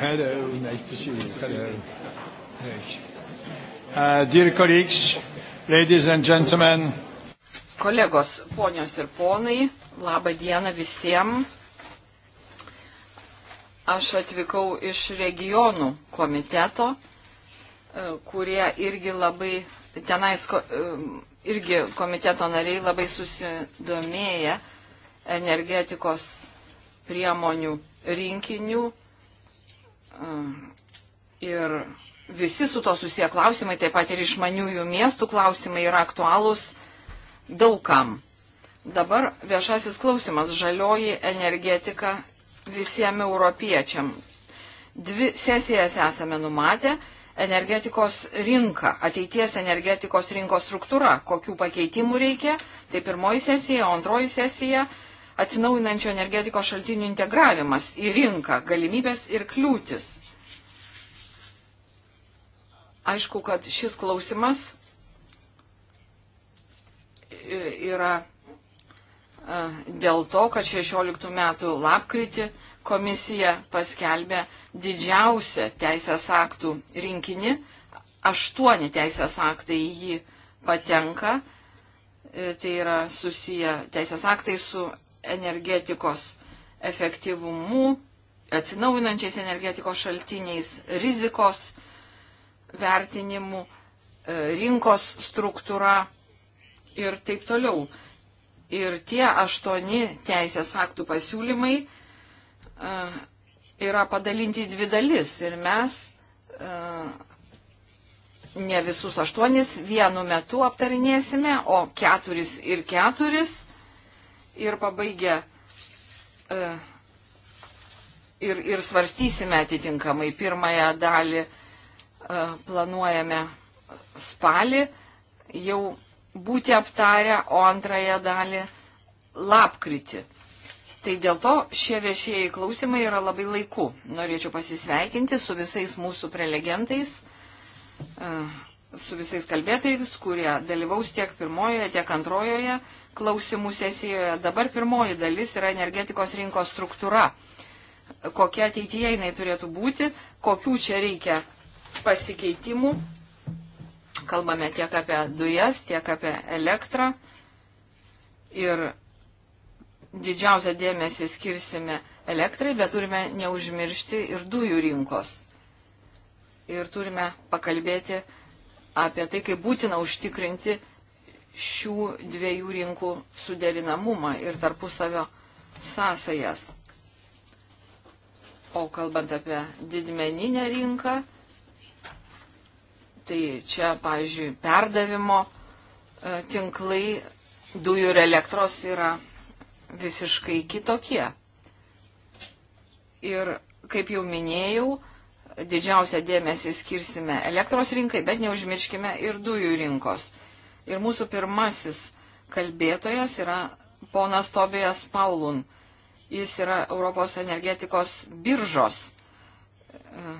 Hello, nice to see you. Hello. Uh, dear colleagues, ladies and gentlemen. Kolegos, ponios ir ponai, laba diena visiems. Aš atvykau iš regionų komiteto, e, kurie irgi labai, tenais e, irgi komiteto nariai labai susidomėję energetikos priemonių rinkinių ir visi su to susiję klausimai, taip pat ir išmaniųjų miestų klausimai yra aktualūs daugam. Dabar viešasis klausimas - žalioji energetika visiems europiečiam. Dvi sesijas esame numatę - energetikos rinka, ateities energetikos rinkos struktūra, kokių pakeitimų reikia. Tai pirmoji sesija, o antroji sesija atsinaujinančio energetikos šaltinių integravimas į rinką, galimybės ir kliūtis. Aišku, kad šis klausimas yra e, dėl to, kad 16 metų lapkritį komisija paskelbė didžiausią teisės aktų rinkinį, aštuoni teisės aktai į jį patenka, e, tai yra susiję teisės aktai su energetikos efektyvumu, atsinaujinančiais energetikos šaltiniais, rizikos vertinimu, e, rinkos struktūra ir taip toliau. Ir tie aštuoni teisės aktų pasiūlymai e, yra padalinti į dvi dalis. Ir mes e, ne visus aštuonis vienu metu aptarinėsime, o keturis ir keturis ir pabaigę e, ir, ir svarstysime atitinkamai. Pirmąją dalį e, planuojame spalį, jau būti aptarę, o antrąją dalį lapkritį. Tai dėl to šie viešieji klausimai yra labai laiku. Norėčiau pasisveikinti su visais mūsų prelegentais, e, su visais kalbėtojais, kurie dalyvaus tiek pirmojoje, tiek antrojoje klausimų sesijoje. Dabar pirmoji dalis yra energetikos rinkos struktūra. Kokia ateityje jinai turėtų būti, kokių čia reikia pasikeitimų. Kalbame tiek apie dujas, tiek apie elektrą. Ir didžiausią dėmesį skirsime elektrai, bet turime neužmiršti ir dujų rinkos. Ir turime pakalbėti apie tai, kaip būtina užtikrinti šių dviejų rinkų suderinamumą ir tarpusavio sąsajas. O kalbant apie didmeninę rinką, tai čia, pavyzdžiui, perdavimo e, tinklai dujų ir elektros yra visiškai kitokie. Ir, kaip jau minėjau, didžiausią dėmesį skirsime elektros rinkai, bet neužmirškime ir dujų rinkos. Ir mūsų pirmasis kalbėtojas yra ponas Tobijas Paulun. Jis yra Europos energetikos biržos e,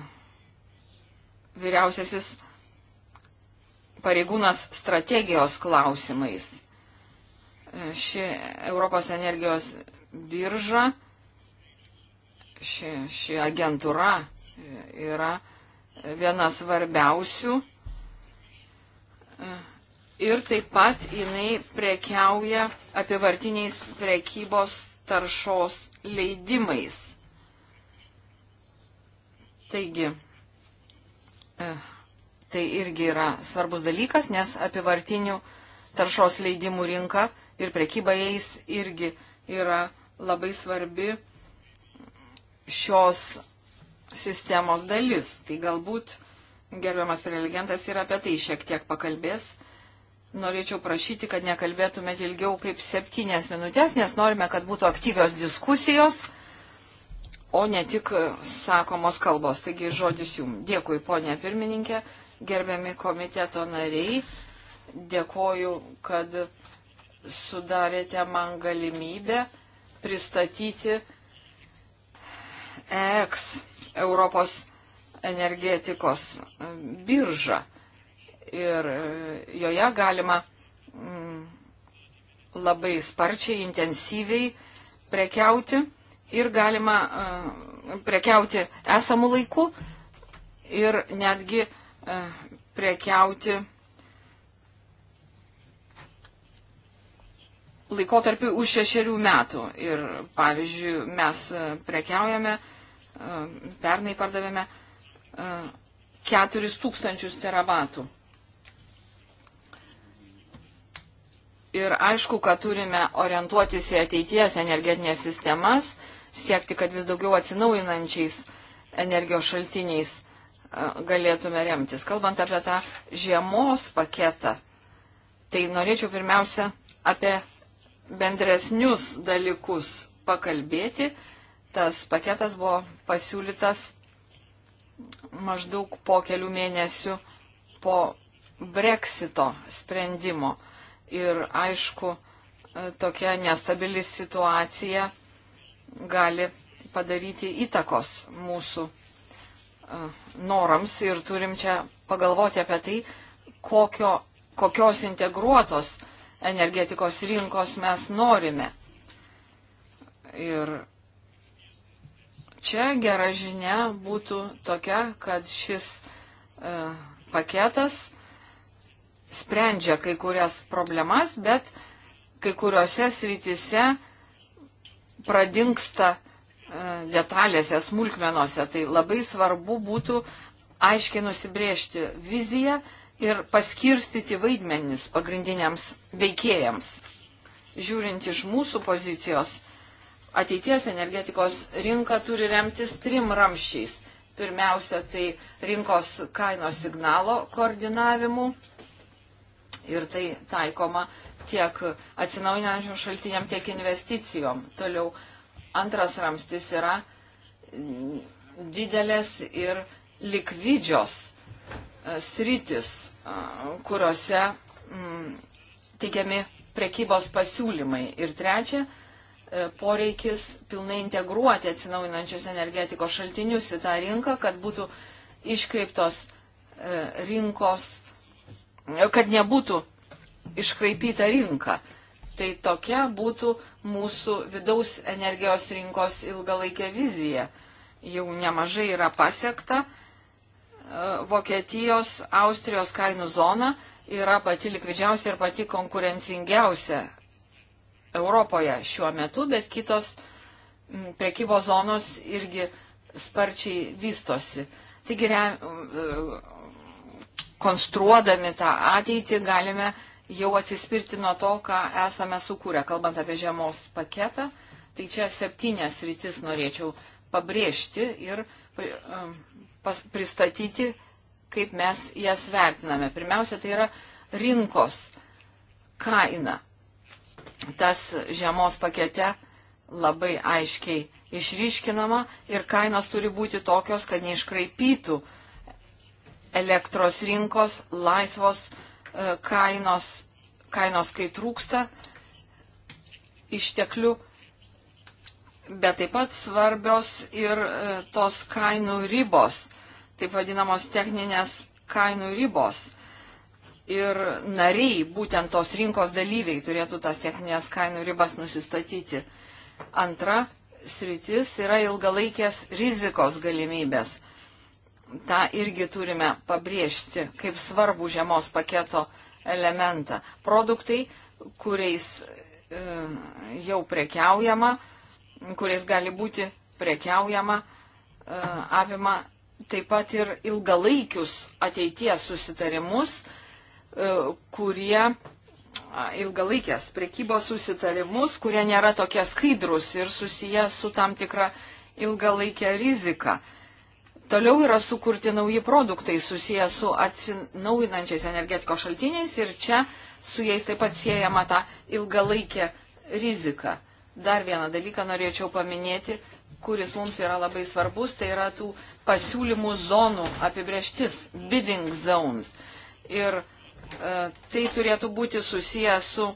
vyriausiasis pareigūnas strategijos klausimais. E, ši Europos energijos birža, ši, ši agentūra e, yra viena svarbiausių ir taip pat jinai prekiauja apivartiniais prekybos taršos leidimais. Taigi, e, tai irgi yra svarbus dalykas, nes apivartinių taršos leidimų rinka ir prekyba jais irgi yra labai svarbi šios sistemos dalis. Tai galbūt gerbiamas prelegentas ir apie tai šiek tiek pakalbės norėčiau prašyti, kad nekalbėtumėte ilgiau kaip septynės minutės, nes norime, kad būtų aktyvios diskusijos, o ne tik sakomos kalbos. Taigi žodis jums. Dėkui, ponė pirmininkė, gerbiami komiteto nariai. Dėkoju, kad sudarėte man galimybę pristatyti EX Europos energetikos biržą ir e, joje galima mm, labai sparčiai, intensyviai prekiauti ir galima e, prekiauti esamų laikų ir netgi e, prekiauti laikotarpiu už šešerių metų. Ir pavyzdžiui, mes prekiaujame, pernai pardavėme 4 tūkstančius teravatų. Ir aišku, kad turime orientuotis į ateities energetinės sistemas, siekti, kad vis daugiau atsinaujinančiais energijos šaltiniais e, galėtume remtis. Kalbant apie tą žiemos paketą, tai norėčiau pirmiausia apie bendresnius dalykus pakalbėti. Tas paketas buvo pasiūlytas maždaug po kelių mėnesių po breksito sprendimo. Ir aišku, e, tokia nestabili situacija gali padaryti įtakos mūsų e, norams ir turim čia pagalvoti apie tai, kokio, kokios integruotos energetikos rinkos mes norime. Ir čia gera žinia būtų tokia, kad šis e, paketas sprendžia kai kurias problemas, bet kai kuriuose srityse pradingsta e, detalėse, smulkmenuose. Tai labai svarbu būtų aiškiai nusibriežti viziją ir paskirstyti vaidmenis pagrindiniams veikėjams. Žiūrint iš mūsų pozicijos, ateities energetikos rinka turi remtis trim ramšiais. Pirmiausia, tai rinkos kainos signalo koordinavimu Ir tai taikoma tiek atsinaujinančiam šaltiniam, tiek investicijom. Toliau antras ramstis yra didelės ir likvidžios e, sritis, e, kuriuose m, mm, teikiami prekybos pasiūlymai. Ir trečia, e, poreikis pilnai integruoti atsinaujinančius energetikos šaltinius į tą rinką, kad būtų iškreiptos rinkos kad nebūtų iškraipyta rinka. Tai tokia būtų mūsų vidaus energijos rinkos ilgalaikė vizija. Jau nemažai yra pasiekta. E, Vokietijos, Austrijos kainų zona yra pati likvidžiausia ir pati konkurencingiausia Europoje šiuo metu, bet kitos prekybos zonos irgi sparčiai vystosi. Taigi e, konstruodami tą ateitį, galime jau atsispirti nuo to, ką esame sukūrę. Kalbant apie žiemos paketą, tai čia septynės rytis norėčiau pabrėžti ir um, pas, pristatyti, kaip mes jas vertiname. Pirmiausia, tai yra rinkos kaina. Tas žiemos pakete labai aiškiai išryškinama ir kainos turi būti tokios, kad neiškraipytų uh, elektros rinkos, laisvos e, kainos, kainos kai trūksta išteklių, bet taip pat svarbios ir e, tos kainų ribos, taip vadinamos techninės kainų ribos. Ir nariai, būtent tos rinkos dalyviai, turėtų tas techninės kainų ribas nusistatyti. Antra sritis yra ilgalaikės rizikos galimybės tą irgi turime pabrėžti kaip svarbų žiemos paketo elementą. Produktai, kuriais e, jau prekiaujama, kuriais gali būti prekiaujama, e, apima taip pat ir ilgalaikius ateities susitarimus, e, kurie ilgalaikės prekybos susitarimus, kurie nėra tokie skaidrus ir susiję su tam tikra ilgalaikė rizika. E, Toliau yra sukurti nauji produktai susiję su atsinaujinančiais energetikos šaltiniais ir čia su jais taip pat siejama ta ilgalaikė rizika. Dar vieną dalyką norėčiau paminėti, kuris mums yra labai svarbus, tai yra tų pasiūlymų zonų apibrieštis, bidding zones. Ir e, tai turėtų būti susiję su m,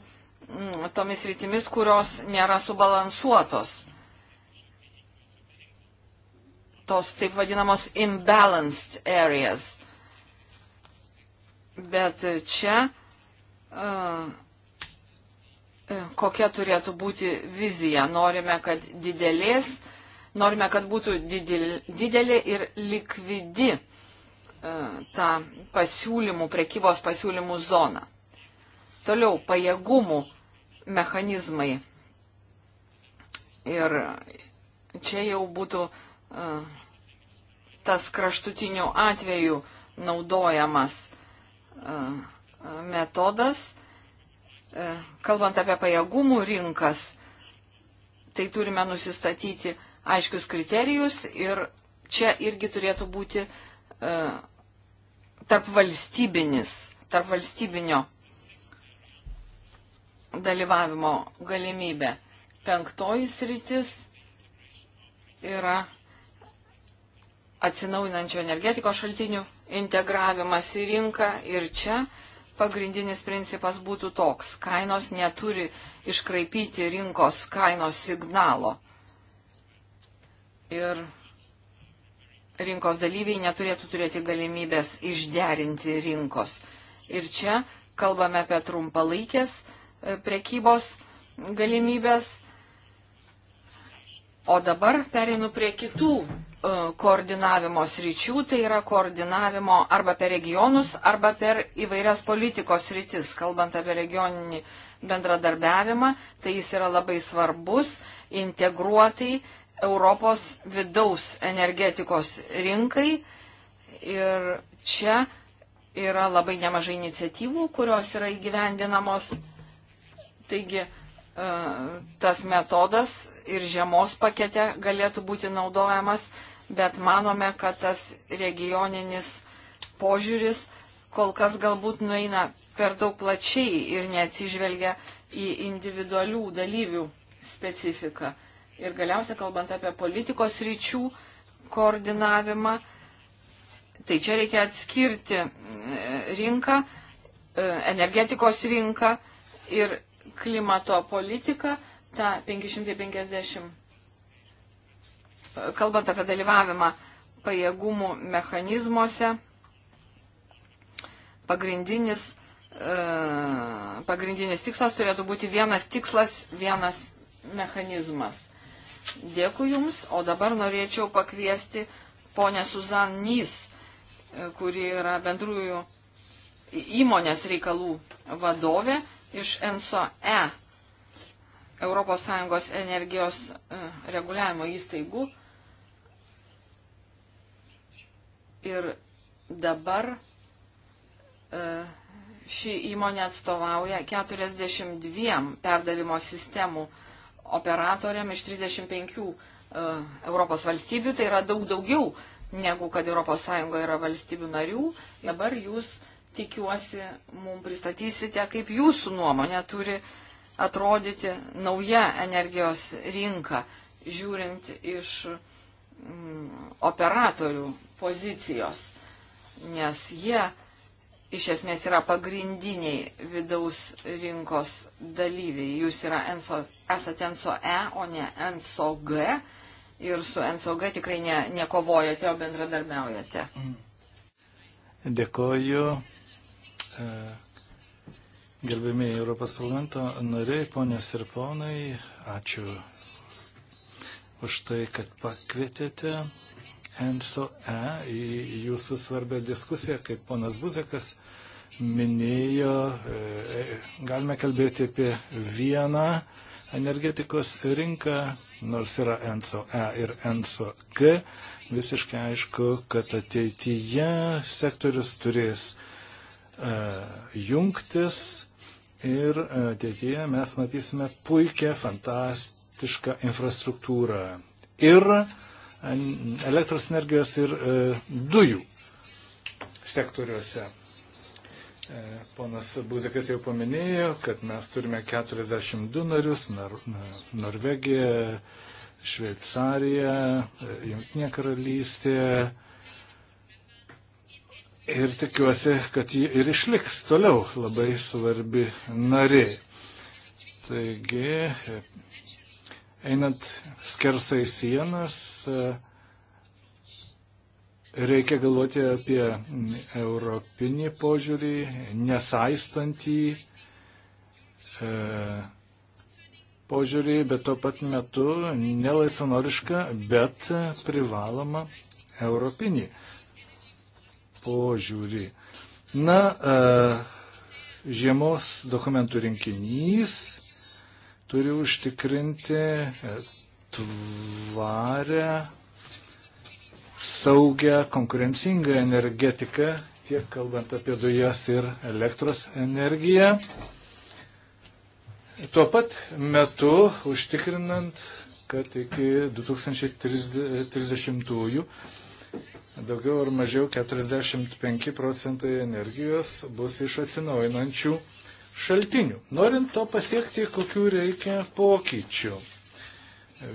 mm, tomis rytimis, kurios nėra subalansuotos tos taip vadinamos imbalanced areas. Bet čia uh, kokia turėtų būti vizija. Norime, kad didelės, norime, kad būtų didel, didelė ir likvidi uh, ta pasiūlymų, prekybos pasiūlymų zona. Toliau pajėgumų mechanizmai. Ir čia jau būtų uh, tas kraštutinių atvejų naudojamas e, e, metodas. E, kalbant apie pajėgumų rinkas, tai turime nusistatyti aiškius kriterijus ir čia irgi turėtų būti tarp valstybinis, tarp valstybinio dalyvavimo galimybė. Penktoji sritis yra atsinaujinančio energetikos šaltinių integravimas į rinką ir čia pagrindinis principas būtų toks. Kainos neturi iškraipyti rinkos kainos signalo. Ir rinkos dalyviai neturėtų turėti galimybės išderinti rinkos. Ir čia kalbame apie trumpalaikės e, prekybos galimybės. O dabar pereinu prie kitų E, koordinavimo sričių, tai yra koordinavimo arba per regionus, arba per įvairias politikos sritis. Kalbant apie regioninį bendradarbiavimą, tai jis yra labai svarbus integruotai Europos vidaus energetikos rinkai. Ir čia yra labai nemažai iniciatyvų, kurios yra įgyvendinamos. Taigi, e, tas metodas ir žiemos pakete galėtų būti naudojamas bet manome, kad tas regioninis požiūris kol kas galbūt nueina per daug plačiai ir neatsižvelgia į individualių dalyvių specifiką. Ir galiausia, kalbant apie politikos ryčių koordinavimą, tai čia reikia atskirti e, rinką, e, energetikos rinką ir klimato politiką, tą 550 kalbant apie dalyvavimą pajėgumų mechanizmuose, pagrindinis, e, pagrindinis tikslas turėtų būti vienas tikslas, vienas mechanizmas. Dėkui Jums, o dabar norėčiau pakviesti ponę Suzan Nys, e, kuri yra bendrųjų įmonės reikalų vadovė iš ENSO-E, ES energijos e, reguliavimo įstaigų Ir dabar e, ši įmonė atstovauja 42 perdavimo sistemų operatoriam iš 35 e, Europos valstybių. Tai yra daug daugiau negu kad ES yra valstybių narių. Dabar jūs tikiuosi, mums pristatysite, kaip jūsų nuomonė turi atrodyti nauja energijos rinka, žiūrint iš mm, operatorių pozicijos, nes jie iš esmės yra pagrindiniai vidaus rinkos dalyviai. Jūs yra enso, esate ENSO E, o ne ENSO G ir su ENSO G tikrai ne, nekovojate, o bendradarbiaujate. Dėkoju. E, Gerbėmiai Europos parlamento nariai, ponės ir ponai, ačiū už tai, kad pakvietėte ENSO-E į jūsų svarbę diskusiją, kaip ponas Buzekas minėjo, e, e, galime kalbėti apie vieną energetikos rinką, nors yra ENSO-E ir ENSO-G. Visiškai aišku, kad ateityje sektorius turės e, jungtis ir ateityje mes matysime puikią, fantastišką infrastruktūrą. Ir uh, elektros energijos ir e, dujų sektoriuose. E, ponas Buzekas jau paminėjo, kad mes turime 42 narius Nor - Norvegija, Šveicarija, e, Junktinė karalystė. Ir tikiuosi, kad ji ir išliks toliau labai svarbi nariai. Taigi, Einant skersai sienas, e, reikia galvoti apie europinį požiūrį, nesaistantį e, požiūrį, bet tuo pat metu nelaisvanorišką, bet privalomą europinį požiūrį. Na, e, žiemos dokumentų rinkinys turi užtikrinti e, tvarę, saugę, konkurencingą energetiką, tiek kalbant apie dujas ir elektros energiją. Tuo pat metu užtikrinant, kad iki 2030-ųjų daugiau ar mažiau 45 procentai energijos bus iš atsinaujinančių šaltinių. Norint to pasiekti, kokių reikia pokyčių.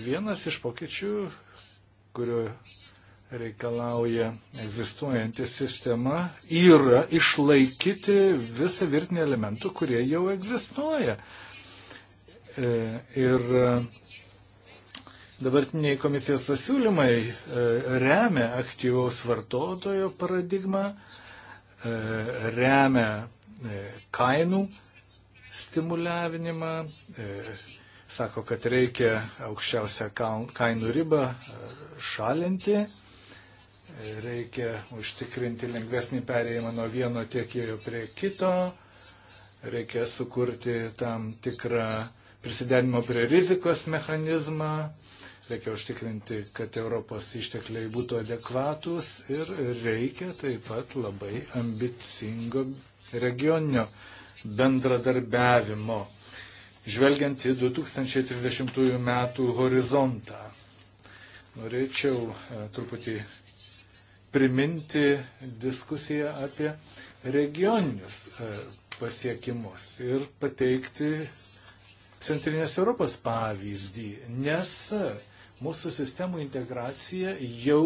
Vienas iš pokyčių, kurio reikalauja egzistuojanti sistema, yra išlaikyti visą virtinį elementų, kurie jau egzistuoja. E, ir e, dabartiniai komisijos pasiūlymai e, remia aktyvaus vartotojo paradigmą, remia kainų stimuliavinimą, e, sako, kad reikia aukščiausią kainų ribą e, šalinti, e, reikia užtikrinti lengvesnį perėjimą nuo vieno tiekėjo prie kito, reikia sukurti tam tikrą prisiderinimo prie rizikos mechanizmą, reikia užtikrinti, kad Europos ištekliai būtų adekvatus ir reikia taip pat labai ambicingo regioninio bendradarbiavimo, žvelgiant į 2030 metų horizontą. Norėčiau e, truputį priminti diskusiją apie regioninius e, pasiekimus ir pateikti Centrinės Europos pavyzdį, nes e, mūsų sistemų integracija jau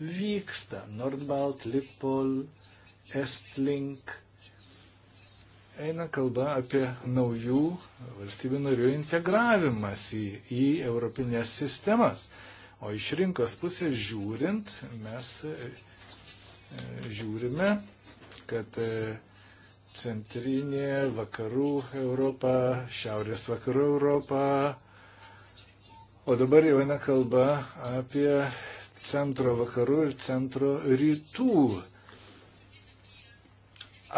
vyksta. Nordbalt, Lipol, Estlink, eina kalba apie naujų valstybių narių integravimas į, į europinės sistemas. O iš rinkos pusės žiūrint, mes e, žiūrime, kad e, centrinė vakarų Europa, šiaurės vakarų Europa, o dabar jau eina kalba apie centro vakarų ir centro rytų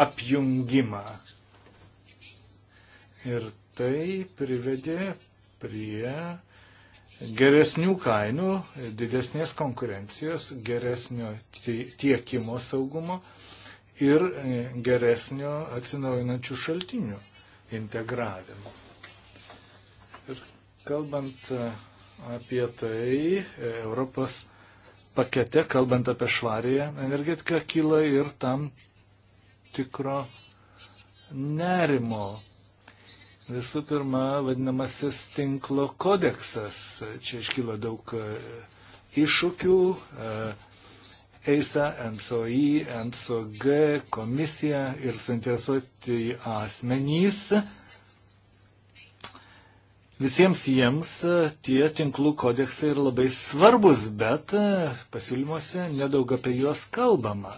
apjungimą. Ir tai privedė prie geresnių kainų, didesnės konkurencijos, geresnio tiekimo saugumo ir e, geresnio atsinaujinančių šaltinių integravimo. Ir kalbant e, apie tai, e, Europos pakete, kalbant apie švarėje energetiką, kyla ir tam tikro nerimo Visų pirma, vadinamasis tinklo kodeksas. Čia iškyla daug e, iššūkių. E, EISA, MSOI, MSOG, komisija ir suinteresuoti asmenys. Visiems jiems e, tie tinklų kodeksai yra labai svarbus, bet pasiūlymuose nedaug apie juos kalbama.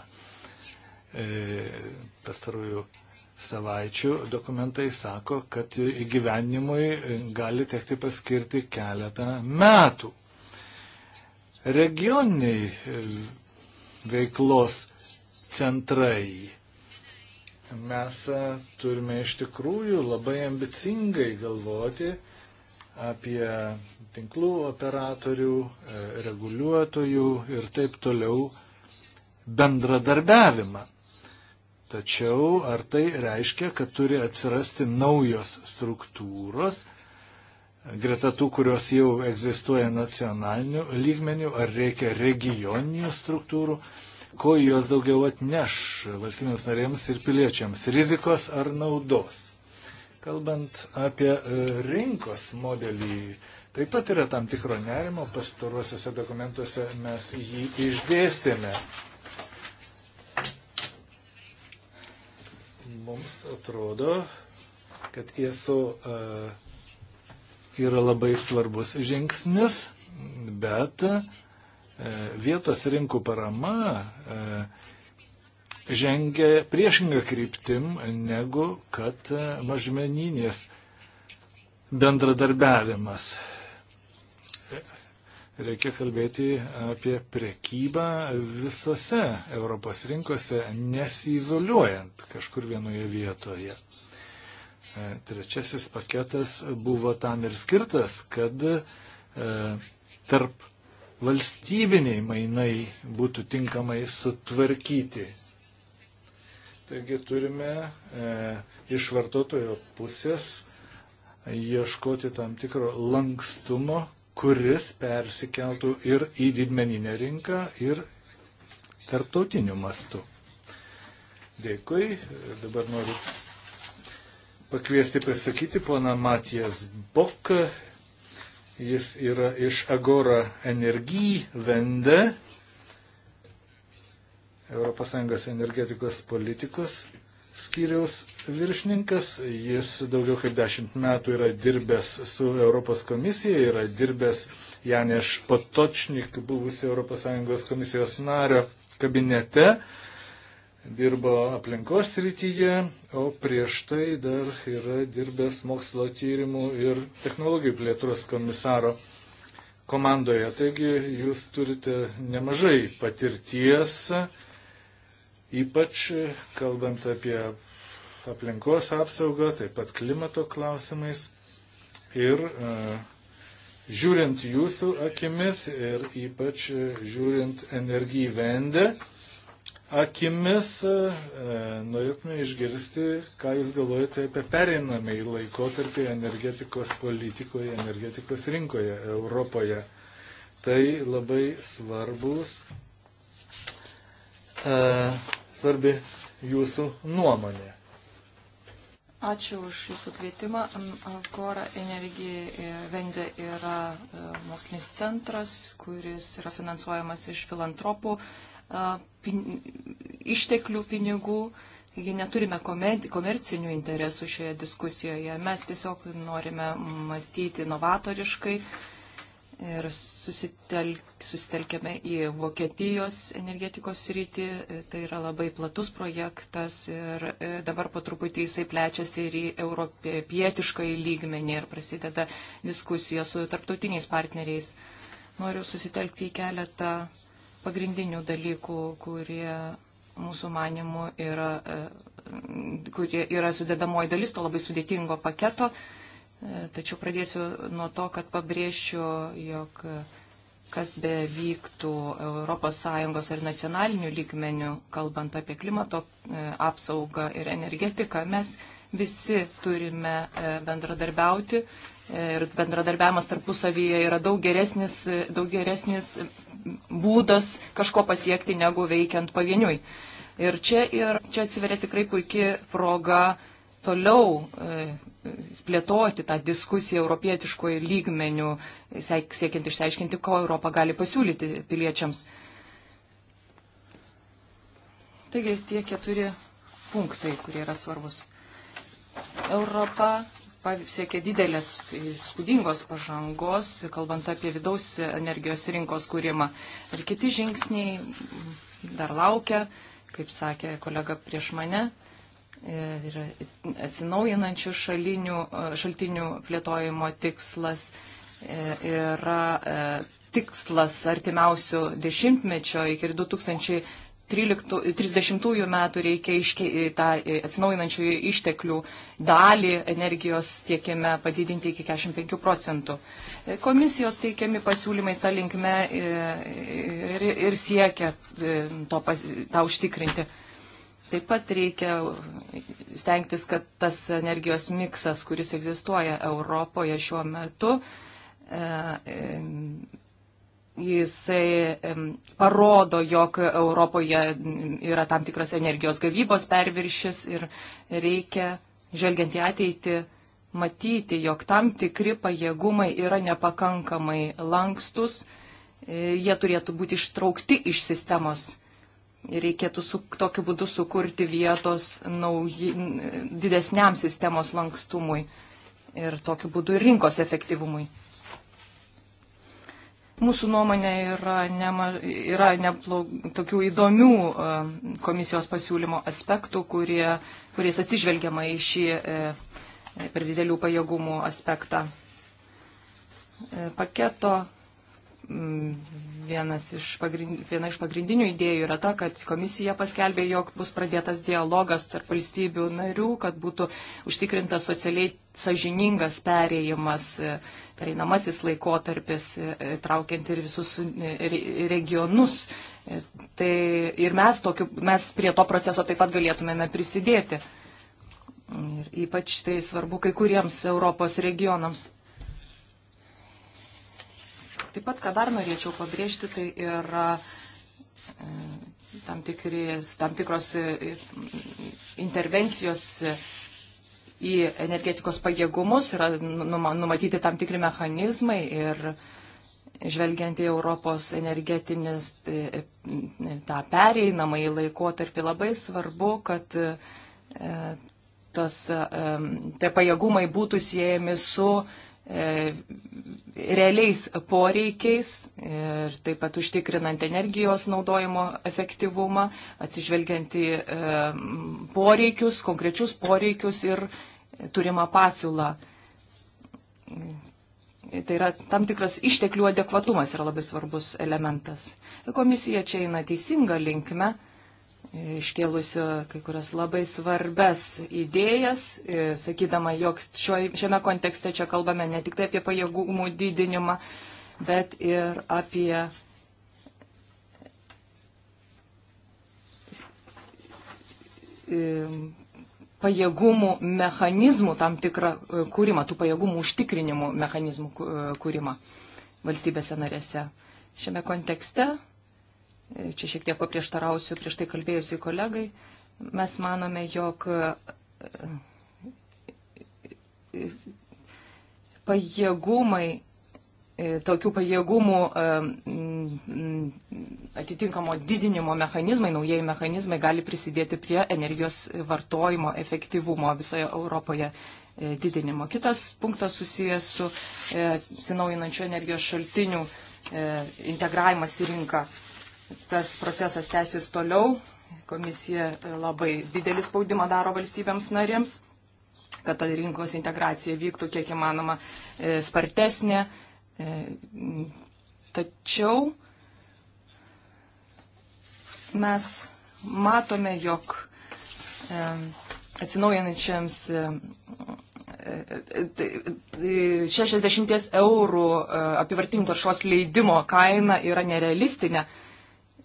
E, pastarųjų savaičių dokumentai sako, kad įgyvenimui gali tekti paskirti keletą metų. Regioniniai veiklos centrai. Mes turime iš tikrųjų labai ambicingai galvoti apie tinklų operatorių, e, reguliuotojų ir taip toliau bendradarbiavimą. Tačiau ar tai reiškia, kad turi atsirasti naujos struktūros, greta tų, kurios jau egzistuoja nacionaliniu lygmeniu, ar reikia regioninių struktūrų, ko jos daugiau atneš valstybėms narėms ir piliečiams - rizikos ar naudos. Kalbant apie e, rinkos modelį, taip pat yra tam tikro nerimo, pastaruosiuose dokumentuose mes jį išdėstėme. Mums atrodo, kad ESO e, yra labai svarbus žingsnis, bet e, vietos rinkų parama e, žengia priešingą kryptim negu kad mažmeninės bendradarbiavimas reikia kalbėti apie prekybą visose Europos rinkose, nesizoliuojant kažkur vienoje vietoje. E, trečiasis paketas buvo tam ir skirtas, kad e, tarp valstybiniai mainai būtų tinkamai sutvarkyti. Taigi turime e, iš vartotojo pusės ieškoti tam tikro lankstumo, kuris persikeltų ir į didmeninę rinką, ir tarptautiniu mastu. Dėkui. Dabar noriu pakviesti pasakyti poną Matijas Bok. Jis yra iš Agora Energy Vende, ES energetikos politikos skyriaus viršininkas. Jis daugiau kaip dešimt metų yra dirbęs su Europos komisija, yra dirbęs Janeš Potočnik, buvusi ES komisijos nario kabinete, dirbo aplinkos srityje, o prieš tai dar yra dirbęs mokslo tyrimų ir technologijų plėtros komisaro komandoje. Taigi jūs turite nemažai patirties ypač e, kalbant apie aplinkos apsaugą, taip pat klimato klausimais. Ir e, žiūrint jūsų akimis ir ypač e, žiūrint energijai vendę, akimis e, e, norėtume išgirsti, ką jūs galvojate apie pereinamą į laikotarpį energetikos politikoje, energetikos rinkoje Europoje. Tai labai svarbus. E, svarbi jūsų nuomonė. Ačiū už jūsų kvietimą. Ankora Energy e, Vendė yra e, mokslinis centras, kuris yra finansuojamas iš filantropų pin, išteklių pinigų. Taigi neturime komercinių interesų šioje diskusijoje. Mes tiesiog norime mąstyti novatoriškai ir susitelk, susitelkėme į Vokietijos energetikos rytį. Tai yra labai platus projektas ir e, dabar po truputį jisai plečiasi ir į europietišką lygmenį ir prasideda diskusijos su tarptautiniais partneriais. Noriu susitelkti į keletą pagrindinių dalykų, kurie mūsų manimų yra, e, kurie yra sudėdamoji dalis to labai sudėtingo paketo. Uh, E, tačiau pradėsiu nuo to, kad pabrėšiu, jog kas be vyktų ES ar nacionalinių lygmenių, kalbant apie klimato e, apsaugą ir energetiką, mes visi turime e, bendradarbiauti ir bendradarbiavimas tarpusavyje yra daug geresnis, daug geresnis būdas kažko pasiekti negu veikiant pavieniui. Ir čia, ir čia atsiveria tikrai puikia proga uh, toliau e, plėtoti tą diskusiją europietiškojų lygmenių, siekiant išsiaiškinti, ko Europą gali pasiūlyti piliečiams. Taigi tie keturi punktai, kurie yra svarbus. Europa pasiekė didelės, e, spūdingos pažangos, kalbant apie vidaus energijos rinkos kūrimą. Ir kiti žingsniai dar laukia, kaip sakė kolega prieš mane ir e, atsinaujinančių šalinių, e, šaltinių plėtojimo tikslas e, yra tikslas artimiausių dešimtmečio iki 2030 metų reikia iške, tą atsinaujinančių išteklių dalį energijos tiekime padidinti iki 45 procentų. Komisijos teikiami pasiūlymai tą linkme ir, ir siekia to, tą užtikrinti. Taip pat reikia stengtis, kad tas energijos miksas, kuris egzistuoja Europoje šiuo metu, e, e, jisai e, parodo, jog Europoje yra tam tikras energijos gavybos perviršis ir reikia, žvelgiant į ateitį, matyti, jog tam tikri pajėgumai yra nepakankamai lankstus, jie turėtų būti ištraukti iš sistemos reikėtų su, tokiu būdu sukurti vietos nauji, didesniam sistemos lankstumui ir tokiu būdu ir rinkos efektyvumui. Mūsų nuomonė yra, nema, yra neplog, tokių įdomių e, komisijos pasiūlymo aspektų, kurie, kuriais atsižvelgiama į šį e, e, per didelių pajėgumų aspektą. Paketo Vienas iš pagrind, viena iš pagrindinių idėjų yra ta, kad komisija paskelbė, jog bus pradėtas dialogas tarp valstybių narių, kad būtų užtikrintas socialiai sažiningas perėjimas, e, pereinamasis laikotarpis, e, traukiant ir visus e, regionus. Tai ir mes, tokiu, mes prie to proceso taip pat galėtumėme prisidėti. Ir ypač tai svarbu kai kuriems Europos regionams. Taip pat, ką dar norėčiau pabrėžti, tai yra e, tam, tikris, tam tikros e, intervencijos į energetikos pajėgumus, yra nu, numatyti tam tikri mechanizmai ir žvelgiant į Europos energetinis e, tą pereinamąjį laikotarpį, labai svarbu, kad tas, tie pajėgumai būtų siejami su realiais poreikiais ir taip pat užtikrinant energijos naudojimo efektyvumą, atsižvelgiant į e, poreikius, konkrečius poreikius ir turimą pasiūlą. Tai yra tam tikras išteklių adekvatumas yra labai svarbus elementas. Komisija čia eina teisinga linkme iškėlusio kai kurias labai svarbes idėjas, e, sakydama, jog šio, šiame kontekste čia kalbame ne tik tai apie pajėgumų didinimą, bet ir apie e, pajėgumų mechanizmų tam tikrą e, kūrimą, tų pajėgumų užtikrinimų mechanizmų kūrimą valstybėse narėse. Šiame kontekste čia šiek tiek paprieštarausiu prieš tai kalbėjusiai kolegai, mes manome, jog e, pajėgumai, e, tokių pajėgumų e, atitinkamo didinimo mechanizmai, naujieji mechanizmai gali prisidėti prie energijos vartojimo efektyvumo visoje Europoje didinimo. Kitas punktas susijęs su atsinaujinančių energijos šaltinių integravimas į rinką tas procesas tęsis toliau. Komisija labai didelį spaudimą daro valstybėms narėms, kad ta rinkos integracija vyktų kiek įmanoma e, spartesnė. E, tačiau mes matome, jog e, atsinaujančiams 60 eurų apivartinių taršos leidimo kaina yra nerealistinė. Ne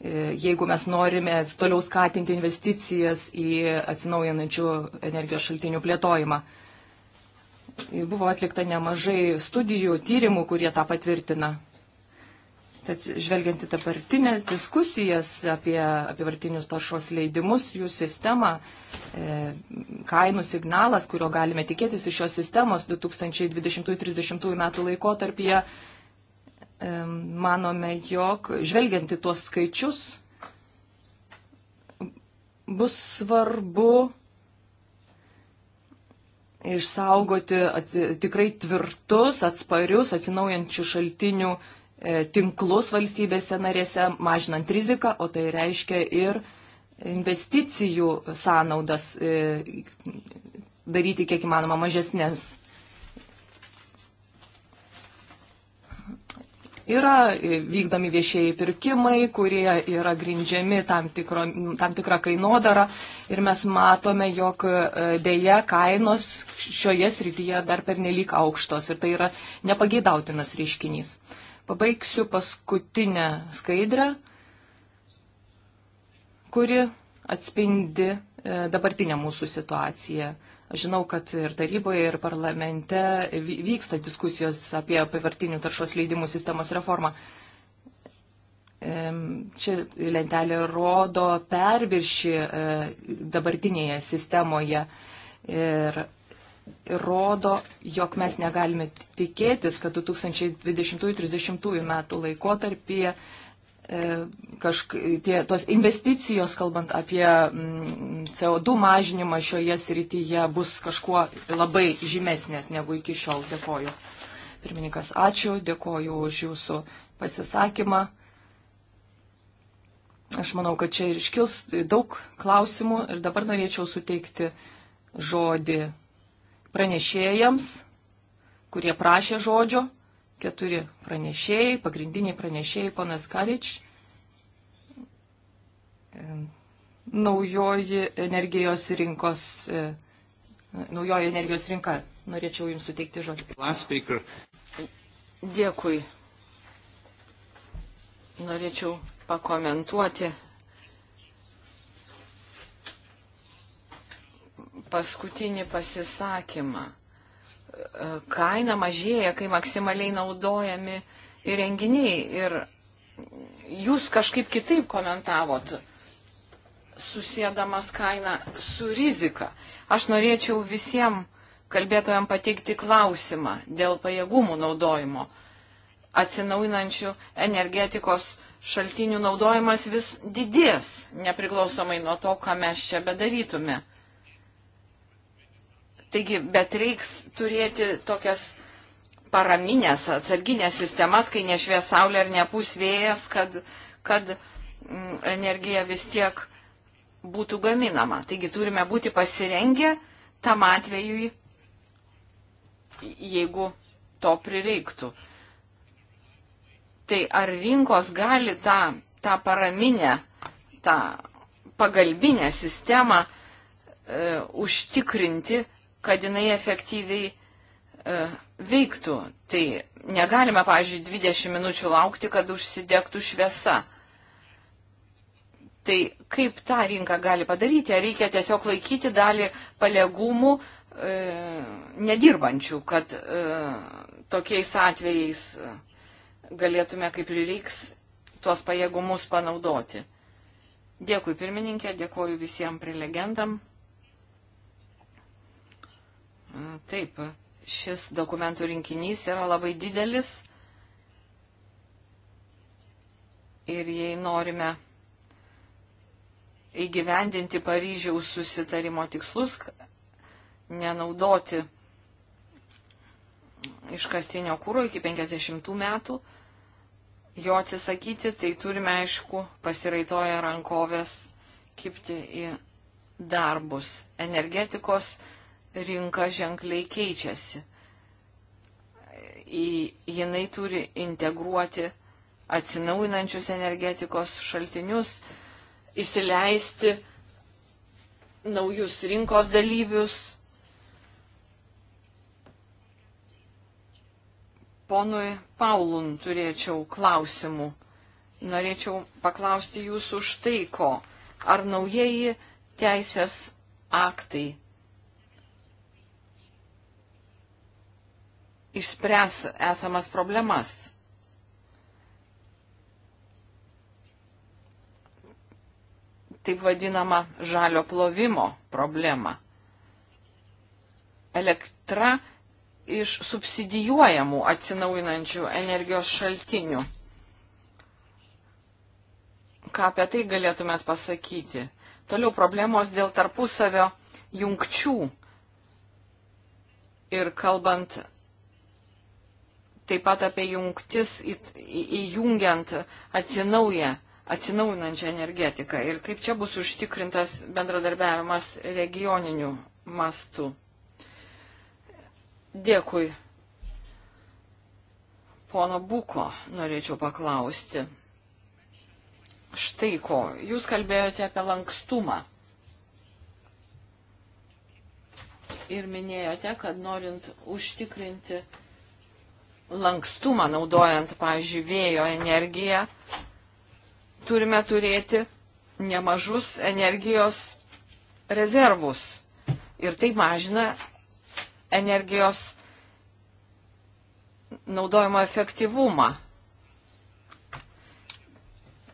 E, jeigu mes norime toliau skatinti investicijas į atsinaujinančių energijos šaltinių plėtojimą. E, buvo atlikta nemažai studijų, tyrimų, kurie tą patvirtina. Tad žvelgiant į dabartinės diskusijas apie apivartinius taršos leidimus, jų sistemą, e, kainų signalas, kurio galime tikėtis iš šios sistemos 2020-2030 metų laikotarpyje, manome, jog žvelgiant į tuos skaičius bus svarbu išsaugoti at, tikrai tvirtus, atsparius, atsinaujančių šaltinių e, tinklus valstybėse narėse, mažinant riziką, o tai reiškia ir investicijų sąnaudas e, daryti kiek įmanoma mažesnės. Yra e, vykdomi viešieji pirkimai, kurie yra grindžiami tam, tikro, tam tikrą kainodarą ir mes matome, jog e, dėja kainos šioje srityje dar pernelyg aukštos ir tai yra nepageidautinas reiškinys. Pabaigsiu paskutinę skaidrę, kuri atspindi e, dabartinę mūsų situaciją. Aš žinau, kad ir taryboje, ir parlamente vyksta diskusijos apie apivartinių taršos leidimų sistemos reformą. Čia lentelė rodo perviršį e, dabartinėje sistemoje ir rodo, jog mes negalime tikėtis, kad 2020-2030 metų laikotarpyje E, kažkokie tos investicijos, kalbant apie mm, CO2 mažinimą šioje srityje, bus kažkuo labai žymesnės negu iki šiol. Dėkoju. Pirmininkas, ačiū, dėkoju už jūsų pasisakymą. Aš manau, kad čia ir iškils daug klausimų ir dabar norėčiau suteikti žodį pranešėjams, kurie prašė žodžio keturi pranešėjai, pagrindiniai pranešėjai, ponas Karič, e, naujoji energijos rinkos, e, naujoji energijos rinka. Norėčiau Jums suteikti žodį. Dėkui. Norėčiau pakomentuoti paskutinį pasisakymą kaina mažėja, kai maksimaliai naudojami įrenginiai. Ir jūs kažkaip kitaip komentavot, susėdamas kainą su rizika. Aš norėčiau visiems kalbėtojam pateikti klausimą dėl pajėgumų naudojimo. Atsinaujinančių energetikos šaltinių naudojimas vis didės, nepriklausomai nuo to, ką mes čia bedarytume. Taigi, bet reiks turėti tokias paraminės, atsarginės sistemas, kai nešvies saulė ar nepūs vėjas, kad, kad mm, energija vis tiek būtų gaminama. Taigi turime būti pasirengę tam atvejui, jeigu to prireiktų. Tai ar rinkos gali tą, tą paraminę, tą pagalbinę sistemą e, užtikrinti, kad jinai efektyviai e, veiktų. Tai negalime, pavyzdžiui, 20 minučių laukti, kad užsidegtų šviesa. Tai kaip tą rinką gali padaryti? Ar reikia tiesiog laikyti dalį pajėgumų e, nedirbančių, kad e, tokiais atvejais e, galėtume, kaip prireiks, tuos pajėgumus panaudoti? Dėkui pirmininkė, dėkuoju visiems prelegentam. Mm, taip, šis dokumentų rinkinys yra labai didelis ir jei norime įgyvendinti Paryžiaus susitarimo tikslus, nenaudoti iškastinio kūro iki 50 metų, jo atsisakyti, tai turime aišku pasiraitoję rankovės kipti į darbus energetikos rinka ženkliai keičiasi. Jinai turi integruoti atsinaujinančius energetikos šaltinius, įsileisti naujus rinkos dalyvius. Ponui Paulun turėčiau klausimų. Norėčiau paklausti jūsų štai ko. Ar naujieji teisės aktai išspręs esamas problemas. Taip vadinama žalio plovimo problema. Elektra iš subsidijuojamų atsinaujinančių energijos šaltinių. Ką apie tai galėtumėt pasakyti? Toliau problemos dėl tarpusavio jungčių. Ir kalbant taip pat apie jungtis į, į, įjungiant atsinaują, atsinaujinančią energetiką ir kaip čia bus užtikrintas bendradarbiavimas regioniniu mastu. Dėkui. Pono Buko norėčiau paklausti. Štai ko, jūs kalbėjote apie lankstumą. Ir minėjote, kad norint užtikrinti lankstumą naudojant, pavyzdžiui, vėjo energiją, turime turėti nemažus energijos rezervus. Ir tai mažina energijos naudojimo efektyvumą.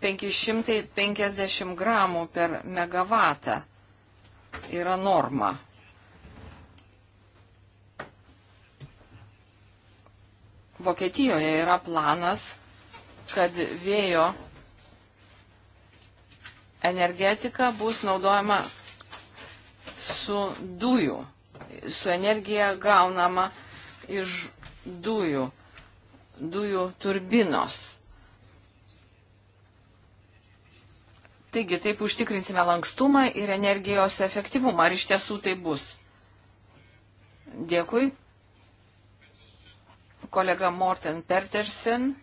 550 gramų per megavatą yra norma. Vokietijoje yra planas, kad vėjo energetika bus naudojama su dujų, su energija gaunama iš dujų, dujų turbinos. Taigi taip užtikrinsime lankstumą ir energijos efektyvumą. Ar iš tiesų tai bus? Dėkui kolega Morten Pertersen,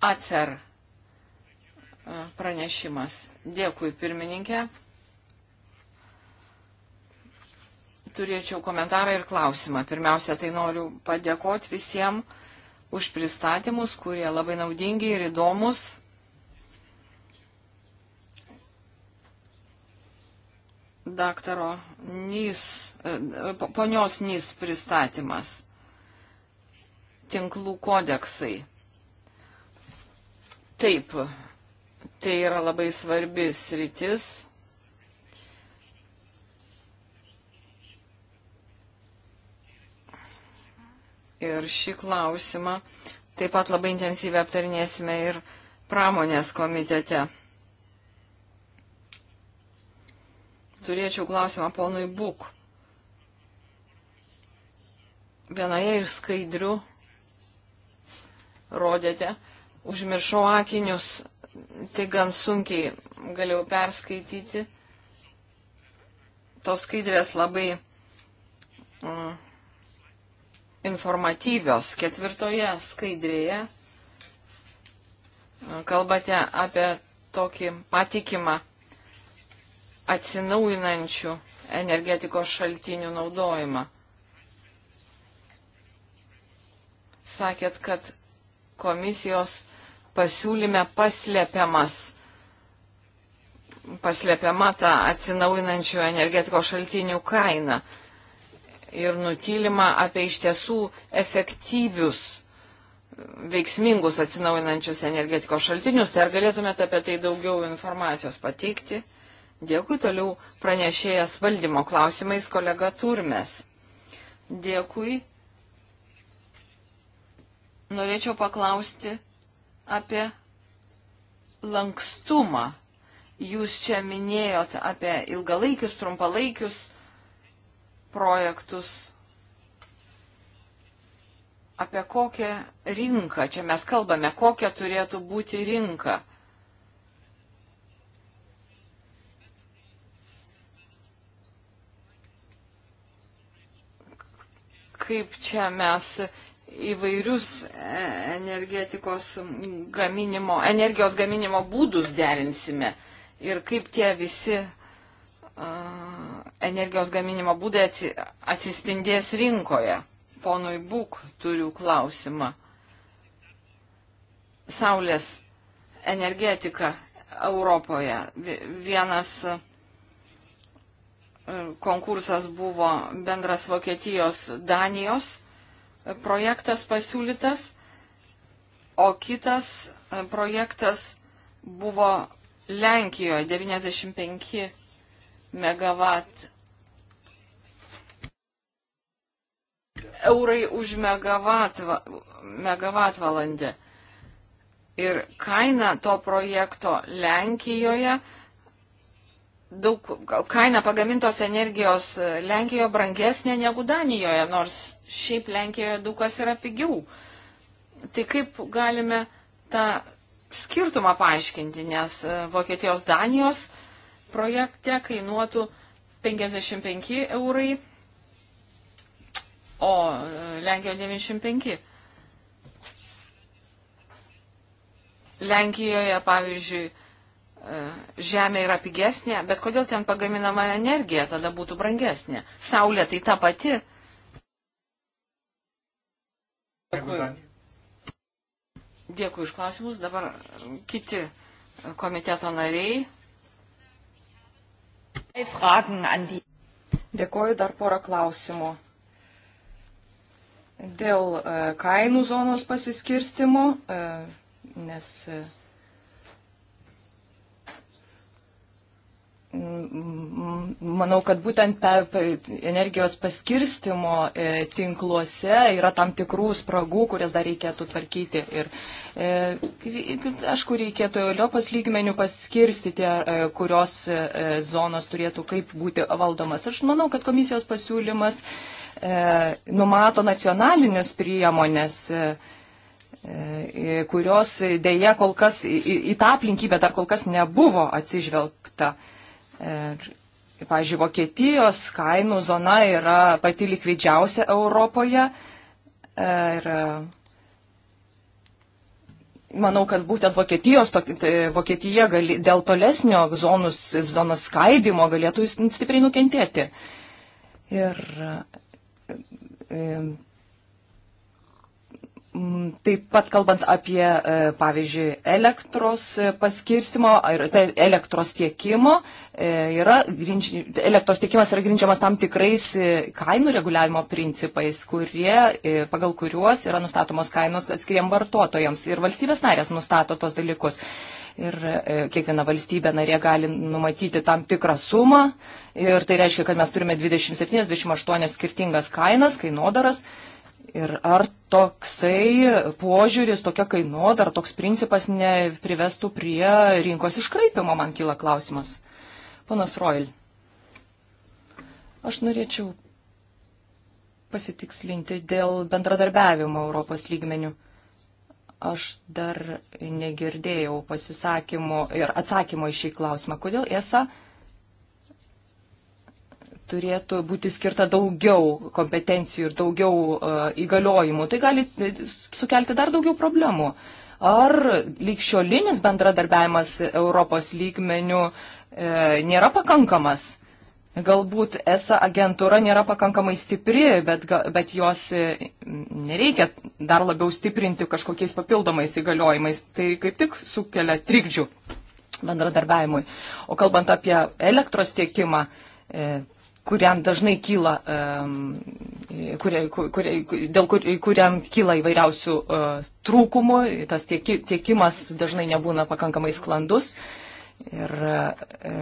ACER e, pranešimas. Dėkui, pirmininkė. Turėčiau komentarą ir klausimą. Pirmiausia, tai noriu padėkoti visiems už pristatymus, kurie labai naudingi ir įdomus. Daktaro Nys ponios Nys pristatymas. Tinklų kodeksai. Taip, tai yra labai svarbi sritis. Ir šį klausimą taip pat labai intensyviai aptarinėsime ir pramonės komitete. Turėčiau klausimą ponui Buk vienoje iš skaidrių rodėte, užmiršau akinius, tai gan sunkiai galėjau perskaityti. Tos skaidrės labai mm, informatyvios. Ketvirtoje skaidrėje mm, kalbate apie tokį patikimą atsinaujinančių energetikos šaltinių naudojimą. sakėt, kad komisijos pasiūlyme paslėpiamas, paslėpiama ta atsinaujinančių energetikos šaltinių kaina ir nutylima apie iš tiesų efektyvius, veiksmingus atsinaujinančius energetikos šaltinius. Tai ar galėtumėte apie tai daugiau informacijos pateikti? Dėkui toliau pranešėjas valdymo klausimais kolega Turmes. Dėkui norėčiau paklausti apie lankstumą. Jūs čia minėjot apie ilgalaikius, trumpalaikius projektus. Apie kokią rinką čia mes kalbame, kokia turėtų būti rinka. Kaip čia mes įvairius e, energetikos gaminimo, energijos gaminimo būdus derinsime ir kaip tie visi uh, energijos gaminimo būdai atsi, atsispindės rinkoje. Ponui Būk turiu klausimą. Saulės energetika Europoje. Vienas e, konkursas buvo bendras Vokietijos Danijos projektas pasiūlytas, o kitas e, projektas buvo Lenkijoje 95 megavat eurai už megavatvalandę. Ir kaina to projekto Lenkijoje daug kaina pagamintos energijos Lenkijoje brangesnė negu Danijoje, nors šiaip Lenkijoje daug kas yra pigiau. Tai kaip galime tą skirtumą paaiškinti, nes e, Vokietijos Danijos projekte kainuotų 55 eurai, o e, Lenkijoje 95. Lenkijoje, pavyzdžiui, E, žemė yra pigesnė, bet kodėl ten pagaminama energija tada būtų brangesnė? Saulė tai ta pati. Dėkui. Dėkui iš klausimus. Dabar kiti komiteto nariai. Dėkoju dar porą klausimų. Dėl e, kainų zonos pasiskirstimo, e, nes Manau, kad būtent per energijos paskirstimo e, tinkluose yra tam tikrų spragų, kurias dar reikėtų tvarkyti. Ir e, aišku, reikėtų Europos lygmenių paskirstyti, e, kurios zonos turėtų kaip būti valdomas. Aš manau, kad komisijos pasiūlymas numato nacionalinius priemonės kurios dėje kol kas į, į tą aplinkybę dar kol kas nebuvo atsižvelgta. Ir, pavyzdžiui, Vokietijos kainų zona yra pati likvidžiausia Europoje. Ir manau, kad būtent Vokietijos, Vokietija gali, dėl tolesnio zonus, zonos skaidimo galėtų stipriai nukentėti. Ir e, Mm, taip pat kalbant apie, e, pavyzdžiui, elektros e, paskirstimo ar elektros tiekimo, e, yra, elektros tiekimas yra grindžiamas tam tikrais kainų reguliavimo principais, kurie, pagal kuriuos yra nustatomos kainos atskiriam vartotojams ir valstybės narės nustato tos dalykus ir kiekviena valstybė narė gali numatyti tam tikrą sumą ir tai reiškia, kad mes turime 27-28 skirtingas kainas, kainodaras Ir ar toksai požiūris, tokia kainodara, toks principas neprivestų prie rinkos iškraipimo, man kyla klausimas. Ponas Roil, aš norėčiau pasitikslinti dėl bendradarbiavimo Europos lygmenių. Aš dar negirdėjau pasisakymo ir atsakymo į šį klausimą. Kodėl ESA? Esa turėtų būti skirta daugiau kompetencijų ir daugiau uh, įgaliojimų. Tai gali e, sukelti dar daugiau problemų. Ar lygšiolinis bendradarbiavimas Europos lygmenių e, nėra pakankamas? Galbūt ESA agentūra nėra pakankamai stipri, bet, bet jos e, nereikia dar labiau stiprinti kažkokiais papildomais įgaliojimais. Tai kaip tik sukelia trikdžių bendradarbiavimui. O kalbant apie elektros tiekimą, kuriam dažnai kyla, kuria, kuria, dėl kur, kuriam kyla įvairiausių e, trūkumų, tas tiek, tiekimas dažnai nebūna pakankamai sklandus. Uh, Ir e,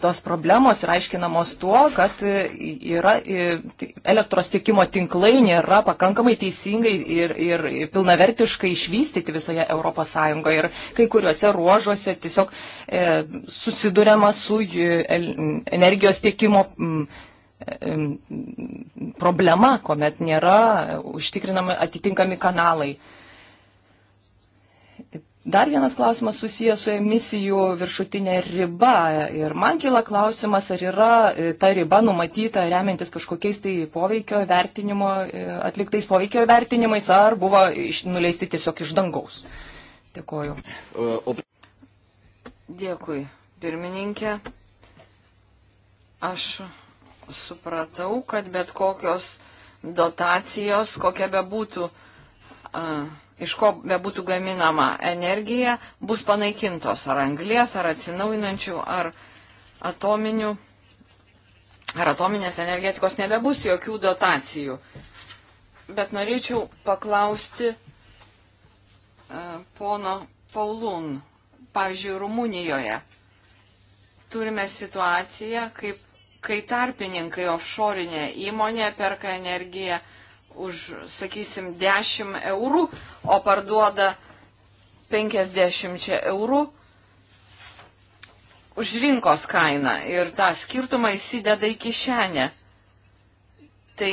tos problemos yra aiškinamos tuo, kad yra, e, elektros tikimo tinklai nėra pakankamai teisingai ir, ir pilnavertiškai išvystyti visoje ES. Ir kai kuriuose ruožuose tiesiog e, susidurėma su e, energijos tiekimo m, e, m, problema, kuomet nėra užtikrinami atitinkami kanalai Dar vienas klausimas susijęs su emisijų viršutinė riba. Ir man kila klausimas, ar yra e, ta riba numatyta remiantis kažkokiais tai poveikio vertinimo, e, atliktais poveikio vertinimais, ar buvo iš, nuleisti tiesiog iš dangaus. Dėkoju. Dėkui, pirmininkė. Aš supratau, kad bet kokios dotacijos, kokia be būtų. Uh, iš ko bebūtų gaminama energija, bus panaikintos ar anglės, ar atsinaujinančių, ar atominių, ar atominės energetikos, nebebus jokių dotacijų. Bet norėčiau paklausti uh, pono Paulun, pavyzdžiui, Rumunijoje. Turime situaciją, kaip, kai tarpininkai offshore'inė įmonė perka energiją uh, už, sakysim, 10 eurų, o parduoda 50 eurų už rinkos kainą ir tą skirtumą įsideda į kišenę. Tai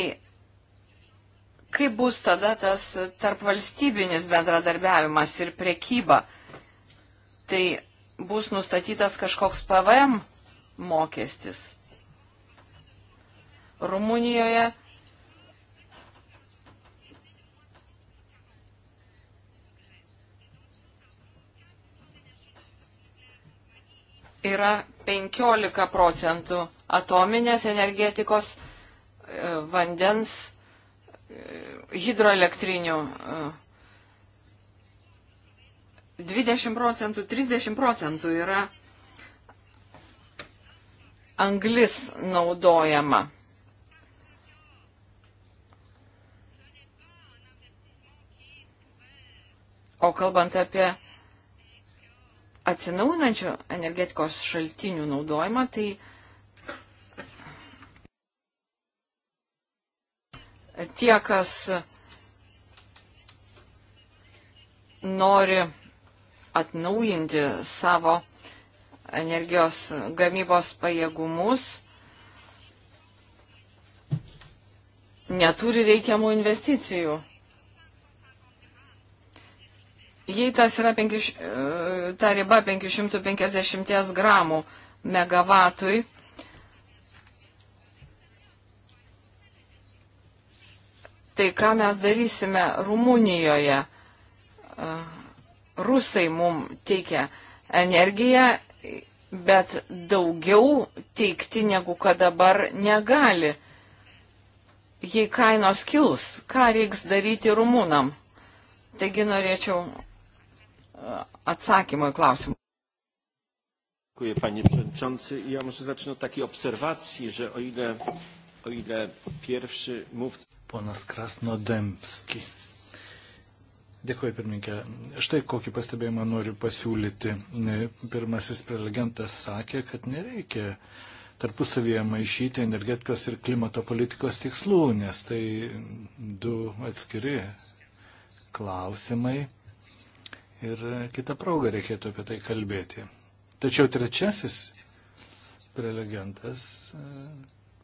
kaip bus tada tas tarpvalstybinis bendradarbiavimas ir prekyba? Tai bus nustatytas kažkoks PVM mokestis. Rumunijoje yra 15 procentų atominės energetikos, e, vandens, e, hidroelektrinių. 20 e, procentų, 30 procentų yra anglis naudojama. O kalbant apie atsinaujinančių energetikos šaltinių naudojimą, tai tie, kas nori atnaujinti savo energijos gamybos pajėgumus, neturi reikiamų investicijų. Jei tas yra 5, e, ta riba 550 gramų megavatui, tai ką mes darysime Rumunijoje? E, rusai mums teikia energiją, bet daugiau teikti negu kad dabar negali. Jei kainos kils, ką reiks daryti rumūnam? Taigi norėčiau atsakymo į klausimą. Dziękuję panie przewodniczący. Ja może zacznę od takiej obserwacji, że o ile, o ile pierwszy mówca... Ponas Krasnodębski. Dėkuoju, pirmininkė. Štai kokį pastebėjimą noriu pasiūlyti. Pirmasis prelegentas sakė, kad nereikia tarpusavyje maišyti energetikos ir klimato politikos tikslų, nes tai du atskiri klausimai ir kitą progą reikėtų apie tai kalbėti. Tačiau trečiasis prelegentas e,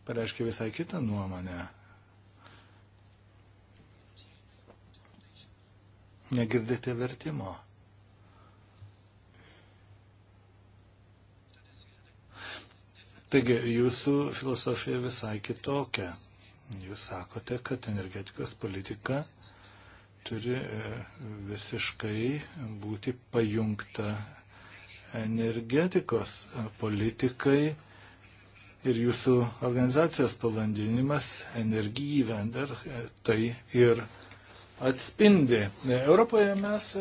pareiškia visai kitą nuomonę. Negirdite vertimo. Taigi, jūsų filosofija visai kitokia. Jūs sakote, kad energetikos politika uh, turi e, visiškai būti pajungta energetikos politikai ir jūsų organizacijos pavadinimas Energijvender e, tai ir atspindi. E, Europoje mes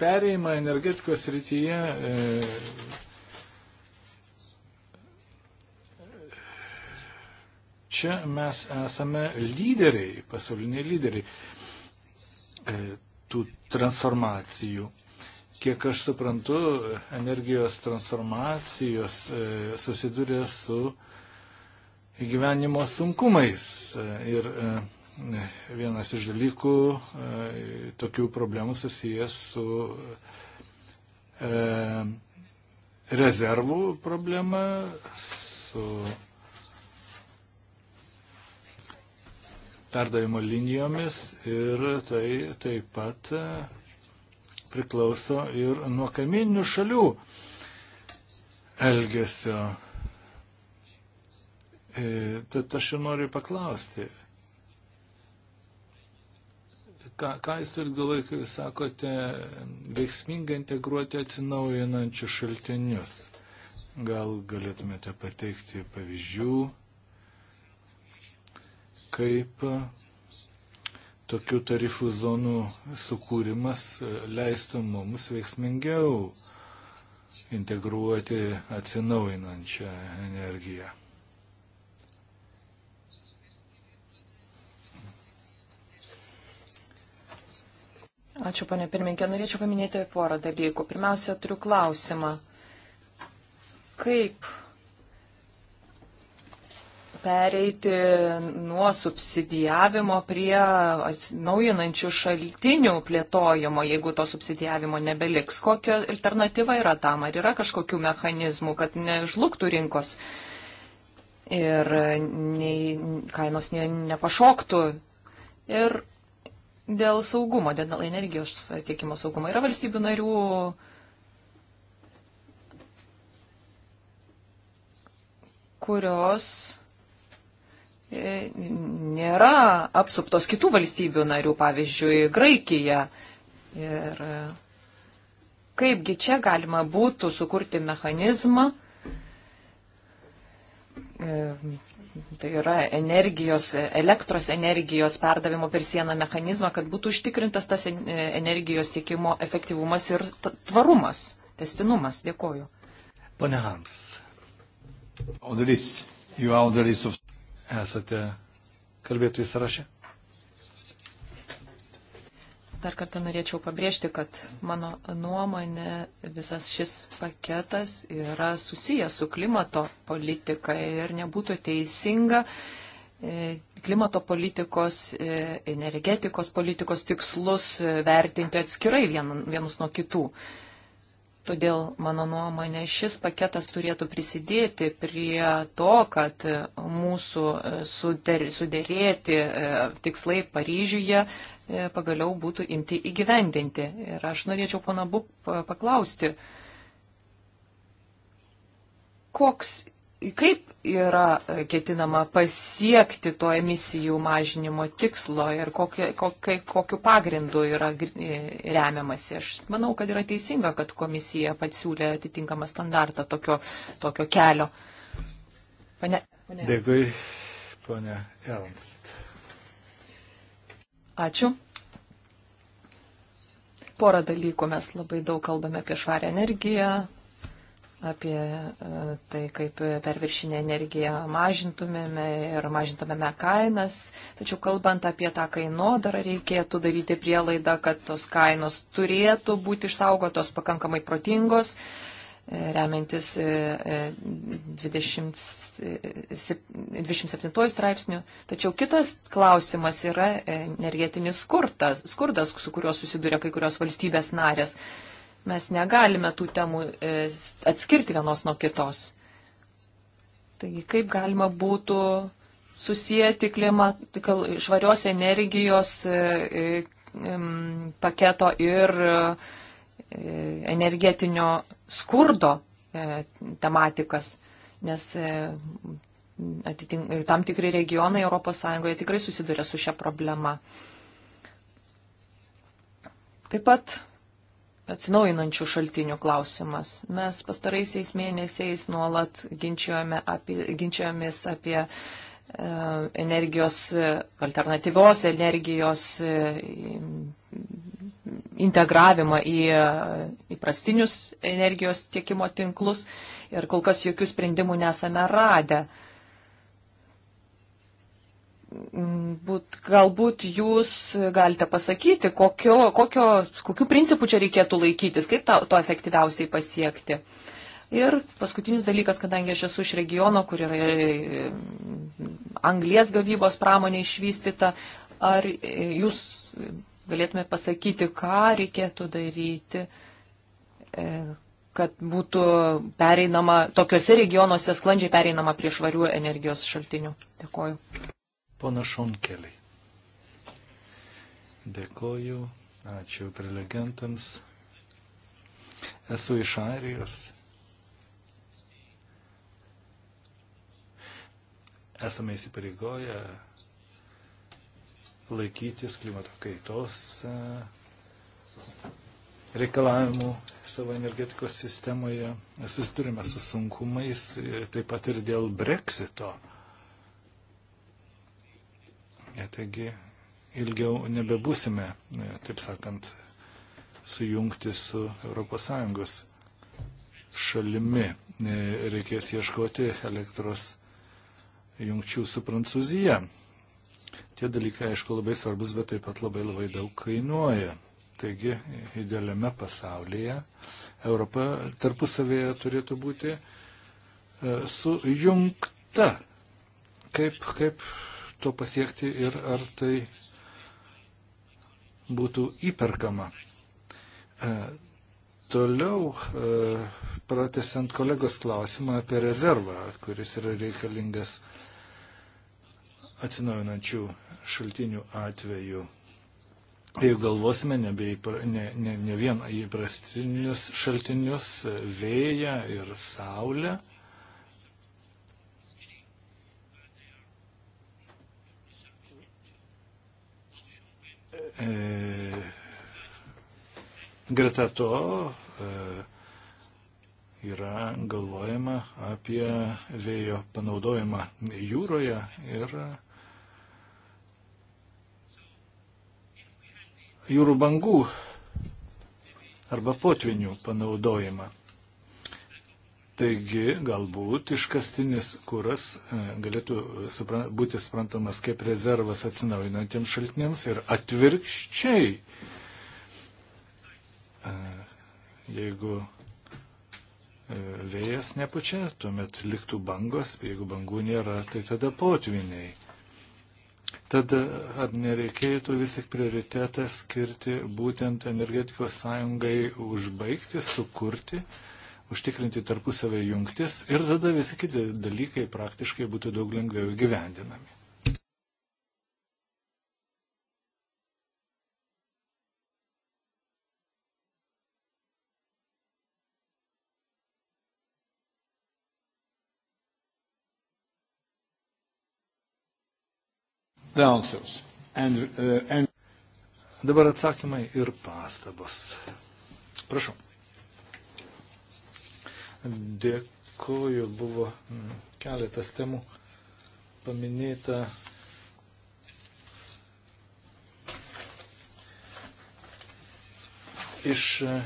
perėjimą energetikos rytyje čia mes esame lyderiai, pasauliniai lyderiai. E, tų transformacijų. Kiek aš suprantu, energijos transformacijos e, susiduria su gyvenimo sunkumais. E, ir vienas iš dalykų tokių problemų susijęs su rezervų problema, su perdavimo linijomis ir tai taip pat e, priklauso ir nuo kaiminių šalių elgesio. E, tad aš ir noriu paklausti, ką, ką jūs turite galvoje, kai jūs sakote, veiksmingai integruoti atsinaujinančius šaltinius? Gal galėtumėte pateikti pavyzdžių? kaip e, tokių tarifų zonų sukūrimas e, leistų mums veiksmingiau integruoti atsinaujinančią energiją. Ačiū, ponė pirmininkė. Norėčiau paminėti porą dalykų. Pirmiausia, turiu klausimą. Kaip pereiti nuo subsidijavimo prie atsinaujinančių šaltinių plėtojimo, jeigu to subsidijavimo nebeliks. Kokia alternatyva yra tam? Ar yra kažkokių mechanizmų, kad nežlugtų rinkos ir nei, kainos ne, nepašoktų? Ir dėl saugumo, dėl energijos tiekimo saugumo yra valstybių narių kurios E, nėra apsuptos kitų valstybių narių, pavyzdžiui, Graikija. Ir e, kaipgi čia galima būtų sukurti mechanizmą, e, tai yra energijos, elektros energijos perdavimo per sieną mechanizmą, kad būtų užtikrintas tas energijos tiekimo efektyvumas ir tvarumas, testinumas. Dėkoju. Pone Hams. Audarys, jų audarys of esate kalbėtojų sąraše. Dar kartą norėčiau pabrėžti, kad mano nuomonė visas šis paketas yra susijęs su klimato politika ir nebūtų teisinga e, klimato politikos, e, energetikos politikos tikslus e, vertinti atskirai vien, vienus nuo kitų. Todėl, mano nuomonė, šis paketas turėtų prisidėti prie to, kad mūsų sudėrėti e, tikslai Paryžiuje e, pagaliau būtų imti įgyvendinti. Ir aš norėčiau pana Buk paklausti, koks kaip yra e, ketinama pasiekti to emisijų mažinimo tikslo ir kokie, kokie, kokiu pagrindu yra e, remiamasi. Aš manau, kad yra teisinga, kad komisija pats siūlė atitinkamą standartą tokio, tokio kelio. Pane, pane. Dėkui, ponė Ernst. Ačiū. Porą dalykų mes labai daug kalbame apie švarę energiją, apie e, tai, kaip perviršinę energiją mažintumėme ir mažintumėme kainas. Tačiau kalbant apie tą kainodarą, reikėtų daryti prielaidą, kad tos kainos turėtų būti išsaugotos pakankamai protingos, e, remiantis 27 e, straipsnių. Tačiau kitas klausimas yra energetinis skurdas, skurdas su kuriuo susiduria kai kurios valstybės narės. Mes negalime tų temų e, atskirti vienos nuo kitos. Taigi kaip galima būtų susijęti klimat, švarios energijos e, e, paketo ir energetinio skurdo tematikas, nes atitink, tam tikri regionai ES tikrai susiduria su šia problema. Taip pat atsinaujinančių šaltinių klausimas. Mes pastaraisiais mėnesiais nuolat apie, ginčiamės apie e, energijos, e, alternatyvios energijos e, integravimą į e, įprastinius energijos tiekimo tinklus ir kol kas jokių sprendimų nesame radę. E, būt, galbūt jūs galite pasakyti, kokio, kokio, kokių principų čia reikėtų laikytis, kaip ta, to efektyviausiai pasiekti. Ir paskutinis dalykas, kadangi aš esu iš regiono, kur yra e, anglės gavybos pramonė išvystyta, ar jūs galėtumėte pasakyti, ką reikėtų daryti, e, kad būtų pereinama, tokiuose regionuose sklandžiai pereinama prie švarių energijos šaltinių. Dėkoju. Pona Šonkeliai. Dėkoju, ačiū prelegentams. Esu iš Airijos. Esame įsipareigoję laikytis klimato kaitos e, reikalavimų savo energetikos sistemoje. Susidurime su sunkumais e, taip pat ir dėl breksito. Taigi ilgiau nebebūsime, e, taip sakant, sujungti su ES šalimi. E, reikės ieškoti elektros jungčių su Prancūzija. Tie dalykai, aišku, labai svarbus, bet taip pat labai labai daug kainuoja. Taigi, idealiame pasaulyje Europa tarpusavėje turėtų būti e, sujungta. Kaip, kaip to pasiekti ir ar tai būtų įperkama. E, toliau, e, pratesant kolegos klausimą apie rezervą, kuris yra reikalingas atsinaujinančių šaltinių atveju. Jeigu galvosime nebe, ne, ne, ne vien įprastinius šaltinius, vėją ir saulę, E, greta to e, yra galvojama apie vėjo panaudojimą jūroje ir jūrų bangų arba potvinių panaudojimą. Taigi galbūt iškastinis kuras e, galėtų būti suprantamas kaip rezervas atsinaujinantiems šaltiniams ir atvirkščiai. E, jeigu e, vėjas nepučia, tuomet liktų bangos, jeigu bangų nėra, tai tada potviniai. Tad ar nereikėtų vis tik prioritetą skirti būtent energetikos sąjungai užbaigti, sukurti? užtikrinti tarpusavę jungtis ir tada visi kiti dalykai praktiškai būtų daug lengviau gyvendinami. The answers. And, uh, and... Dabar atsakymai ir pastabos. Prašau. Dėkuoju, buvo mm, keletas temų paminėta. Iš e,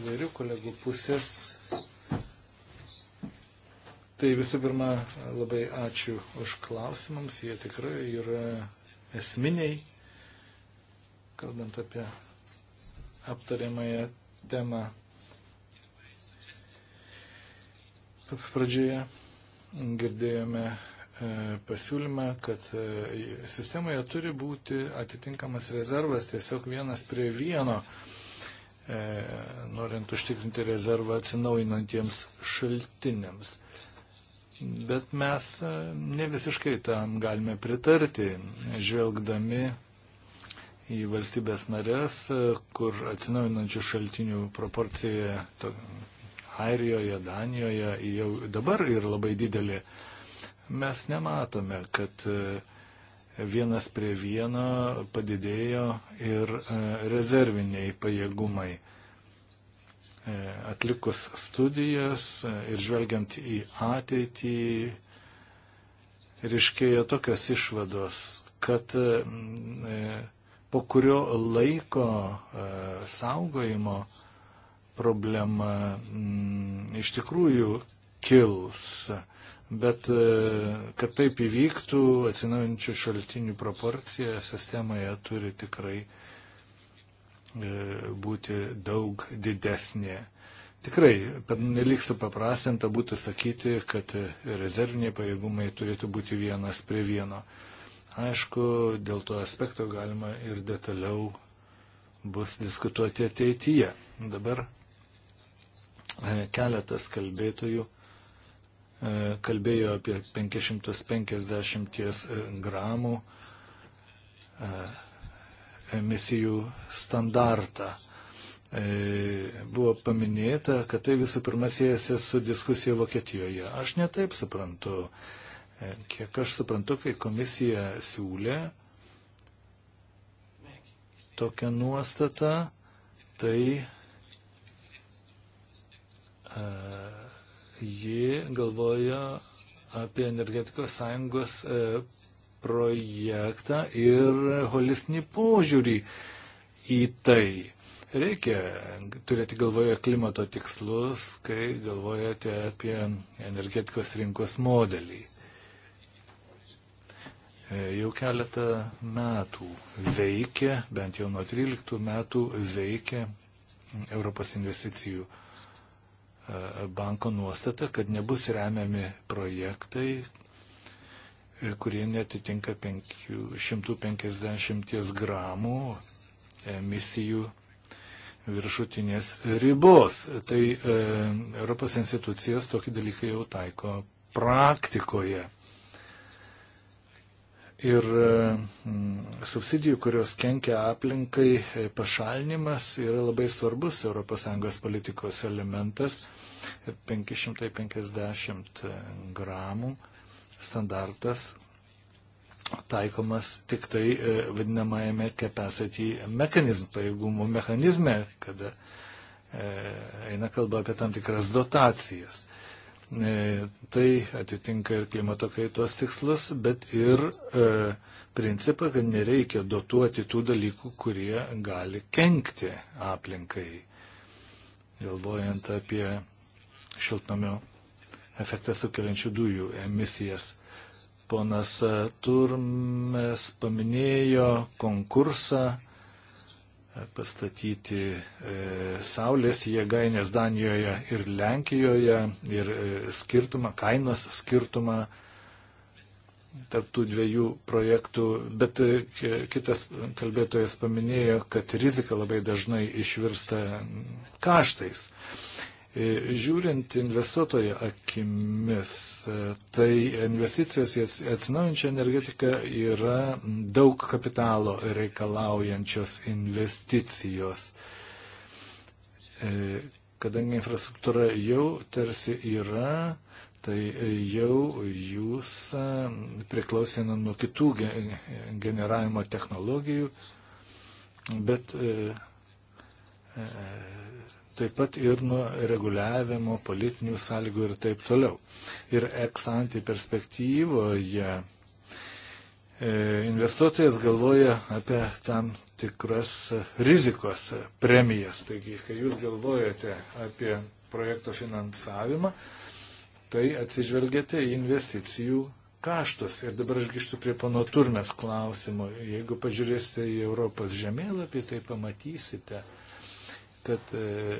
įvairių kolegų pusės. Tai visų pirma, labai ačiū už klausimams, jie tikrai yra esminiai, kalbant apie aptariamąją temą pradžioje girdėjome e, pasiūlymą, kad e, sistemoje turi būti atitinkamas rezervas tiesiog vienas prie vieno, e, norint užtikrinti rezervą atsinaujinantiems šaltiniams. Bet mes ne visiškai tam galime pritarti, žvelgdami į valstybės narės, kur atsinaujinančių šaltinių proporcija Airijoje, Danijoje jau dabar yra labai didelė. Mes nematome, kad e, vienas prie vieno padidėjo ir e, rezerviniai pajėgumai. E, atlikus studijas ir žvelgiant į ateitį, ryškėjo tokios išvados, kad po kurio laiko saugojimo problema mm, iš tikrųjų kils. Bet e, kad taip įvyktų, atsinaujančių šaltinių proporcija sistemoje turi tikrai e, būti daug didesnė. Tikrai, nelik supaprastinta būtų sakyti, kad rezerviniai pajėgumai turėtų būti vienas prie vieno. Aišku, dėl to aspekto galima ir detaliau bus diskutuoti ateityje. Dabar E, keletas kalbėtojų e, kalbėjo apie 550 gramų e, emisijų standartą. Buvo paminėta, kad tai visų pirma siejasi su diskusija Vokietijoje. Aš netaip suprantu. Kiek aš suprantu, kai komisija siūlė tokią nuostatą, tai Ji galvojo apie energetikos sąjungos e, projektą ir holistinį požiūrį į tai. Reikia turėti galvoje klimato tikslus, kai galvojate apie energetikos rinkos modelį. E, jau keletą metų veikia, bent jau nuo 13 metų veikia Europos investicijų banko nuostata, kad nebus remiami projektai, kurie netitinka 150 gramų emisijų viršutinės ribos. Tai e, Europos institucijos tokį dalyką jau taiko praktikoje ir mm, subsidijų, kurios kenkia aplinkai, e, pašalinimas yra labai svarbus ES politikos elementas. 550 e, gramų standartas taikomas tik tai e, vadinamajame capacity mechanism, pajėgumų mechanizme, kada eina kalba apie tam tikras dotacijas. E, tai atitinka ir klimato kaitos tikslus, bet ir e, principą, kad nereikia dotuoti tų dalykų, kurie gali kenkti aplinkai, galvojant apie šiltnamio efektą sukeliančių dujų emisijas. Ponas Turmes paminėjo konkursą pastatyti e, saulės jėgainės Danijoje ir Lenkijoje ir e, skirtumą, kainos skirtumą tarptų dviejų projektų, bet e, kitas kalbėtojas paminėjo, kad rizika labai dažnai išvirsta kaštais. E, žiūrint investuotojo akimis, e, tai investicijos į atsinaujančią energetiką yra daug kapitalo reikalaujančios investicijos, e, kadangi infrastruktūra jau tarsi yra, tai jau jūs priklausėna nuo kitų generavimo technologijų, bet taip pat ir nuo reguliavimo, politinių sąlygų ir taip toliau. Ir eksantį perspektyvoje e, investuotojas galvoja apie tam tikras rizikos premijas. Taigi, kai jūs galvojate apie projekto finansavimą, tai atsižvelgiate į investicijų kaštus. Ir dabar aš grįžtu prie pono Turmes klausimo. Jeigu pažiūrėsite į Europos žemėlapį, tai pamatysite, kad e,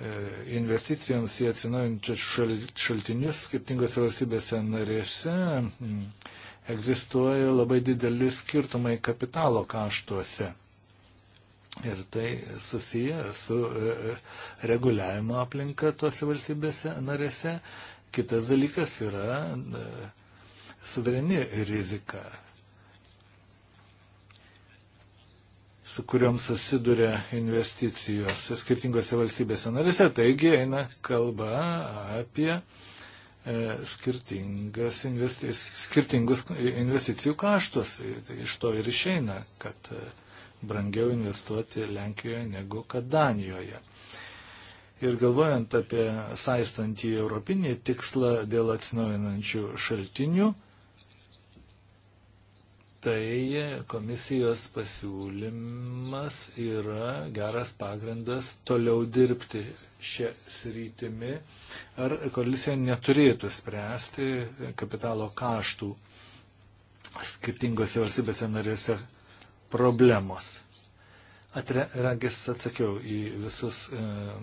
e, investicijoms į atsinaujančius šaltinius skirtingose valstybėse narėse mm, egzistuoja labai dideli skirtumai kapitalo kaštuose. Ir tai susiję su e, reguliavimo aplinka tuose valstybėse narėse. Kitas dalykas yra suvereni rizika. su kuriuom susiduria investicijos skirtingose valstybėse narise. Taigi eina kalba apie e, skirtingas investi skirtingus investicijų kaštus. Tai, tai iš to ir išeina, kad e, brangiau investuoti Lenkijoje negu kad Danijoje. Ir galvojant apie saistantį europinį tikslą dėl atsinaujinančių šaltinių, tai komisijos pasiūlymas yra geras pagrindas toliau dirbti šią sritimi. Ar koalicija neturėtų spręsti kapitalo kaštų skirtingose valstybėse narėse problemos? Atregis atsakiau į visus e,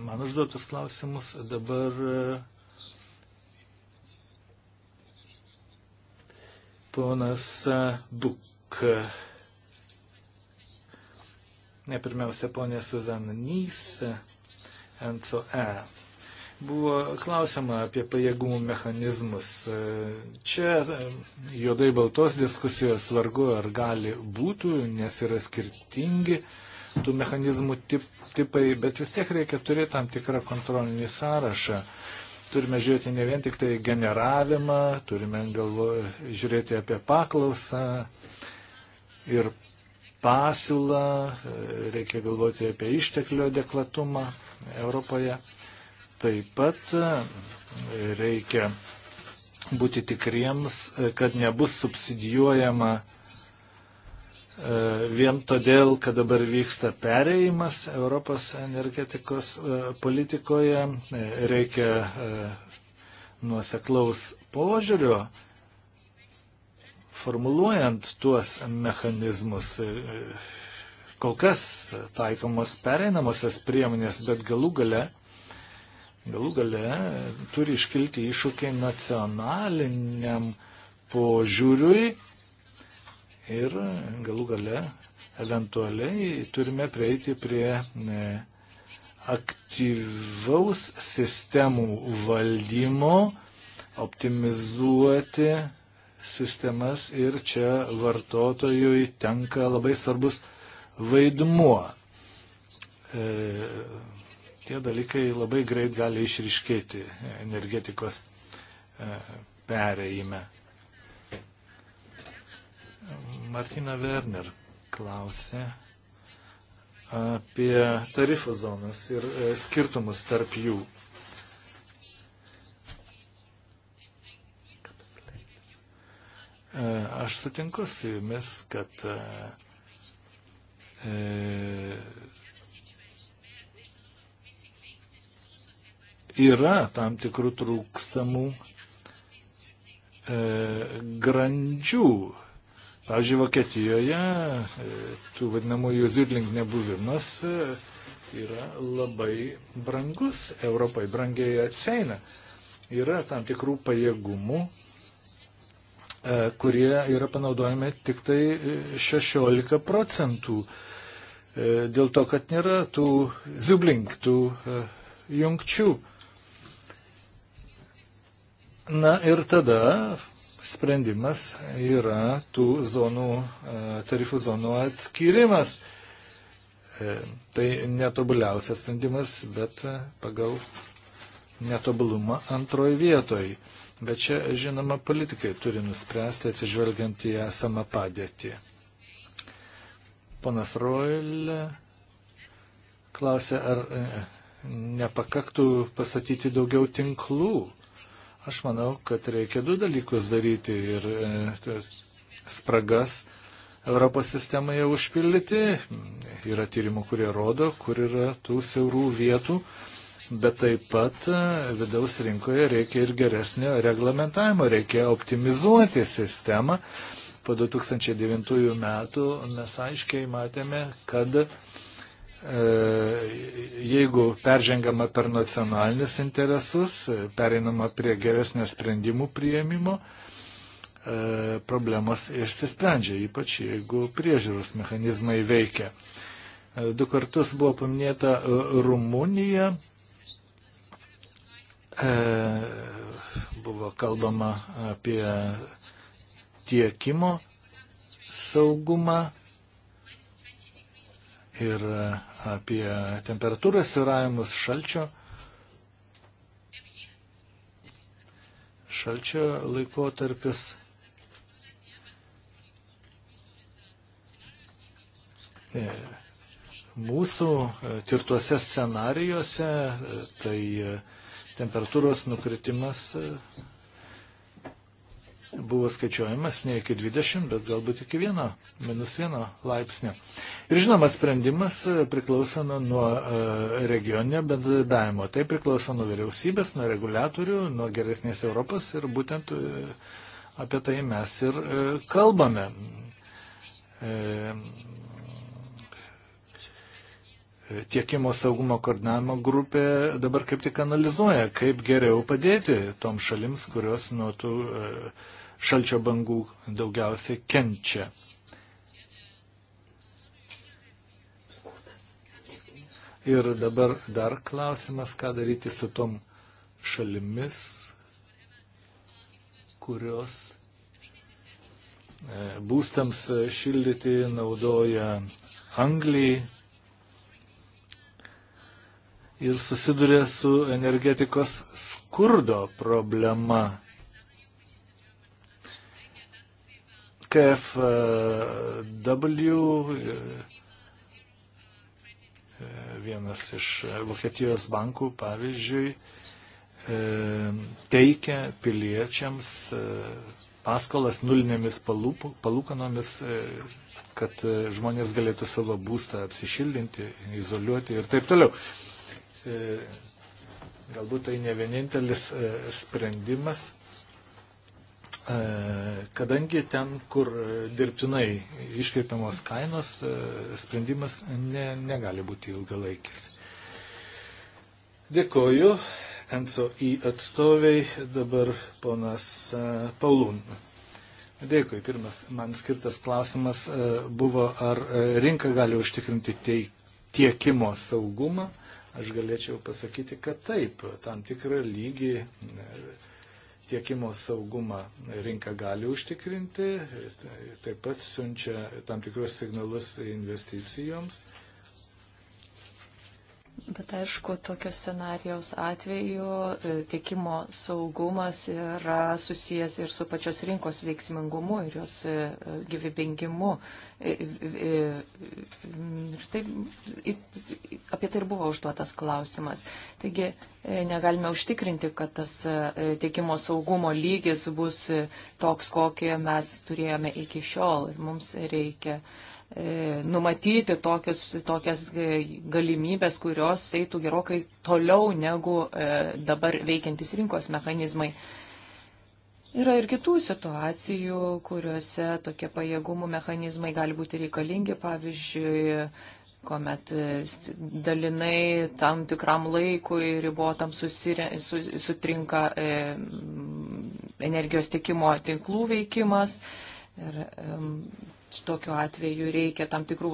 man užduotus klausimus. Dabar e, Ponas Buk. Ne pirmiausia, ponė Suzana Nys, NCE. Buvo klausima apie pajėgumų mechanizmus. Čia juodai baltos diskusijos vargu ar gali būtų, nes yra skirtingi tų mechanizmų tip, tipai, bet vis tiek reikia turėti tam tikrą kontrolinį sąrašą turime žiūrėti ne vien tik tai generavimą, turime galvo, žiūrėti apie paklausą ir pasiūlą, reikia galvoti apie išteklių adekvatumą Europoje. Taip pat reikia būti tikriems, kad nebus subsidijuojama E, vien todėl, kad dabar vyksta pereimas Europos energetikos e, politikoje, e, reikia nuoseklaus požiūrio, formuluojant tuos mechanizmus. Kol kas taikomos pereinamosios priemonės, bet galų gale, galų gale turi iškilti iššūkiai nacionaliniam požiūriui ir galų gale eventualiai turime prieiti prie e, aktyvaus sistemų valdymo, optimizuoti sistemas ir čia vartotojui tenka labai svarbus vaidmuo. E, tie dalykai labai greit gali išriškėti energetikos e, pereime. Martina Werner klausė apie tarifo zonas ir e, skirtumus tarp jų. E, aš sutinku su jumis, kad e, e, yra tam tikrų trūkstamų e, grandžių. Pavyzdžiui, Vokietijoje e, tų vadinamųjų zirling nebuvimas e, yra labai brangus, Europai brangiai atseina. Yra tam tikrų pajėgumų, e, kurie yra panaudojami tik tai 16 procentų. Dėl to, kad nėra tų ziblink, tų jungčių. Na ir tada sprendimas yra tų zonų, e, tarifų zonų atskirimas. E, tai netobuliausias sprendimas, bet e, pagal netobulumą antroji vietoj. Bet čia, žinoma, politikai turi nuspręsti atsižvelgiant į esamą padėtį. Ponas Roilė klausė, ar nepakaktų pasakyti daugiau tinklų. Aš manau, kad reikia du dalykus daryti ir e, spragas Europos sistemoje užpildyti. Yra tyrimų, kurie rodo, kur yra tų siaurų vietų, bet taip pat e, vidaus rinkoje reikia ir geresnio reglamentavimo, reikia optimizuoti sistemą. Po 2009 metų mes aiškiai matėme, kad E, jeigu peržengiama per nacionalinius interesus, e, pereinama prie geresnio sprendimų prieimimo, e, problemas išsisprendžia, ypač jeigu priežiūros mechanizmai veikia. Du kartus buvo paminėta Rumunija, buvo kalbama apie tiekimo saugumą ir e, apie temperatūros sviravimus šalčio. Šalčio laikotarpis. E, mūsų e, tirtuose scenarijuose tai temperatūros nukritimas buvo skaičiuojamas ne iki 20, bet galbūt iki 1, minus 1 laipsnio. Ir žinoma, sprendimas e, priklauso nuo e, regioninio bendradarbiavimo. Tai priklauso nuo vyriausybės, nuo reguliatorių, nuo geresnės Europos ir būtent e, apie tai mes ir kalbame. Tiekimo saugumo koordinavimo grupė dabar kaip tik analizuoja, kaip geriau padėti tom šalims, kurios nuo tų uh, šalčio bangų daugiausiai kenčia. Ir dabar dar klausimas, ką daryti su tom šalimis, kurios e, būstams šildyti naudoja anglį ir susiduria su energetikos skurdo problema. KFW, uh, uh, vienas iš uh, Vokietijos bankų, pavyzdžiui, teikia piliečiams paskolas nulinėmis palūkanomis, kad žmonės galėtų savo būstą apsišildinti, izoliuoti ir taip toliau. Galbūt tai ne vienintelis sprendimas, E, kadangi ten, kur dirbtinai iškreipiamos kainos, e, sprendimas ne, negali būti ilgalaikis. Dėkoju NCOI atstoviai, dabar ponas e, Paulūn. Dėkui, pirmas man skirtas klausimas buvo, ar rinka gali užtikrinti tiekimo saugumą. Aš galėčiau pasakyti, kad taip, tam tikrą lygį. Ne, tiekimo saugumą rinka gali užtikrinti, taip pat siunčia tam tikrus signalus investicijoms. Bet aišku, tokios scenarijos atveju e, tiekimo saugumas yra susijęs ir su pačios rinkos veiksmingumu ir jos e, e, gyvybingimu. Ir taip, apie tai ir buvo užduotas klausimas. Taigi negalime užtikrinti, kad tas tiekimo saugumo lygis bus toks, kokį mes turėjome iki šiol. Ir mums reikia E, numatyti tokius, tokias e, galimybės, kurios eitų gerokai toliau negu e, dabar veikiantis rinkos mechanizmai. Yra ir kitų situacijų, kuriuose tokie pajėgumų mechanizmai gali būti reikalingi, pavyzdžiui, kuomet dalinai tam tikram laikui ribotam susire, su, sutrinka e, energijos tikimo tinklų veikimas. Ir, e, tokiu atveju reikia tam tikrų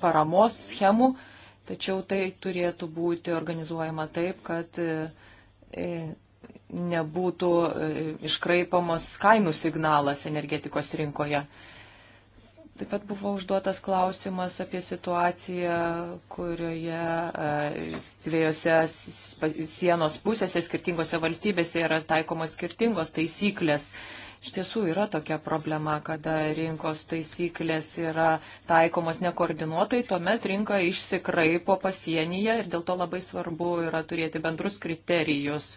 paramos schemų, tačiau tai turėtų būti organizuojama taip, kad e, e, nebūtų e, iškraipamos kainų signalas energetikos rinkoje. Taip pat buvo užduotas klausimas apie situaciją, kurioje dviejose sienos pusėse skirtingose valstybėse yra taikomos skirtingos taisyklės Iš tiesų yra tokia problema, kada rinkos taisyklės yra taikomos nekoordinuotai, tuomet rinka išsikraipo pasienyje ir dėl to labai svarbu yra turėti bendrus kriterijus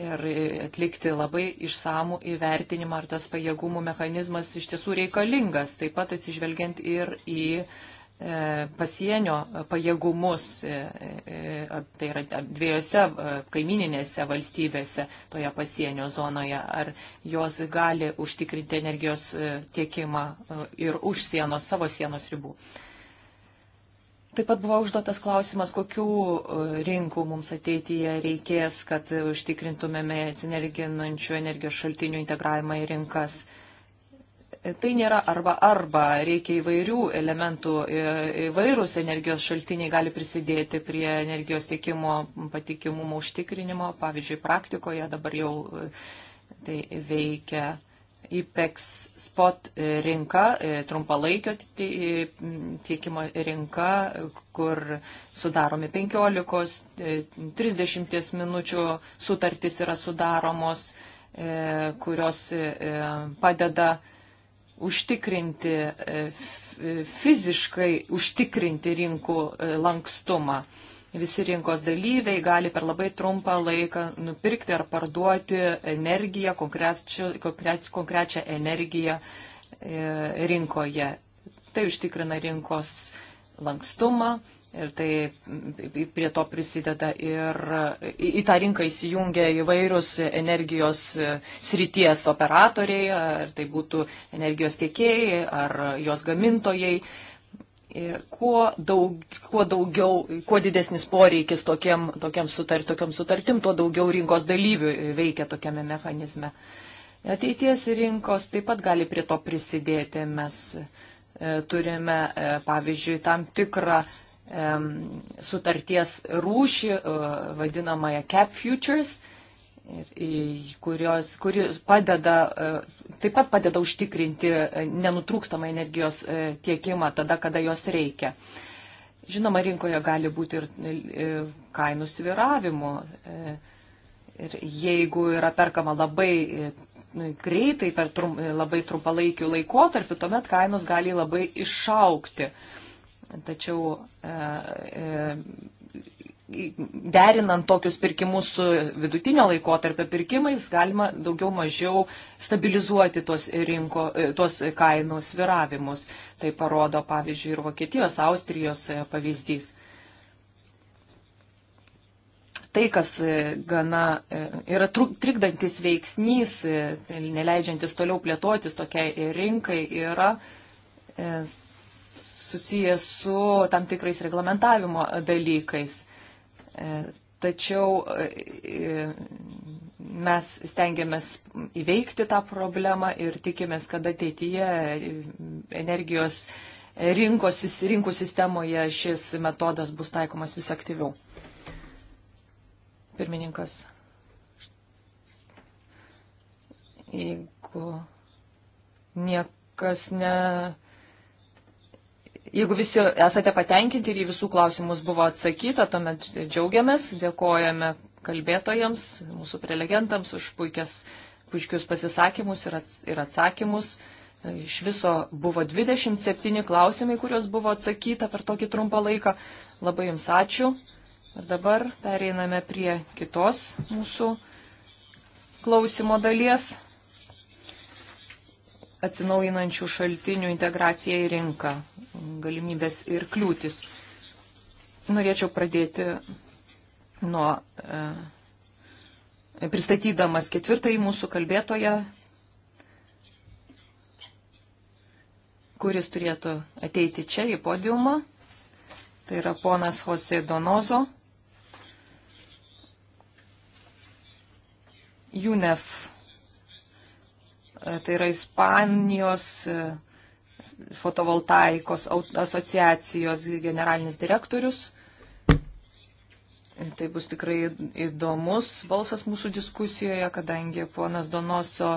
ir atlikti labai išsamų įvertinimą, ar tas pajėgumų mechanizmas iš tiesų reikalingas, taip pat atsižvelgiant ir į E, pasienio pajėgumus, e, e, tai yra dviejose kaimininėse valstybėse toje pasienio zonoje, ar jos gali užtikrinti energijos tiekimą ir už sienos, savo sienos ribų. Taip pat buvo užduotas klausimas, kokių rinkų mums ateityje reikės, kad užtikrintumėme atsinerginančių energijos šaltinių integravimą į rinkas. Tai nėra arba arba, reikia įvairių elementų, e, įvairūs energijos šaltiniai gali prisidėti prie energijos tiekimo patikimumo užtikrinimo. Pavyzdžiui, praktikoje dabar jau e, tai veikia IPEX spot rinka, e, trumpalaikio tiekimo rinka, kur sudaromi 15-30 minučių sutartys yra sudaromos, kurios padeda užtikrinti e, e, fiziškai užtikrinti rinkų e, lankstumą. Visi rinkos dalyviai gali per labai trumpą laiką nupirkti ar parduoti energiją, konkrečią, konkrečią energiją rinkoje. Tai užtikrina rinkos lankstumą, Ir tai prie to prisideda ir į tą rinką įsijungia įvairius energijos srities operatoriai, ar tai būtų energijos tiekėjai, ar jos gamintojai. Kuo, daug, kuo daugiau, kuo didesnis poreikis tokiam, tokiam, sutar, tokiam sutartim, tuo daugiau rinkos dalyvių veikia tokiame mechanizme. Ateities rinkos taip pat gali prie to prisidėti. Mes e, turime, e, pavyzdžiui, tam tikrą sutarties rūšį, e, vadinamąją cap futures, kurios, kuri padeda, e, taip pat padeda užtikrinti e, nenutrūkstamą energijos tiekimą tada, kada jos reikia. Žinoma, rinkoje gali būti ir kainų sviravimų. Ir jeigu yra perkama labai greitai, per trum, labai trumpalaikių laikotarpių, tuomet kainos gali labai išaukti. Uh, Tačiau e, e, derinant tokius pirkimus su vidutinio laiko tarp pirkimais, galima daugiau mažiau stabilizuoti tuos, rinko, e, tuos kainų sviravimus. Tai parodo, pavyzdžiui, ir Vokietijos, Austrijos pavyzdys. Tai, kas gana yra trikdantis veiksnys, neleidžiantis toliau plėtotis tokiai rinkai, yra susijęs su tam tikrais reglamentavimo dalykais. E, tačiau e, e, mes stengiamės įveikti tą problemą ir tikimės, kad ateityje energijos rinkos, rinkų sistemoje šis metodas bus taikomas vis aktyviau. Pirmininkas. Jeigu niekas ne Jeigu visi esate patenkinti ir į visų klausimus buvo atsakyta, tuomet džiaugiamės, dėkojame kalbėtojams, mūsų prelegentams už puikias, puikius pasisakymus ir, ats, ir atsakymus. Iš viso buvo 27 klausimai, kuriuos buvo atsakyta per tokį trumpą laiką. Labai Jums ačiū. Ir dabar pereiname prie kitos mūsų klausimo dalies - atsinaujinančių šaltinių integracija į rinką galimybės ir kliūtis. Norėčiau pradėti nuo e, pristatydamas ketvirtąjį mūsų kalbėtoją, kuris turėtų ateiti čia į podiumą. Tai yra ponas Jose Donozo. UNEF, e, tai yra Ispanijos e, fotovoltaikos asociacijos generalinis direktorius. Tai bus tikrai įdomus balsas mūsų diskusijoje, kadangi ponas Donoso,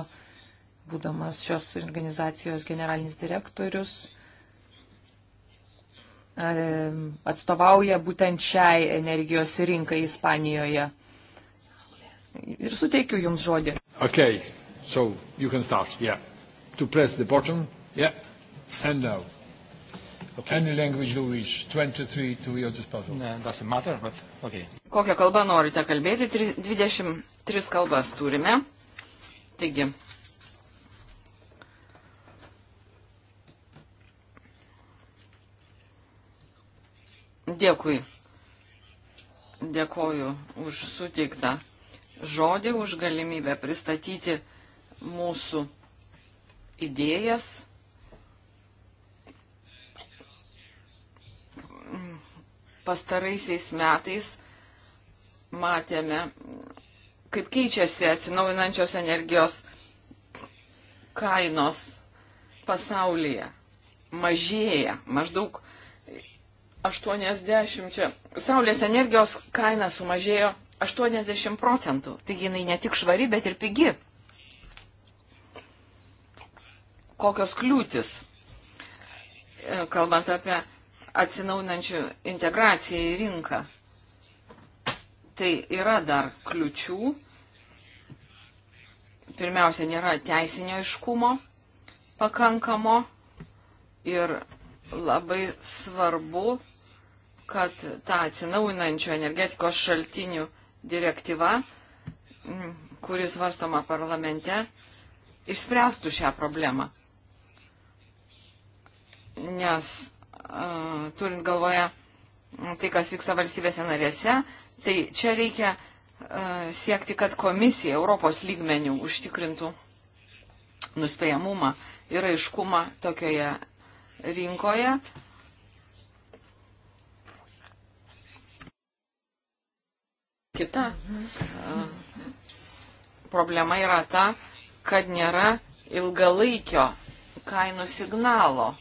būdamas šios organizacijos generalinis direktorius, atstovauja būtent šiai energijos rinkai Ispanijoje. Ir suteikiu Jums žodį. Okay. So you can start. Yeah. To press the button. Yeah. And now. Okay. Any language you wish. 23 to your disposal. Ne, doesn't matter, but okay. Kokią kalbą norite kalbėti? 23 kalbas turime. Taigi. Dėkui. Dėkoju už suteiktą žodį, už galimybę pristatyti mūsų idėjas pastaraisiais metais matėme, kaip keičiasi atsinaujinančios energijos kainos pasaulyje. Mažėja maždaug 80. Čia. Saulės energijos kaina sumažėjo 80 procentų. Taigi jinai ne tik švari, bet ir pigi. Kokios kliūtis, kalbant apie atsinaunančių integraciją į rinką. Tai yra dar kliučių. Pirmiausia, nėra teisinio iškumo pakankamo ir labai svarbu, kad ta atsinaujinančių energetikos šaltinių direktyva, kuris varstoma parlamente, išspręstų šią problemą. Nes turint galvoje tai, kas vyksta valstybėse narėse, tai čia reikia siekti, kad komisija Europos lygmenių užtikrintų nuspėjamumą ir aiškumą tokioje rinkoje. Kita problema yra ta, kad nėra ilgalaikio kainų signalo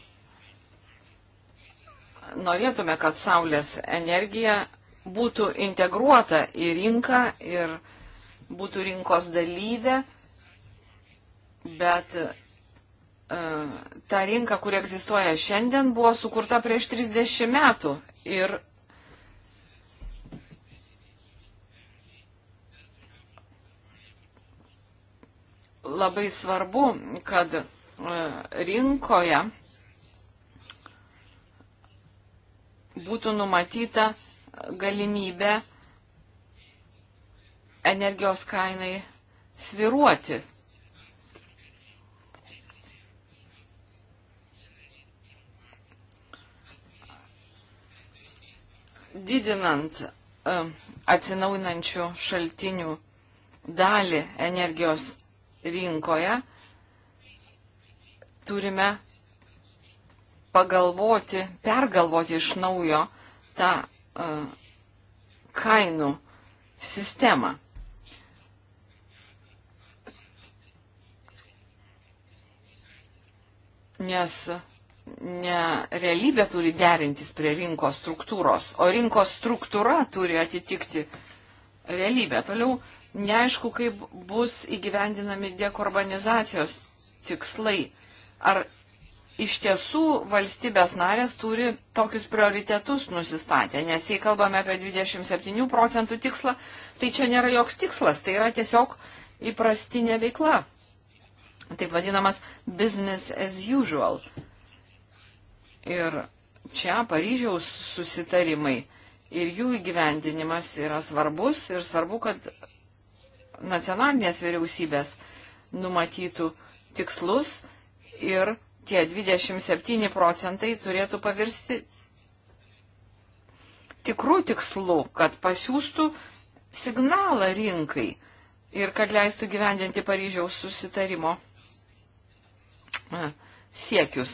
norėtume, kad saulės energija būtų integruota į rinką ir būtų rinkos dalyvė, bet e, ta rinka, kuri egzistuoja šiandien, buvo sukurta prieš 30 metų ir labai svarbu, kad e, rinkoje būtų numatyta galimybė energijos kainai sviruoti. Didinant e, atsinaujinančių šaltinių dalį energijos rinkoje, turime pagalvoti, pergalvoti iš naujo tą uh, kainų sistemą. Nes ne realybė turi derintis prie rinkos struktūros, o rinkos struktūra turi atitikti realybę. Toliau neaišku, kaip bus įgyvendinami dekarbonizacijos tikslai. Ar iš tiesų valstybės narės turi tokius prioritetus nusistatę, nes jei kalbame apie 27 procentų tikslą, tai čia nėra joks tikslas, tai yra tiesiog įprastinė veikla. Taip vadinamas business as usual. Ir čia Paryžiaus susitarimai ir jų įgyvendinimas yra svarbus ir svarbu, kad nacionalinės vyriausybės numatytų tikslus ir tie 27 procentai turėtų pavirsti tikrų tikslų, kad pasiūstų signalą rinkai ir kad leistų gyvendinti Paryžiaus susitarimo siekius.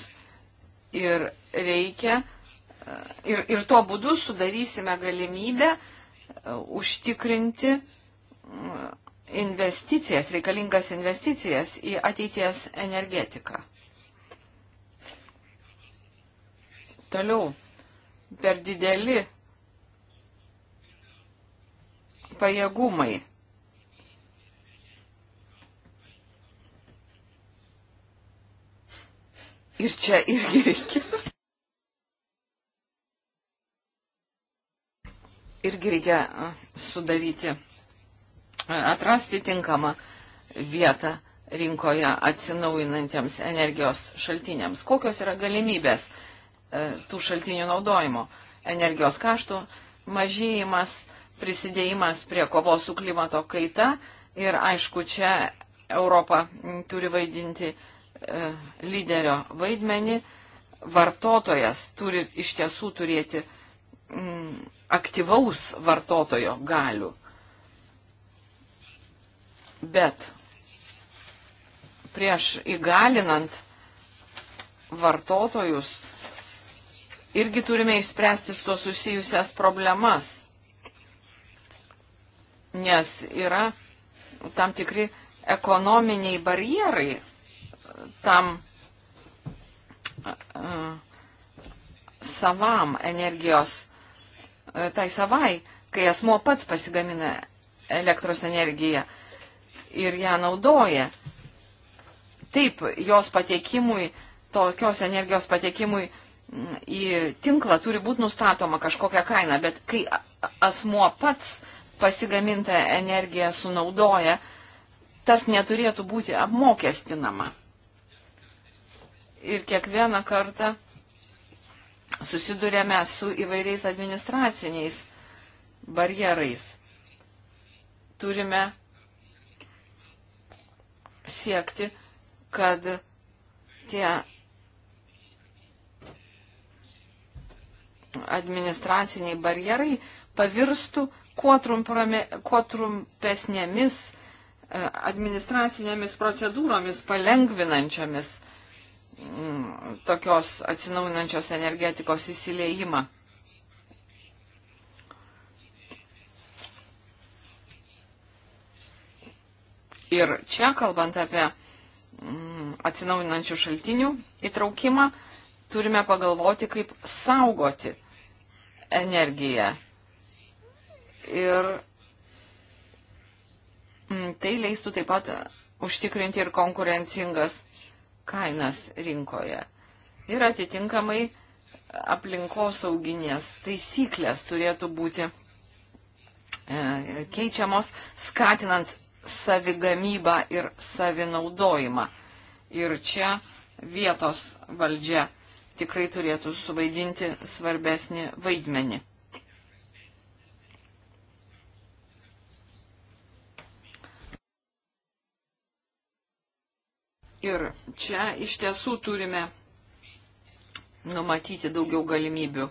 Ir reikia, ir, ir tuo būdu sudarysime galimybę užtikrinti investicijas, reikalingas investicijas į ateities energetiką. Toliau, per dideli pajėgumai. Ir čia irgi reikia. Irgi reikia sudaryti, atrasti tinkamą vietą rinkoje atsinaujinantiems energijos šaltiniams. Kokios yra galimybės? E, tų šaltinių naudojimo. Energijos kaštų mažėjimas, prisidėjimas prie kovos su klimato kaita ir aišku, čia Europa turi vaidinti e, lyderio vaidmenį. Vartotojas turi iš tiesų turėti m, mm, aktyvaus vartotojo galių. Bet prieš įgalinant vartotojus irgi turime išspręsti su to susijusias problemas, nes yra tam tikri ekonominiai barjerai tam uh, savam energijos, uh, tai savai, kai asmo pats pasigamina elektros energiją ir ją naudoja. Taip, jos patekimui, tokios energijos patekimui į tinklą turi būti nustatoma kažkokia kaina, bet kai asmuo pats pasigamintą energiją sunaudoja, tas neturėtų būti apmokestinama. Ir kiekvieną kartą susidurėme su įvairiais administraciniais barjerais. Turime siekti, kad tie administraciniai barjerai pavirstų kuo, trumpame, kuo trumpesnėmis e, administracinėmis procedūromis, palengvinančiomis m, mm, tokios atsinaujinančios energetikos įsileimą. Ir čia, kalbant apie m, mm, atsinaujinančių šaltinių įtraukimą, turime pagalvoti, kaip saugoti energiją. Ir mm, tai leistų taip pat užtikrinti ir konkurencingas kainas rinkoje. Ir atitinkamai aplinkosauginės taisyklės turėtų būti e, keičiamos, skatinant savigamybą ir savinaudojimą. Ir čia vietos valdžia tikrai turėtų suvaidinti svarbesnį vaidmenį. Ir čia iš tiesų turime numatyti daugiau galimybių.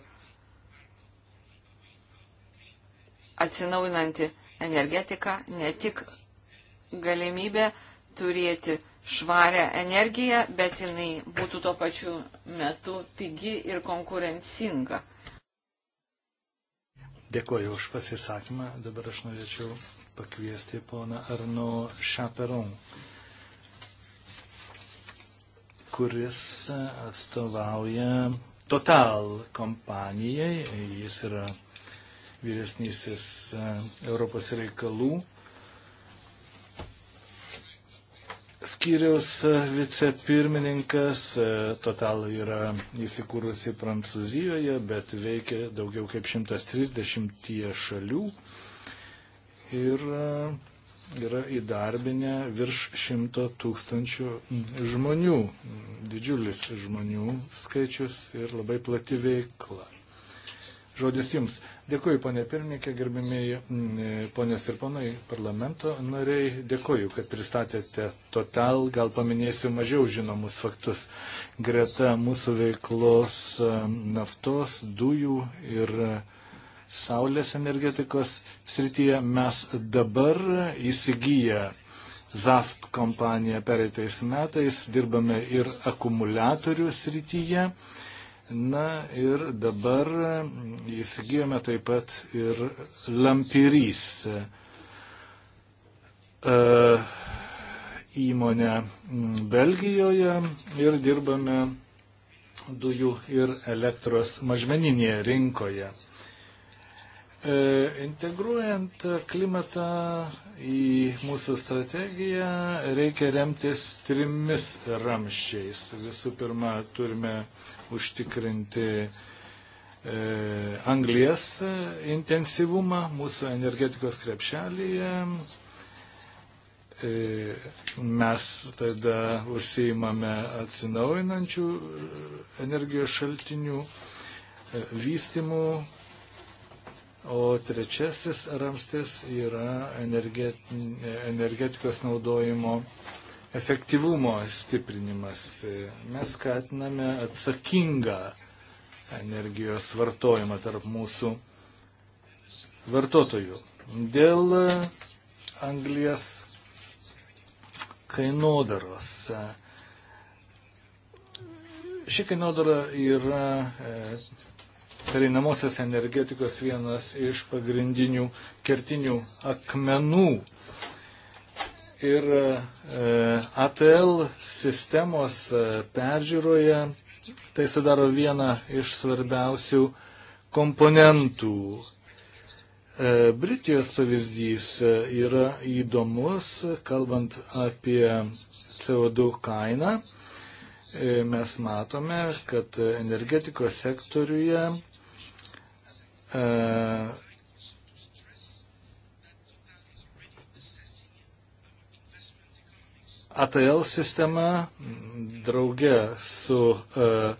Atsinaujinanti energetika ne tik galimybė turėti švarę energiją, bet jinai būtų tuo pačiu metu pigi ir konkurencinga. Dėkuoju už pasisakymą. Dabar aš norėčiau pakviesti poną Arno Šaperon, kuris atstovauja Total kompanijai. Jis yra vyresnysis e, Europos reikalų skyriaus e, vicepirmininkas, e, Total yra įsikūrusi Prancūzijoje, bet veikia daugiau kaip 130 šalių ir e, yra įdarbinę virš 100 tūkstančių žmonių. Didžiulis žmonių skaičius ir labai plati veikla. Žodis Jums. Dėkuoju, ponė pirmininkė, gerbimieji mm, e, ponės ir ponai parlamento nariai. Dėkuoju, kad pristatėte Total. Gal paminėsiu mažiau žinomus faktus. Greta mūsų veiklos e, naftos, dujų ir e, saulės energetikos srityje mes dabar įsigiję ZAFT kompaniją pereitais metais, dirbame ir akumuliatorių srityje. Na ir dabar įsigijome taip pat ir lampyrys e, įmonę Belgijoje ir dirbame dujų ir elektros mažmeninėje rinkoje. E, integruojant klimatą į mūsų strategiją reikia remtis trimis ramščiais. Visų pirma, turime uh, užtikrinti e, anglies e, intensyvumą mūsų energetikos krepšelėje. E, mes tada užsiimame atsinaujinančių e, energijos šaltinių e, vystimų, O trečiasis ramstis yra energetikos naudojimo efektyvumo stiprinimas. Mes skatiname atsakingą energijos vartojimą tarp mūsų vartotojų. Dėl anglijas kainodaros. Ši kainodara yra e, pereinamosios energetikos vienas iš pagrindinių kertinių akmenų ir e, ATL sistemos e, peržiūroje tai sudaro vieną iš svarbiausių komponentų. E, Britijos pavyzdys yra įdomus, kalbant apie CO2 kainą. Mes matome, kad energetikos sektoriuje ATL sistema drauge su e,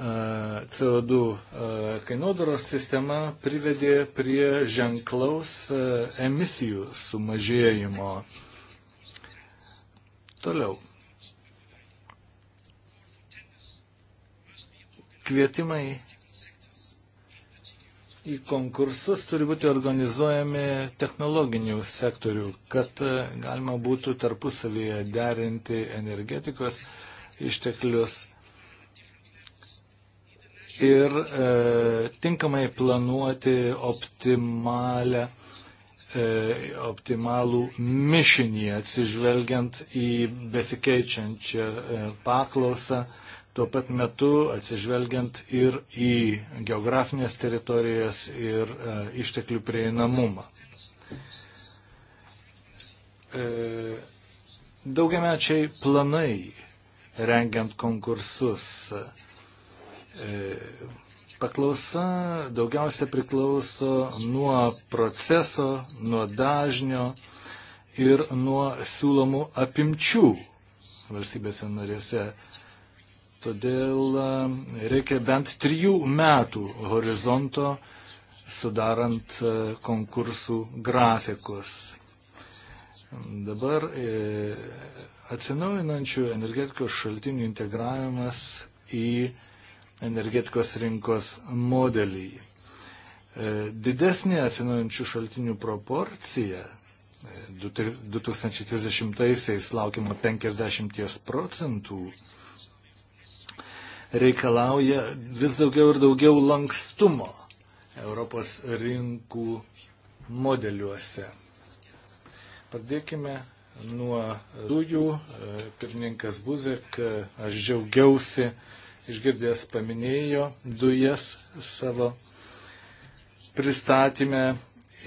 e, CO2 e, kainodaros sistema privedė prie ženklaus emisijų sumažėjimo. Toliau. Kvietimai į konkursus turi būti organizuojami technologinių sektorių, kad e, galima būtų tarpusavyje derinti energetikos išteklius ir e, tinkamai planuoti optimalę, e, optimalų mišinį atsižvelgiant į besikeičiančią e, paklausą. E, tuo pat metu atsižvelgiant ir į geografinės teritorijas ir e, išteklių prieinamumą. E, daugiamečiai planai rengiant konkursus. E, paklausa daugiausia priklauso nuo proceso, nuo dažnio ir nuo siūlomų apimčių valstybėse narėse. E, Todėl reikia bent trijų metų horizonto sudarant konkursų grafikus. Dabar e, atsinaujinančių energetikos šaltinių integravimas į energetikos rinkos modelį. E, didesnė atsinaujinančių šaltinių proporcija 2030-aisiais e, laukiama 50 procentų reikalauja vis daugiau ir daugiau lankstumo Europos rinkų modeliuose. Pradėkime nuo dujų. Pirmininkas Buzek, aš džiaugiausi, išgirdęs paminėjo dujas savo pristatymę.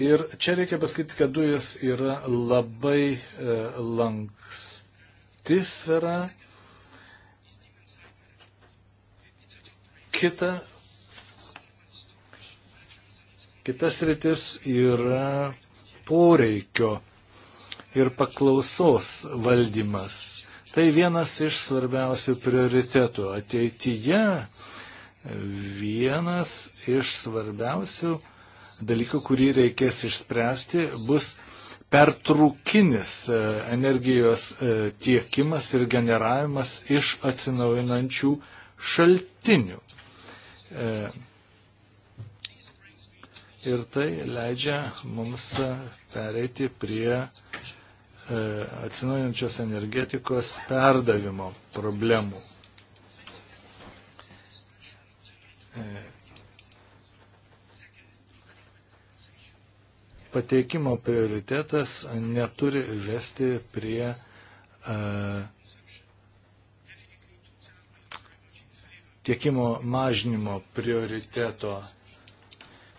Ir čia reikia pasakyti, kad dujas yra labai e, lanksti sfera Kita, kitas rytis yra poreikio ir paklausos valdymas. Tai vienas iš svarbiausių prioritetų. Ateityje vienas iš svarbiausių dalykų, kurį reikės išspręsti, bus pertraukinis e, energijos e, tiekimas ir generavimas iš atsinaujinančių šaltinių. E, ir tai leidžia mums pereiti prie e, atsinaujančios energetikos perdavimo problemų. E, pateikimo prioritetas neturi vesti prie uh, tiekimo mažinimo prioriteto.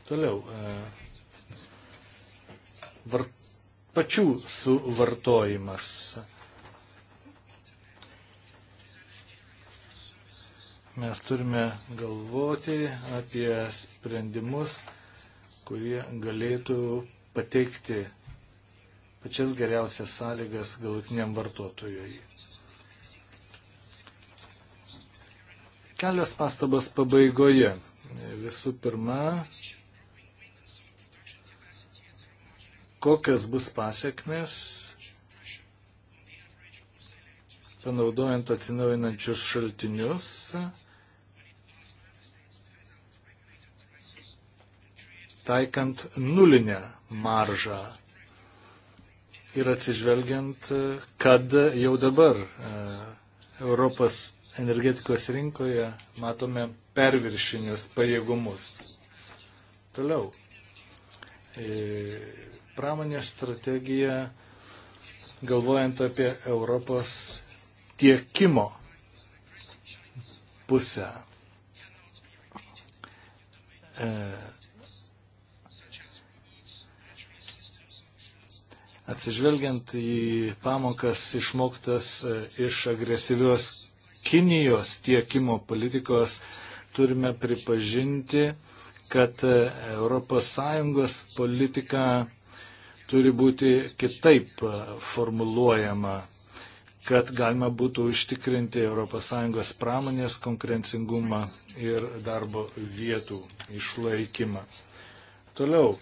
Toliau. E, var, pačių suvartojimas. Mes turime galvoti apie sprendimus, kurie galėtų pateikti pačias geriausias sąlygas galutiniam vartotojui. Kelios pastabos pabaigoje. Visų pirma, kokias bus pasiekmes panaudojant atsinaujinančius šaltinius. taikant nulinę maržą ir atsižvelgiant, kad jau dabar e, Europos energetikos rinkoje matome perviršinius pajėgumus. Toliau. E, pramonės strategija, galvojant apie Europos tiekimo pusę. E, atsižvelgiant į pamokas išmoktas e, iš agresyvios Kinijos tiekimo politikos turime pripažinti, kad ES politika turi būti kitaip e, formuluojama, kad galima būtų užtikrinti ES pramonės konkurencingumą ir darbo vietų išlaikymą. Toliau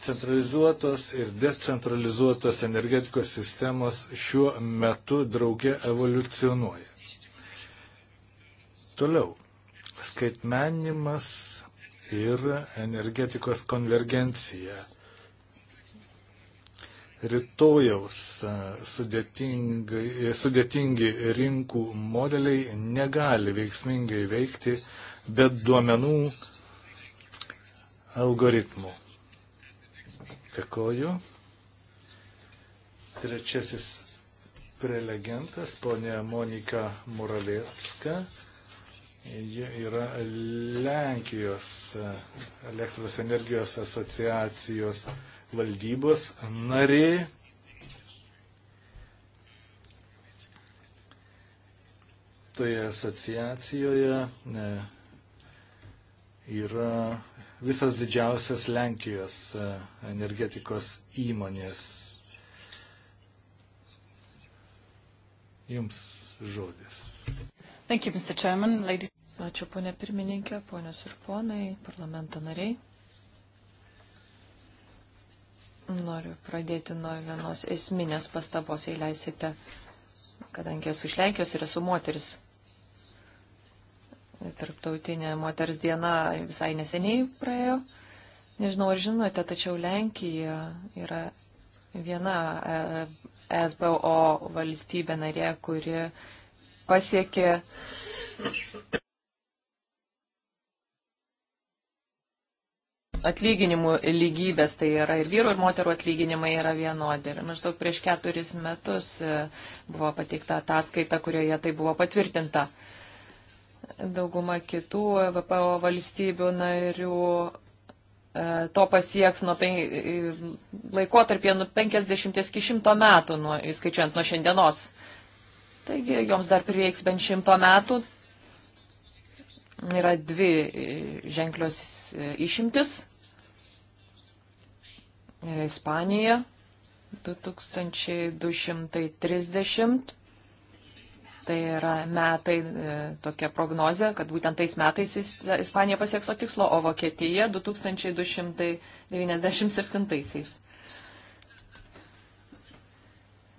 centralizuotos ir decentralizuotos energetikos sistemos šiuo metu drauge evoliucionuoja. Toliau, skaitmenimas ir energetikos konvergencija. Rytojaus sudėtingi, sudėtingi rinkų modeliai negali veiksmingai veikti be duomenų algoritmų. Dėkoju. Trečiasis prelegentas, ponė Monika Muravietska Ji yra Lenkijos elektros energijos asociacijos valdybos narė. Toje asociacijoje ne, yra visas didžiausias Lenkijos e, energetikos įmonės. Jums žodis. Thank you, Mr. Chairman, ladies. Ačiū, ponė pirmininkė, ponios ir ponai, parlamento nariai. Noriu pradėti nuo vienos esminės pastabos, jei leisite, kadangi esu iš Lenkijos ir esu moteris. Tarptautinė moters diena visai neseniai praėjo. Nežinau, ar žinote, tačiau Lenkija yra viena ESBO e, valstybė narė, kuri pasiekė. Atlyginimų lygybės tai yra ir vyrų, ir moterų atlyginimai yra vienodi. Ir maždaug prieš keturis metus e, buvo pateikta ataskaita, kurioje tai buvo patvirtinta. Dauguma kitų e VPO valstybių narių e, to pasieks nuo pen... laikotarpė nuo 50 iki 100 metų, nuo, skaičiuojant nuo šiandienos. Taigi joms dar prireiks bent šimto metų. Yra dvi e, ženklios e, išimtis. Yra Ispanija 2230. Tai yra metai, e, tokia prognozė, kad būtent tais metais Ispanija pasieks to tikslo, o Vokietija 2297.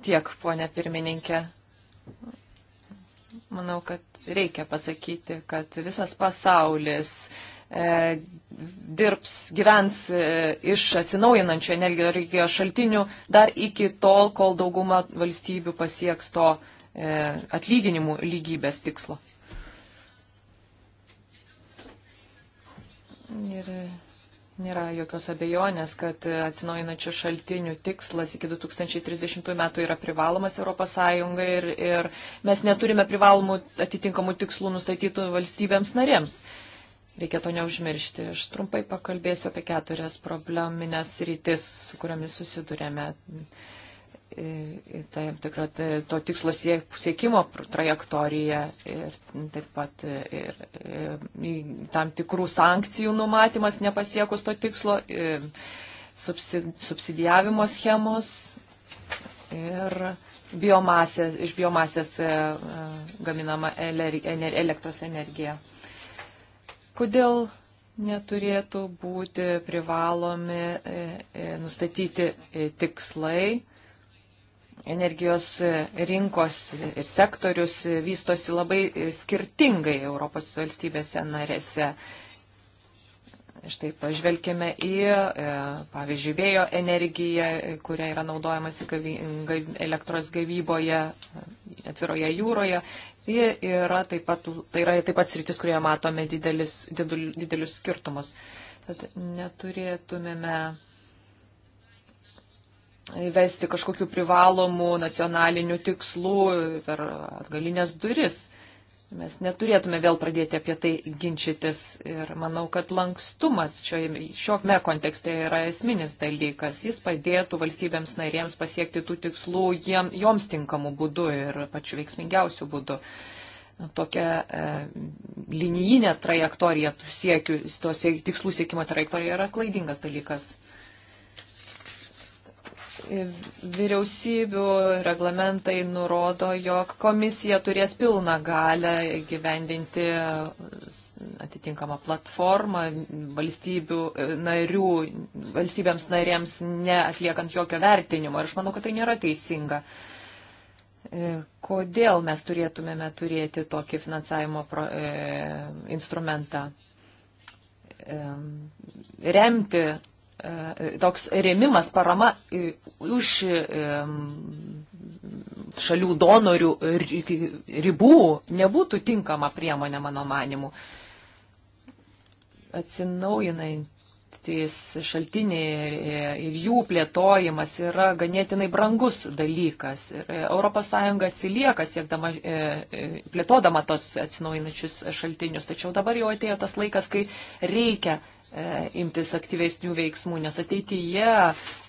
Tiek, ponė pirmininkė. Manau, kad reikia pasakyti, kad visas pasaulis e, dirbs, gyvens e, iš atsinaujinančių energijos šaltinių dar iki tol, kol dauguma valstybių pasieks to e, atlyginimų lygybės tikslo. Ir Nėra jokios abejonės, kad atsinaujinančių šaltinių tikslas iki 2030 metų yra privalomas ES ir, ir mes neturime privalomų atitinkamų tikslų nustatytų valstybėms narėms. Reikia to neužmiršti. Aš trumpai pakalbėsiu apie keturias probleminės rytis, su kuriamis susidurėme. Tai, tam tikrą tai, to tikslo siekimo trajektoriją ir taip pat ir, ir, tam tikrų sankcijų numatymas nepasiekus to tikslo, ir, subsidijavimo schemos ir biomasė, iš biomasės e, e, gaminama elektros energija. Kodėl neturėtų būti privalomi e, nustatyti tikslai? energijos rinkos ir sektorius vystosi labai skirtingai Europos valstybėse narėse. Štai pažvelkime į, e, pavyzdžiui, vėjo energiją, kuria yra naudojamasi gavi, gav, elektros gavyboje, atviroje jūroje. Ji yra taip pat, tai yra taip pat sritis, kurioje matome didelis, didelius skirtumus. Tad neturėtumėme įvesti kažkokių privalomų nacionalinių tikslų per atgalinės duris. Mes neturėtume vėl pradėti apie tai ginčytis ir manau, kad lankstumas šiame kontekste yra esminis dalykas. Jis padėtų valstybėms narėms pasiekti tų tikslų jiem, joms tinkamų būdų ir pačiu veiksmingiausių būdų. Tokia e, linijinė trajektorija tų siekių, tos tikslų siekimo trajektorija yra klaidingas dalykas. Vyriausybių reglamentai nurodo, jog komisija turės pilną galę gyvendinti atitinkamą platformą valstybių e, narių, valstybėms narėms neatliekant jokio vertinimo. Ir aš manau, kad tai nėra teisinga. E, kodėl mes turėtumėme turėti tokį finansavimo pro, e, instrumentą? E, remti E, toks rėmimas, parama už e, šalių donorių ribų nebūtų tinkama priemonė, mano manimu. Atsinaujinantis šaltiniai ir jų plėtojimas yra ganėtinai brangus dalykas. Ir ES atsilieka siekdama, e, plėtodama tos atsinaujinančius šaltinius. Tačiau dabar jau atėjo tas laikas, kai reikia E, imtis aktyvesnių veiksmų, nes ateityje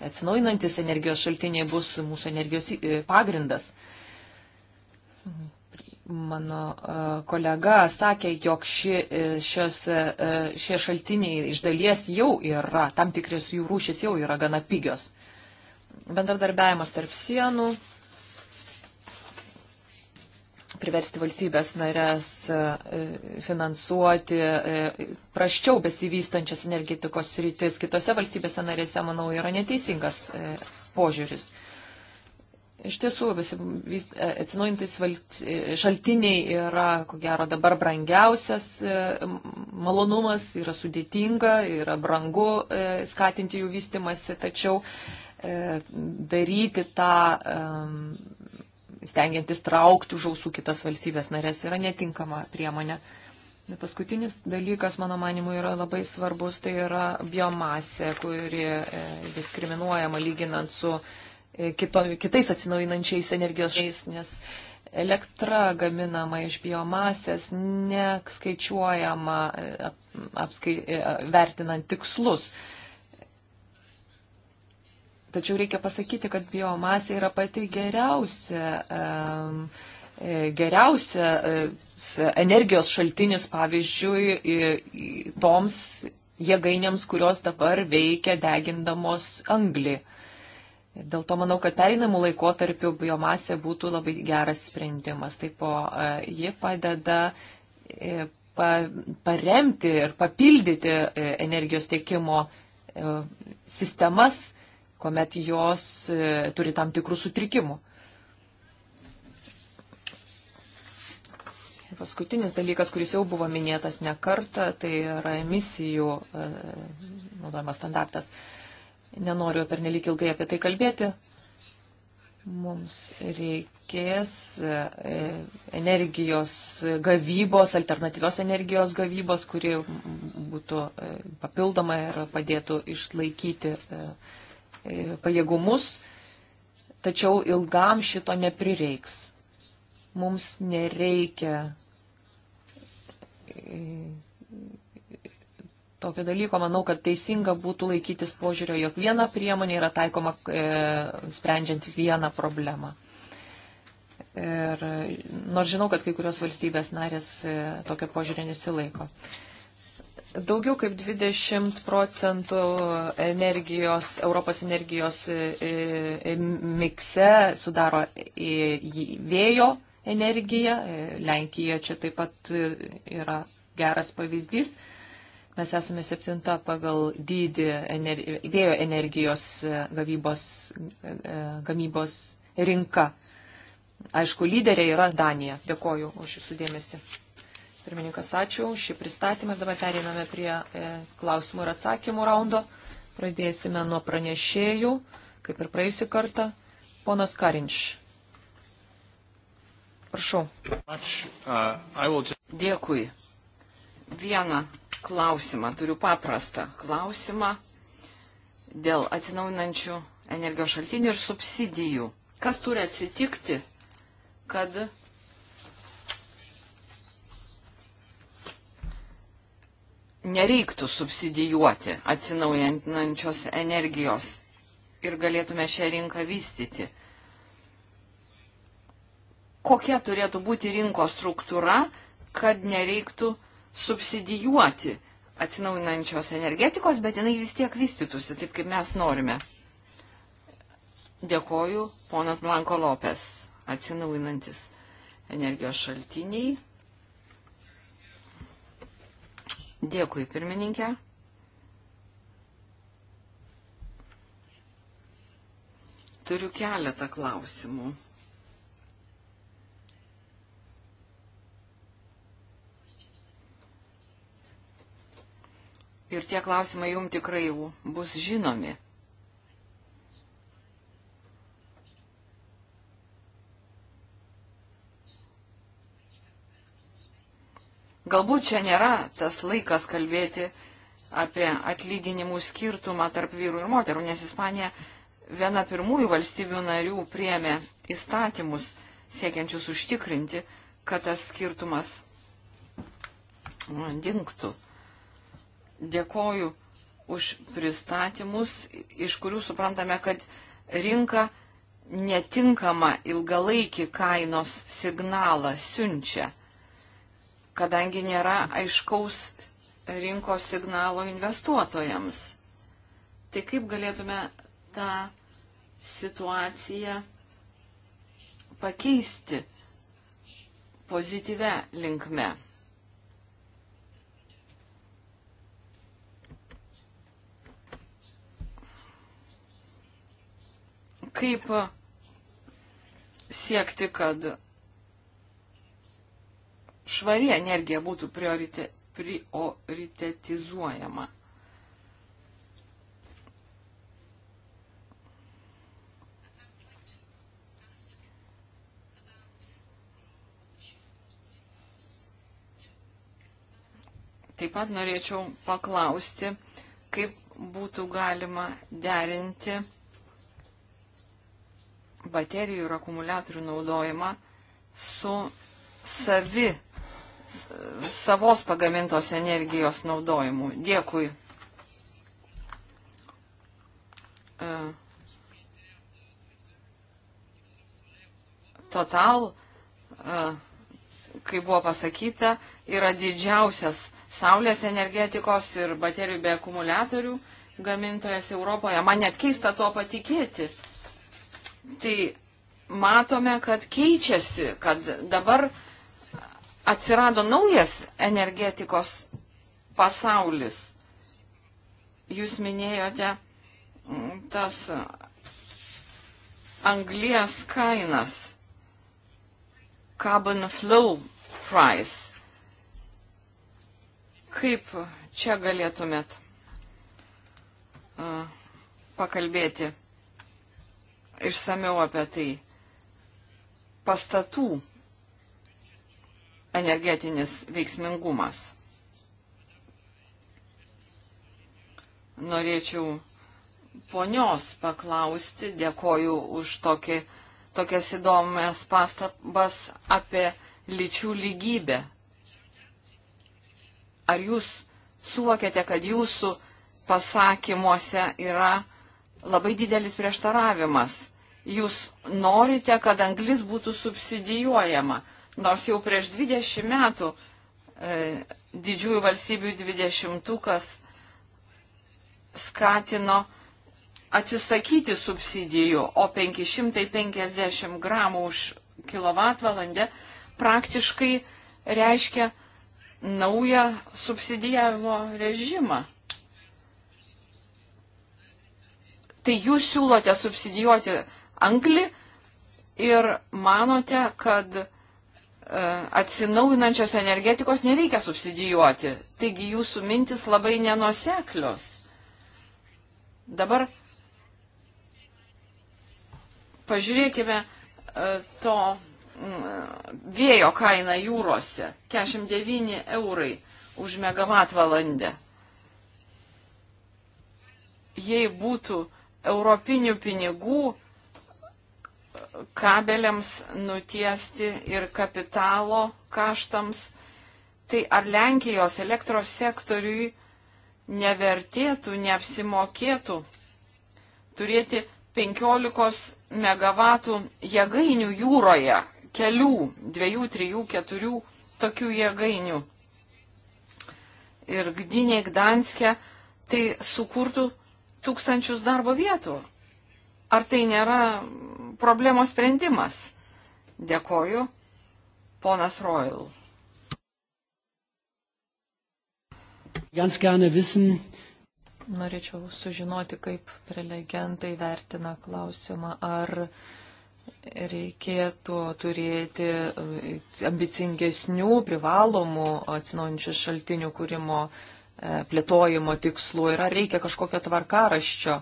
atsinaujinantis energijos šaltiniai bus mūsų energijos e, pagrindas. Mano e, kolega sakė, jog ši, šios, šie šaltiniai iš dalies jau yra, tam tikris jų rūšis jau yra gana pigios. Bendradarbiavimas tarp sienų, priversti valstybės narės e, finansuoti e, praščiau besivystančias energetikos rytis kitose valstybėse narėse, manau, yra neteisingas e, požiūris. Iš tiesų, visi atsinaujantis šaltiniai yra, ko gero, dabar brangiausias malonumas, yra sudėtinga, yra brangu skatinti jų vystimasi, tačiau daryti tą stengiantis traukti už ausų kitas valstybės narės, yra netinkama priemonė. Paskutinis dalykas, mano manimu, yra labai svarbus, tai yra biomasė, kuri e, diskriminuojama lyginant su e, kito, kitais atsinaujinančiais energijos šiais, nes elektra gaminama iš biomasės neskaičiuojama e, apskai, vertinant tikslus. Tačiau reikia pasakyti, kad biomasė yra pati geriausia. Um, e, Geriausias e, energijos šaltinis, pavyzdžiui, toms jėgainėms, kurios dabar veikia degindamos anglį. Ir dėl to manau, kad pereinamų laikotarpių biomasė būtų labai geras sprendimas. Taip, po, e, ji padeda pa, paremti ir papildyti energijos tiekimo sistemas kuomet jos e, turi tam tikrų sutrikimų. Paskutinis dalykas, kuris jau buvo minėtas ne kartą, tai yra emisijų e, naudojimas standartas. Nenoriu per nelik ilgai apie tai kalbėti. Mums reikės e, energijos gavybos, alternatyvios energijos gavybos, kuri būtų papildoma ir padėtų išlaikyti uh, E, pajėgumus, tačiau ilgam šito neprireiks. Mums nereikia e, tokio dalyko, manau, kad teisinga būtų laikytis požiūrio, jog viena priemonė yra taikoma e, sprendžiant vieną problemą. Ir nors žinau, kad kai kurios valstybės narės e, tokio požiūrio nesilaiko. E, Daugiau kaip 20 procentų energijos, Europos energijos e, e, e, mikse sudaro vėjo energija. Lenkija čia taip pat yra geras pavyzdys. Mes esame septinta pagal dydį energi, vėjo energijos gavybos, gamybos rinka. Aišku, lyderė yra Danija. Dėkoju už jūsų dėmesį. Pirmininkas, ačiū už šį pristatymą. Dabar pereiname prie e, klausimų ir atsakymų raundo. Pradėsime nuo pranešėjų, kaip ir praėjusį kartą. Ponas Karinč. Prašau. Dėkui. Vieną klausimą, turiu paprastą klausimą dėl atsinaujinančių energijos šaltinių ir subsidijų. Kas turi atsitikti, kad nereiktų subsidijuoti atsinaujinančios energijos ir galėtume šią rinką vystyti. Kokia turėtų būti rinkos struktūra, kad nereiktų subsidijuoti atsinaujinančios energetikos, bet jinai vis tiek vystytųsi taip, kaip mes norime. Dėkoju, ponas Blanko Lopes, atsinaujinantis energijos šaltiniai. Dėkui, pirmininkė. Turiu keletą klausimų. Ir tie klausimai jums tikrai bus žinomi. Galbūt čia nėra tas laikas kalbėti apie atlyginimų skirtumą tarp vyrų ir moterų, nes Ispanija viena pirmųjų valstybių narių priemė įstatymus siekiančius užtikrinti, kad tas skirtumas mm, dinktų. Dėkoju už pristatymus, iš kurių suprantame, kad rinka netinkama ilgalaikį kainos signalą siunčia kadangi nėra aiškaus rinkos signalo investuotojams. Tai kaip galėtume tą situaciją pakeisti pozityvę linkme? Kaip siekti, kad švari energija būtų priorite, prioritetizuojama. Taip pat norėčiau paklausti, kaip būtų galima derinti baterijų ir akumuliatorių naudojimą su savi savos pagamintos energijos naudojimu. Dėkui. E, Total, e, kaip buvo pasakyta, yra didžiausias saulės energetikos ir baterijų bei akumuliatorių gamintojas Europoje. Man net keista tuo patikėti. Tai matome, kad keičiasi, kad dabar uh, atsirado naujas energetikos pasaulis. Jūs minėjote mm, tas anglijas kainas, carbon flow price. Kaip čia galėtumėt uh, pakalbėti išsameu apie tai? Pastatų energetinis veiksmingumas. Norėčiau ponios paklausti, dėkoju už tokį, tokias įdomias pastabas apie lyčių lygybę. Ar jūs suvokėte, kad jūsų pasakymuose yra labai didelis prieštaravimas? Jūs norite, kad anglis būtų subsidijuojama. Nors jau prieš 20 metų e, didžiųjų valstybių 20-ukas skatino atsisakyti subsidijų, o 550 gramų už kilovatvalandę praktiškai reiškia naują subsidijavimo režimą. Tai jūs siūlote subsidijuoti anglį ir manote, kad E, atsinaujinančios energetikos nereikia subsidijuoti. Taigi jūsų mintis labai nenuseklios. Dabar pažiūrėkime e, to mm, vėjo kaina jūrose. 49 eurai už megavatvalandę. Jei būtų europinių pinigų, kabeliams nutiesti ir kapitalo kaštams. Tai ar Lenkijos elektros sektoriui nevertėtų, neapsimokėtų turėti 15 MW jėgainių jūroje, kelių, dviejų, trijų, keturių tokių jėgainių. Ir Gdynė, Gdanskė, tai sukurtų tūkstančius darbo vietų. Ar tai nėra problemos sprendimas. Dėkoju, ponas Royal. Ganz gerne wissen, Norėčiau sužinoti, kaip prelegentai vertina klausimą, ar reikėtų turėti e, ambicingesnių privalomų atsinaujančių šaltinių kūrimo uh, E, plėtojimo tikslų, yra reikia kažkokio tvarkaraščio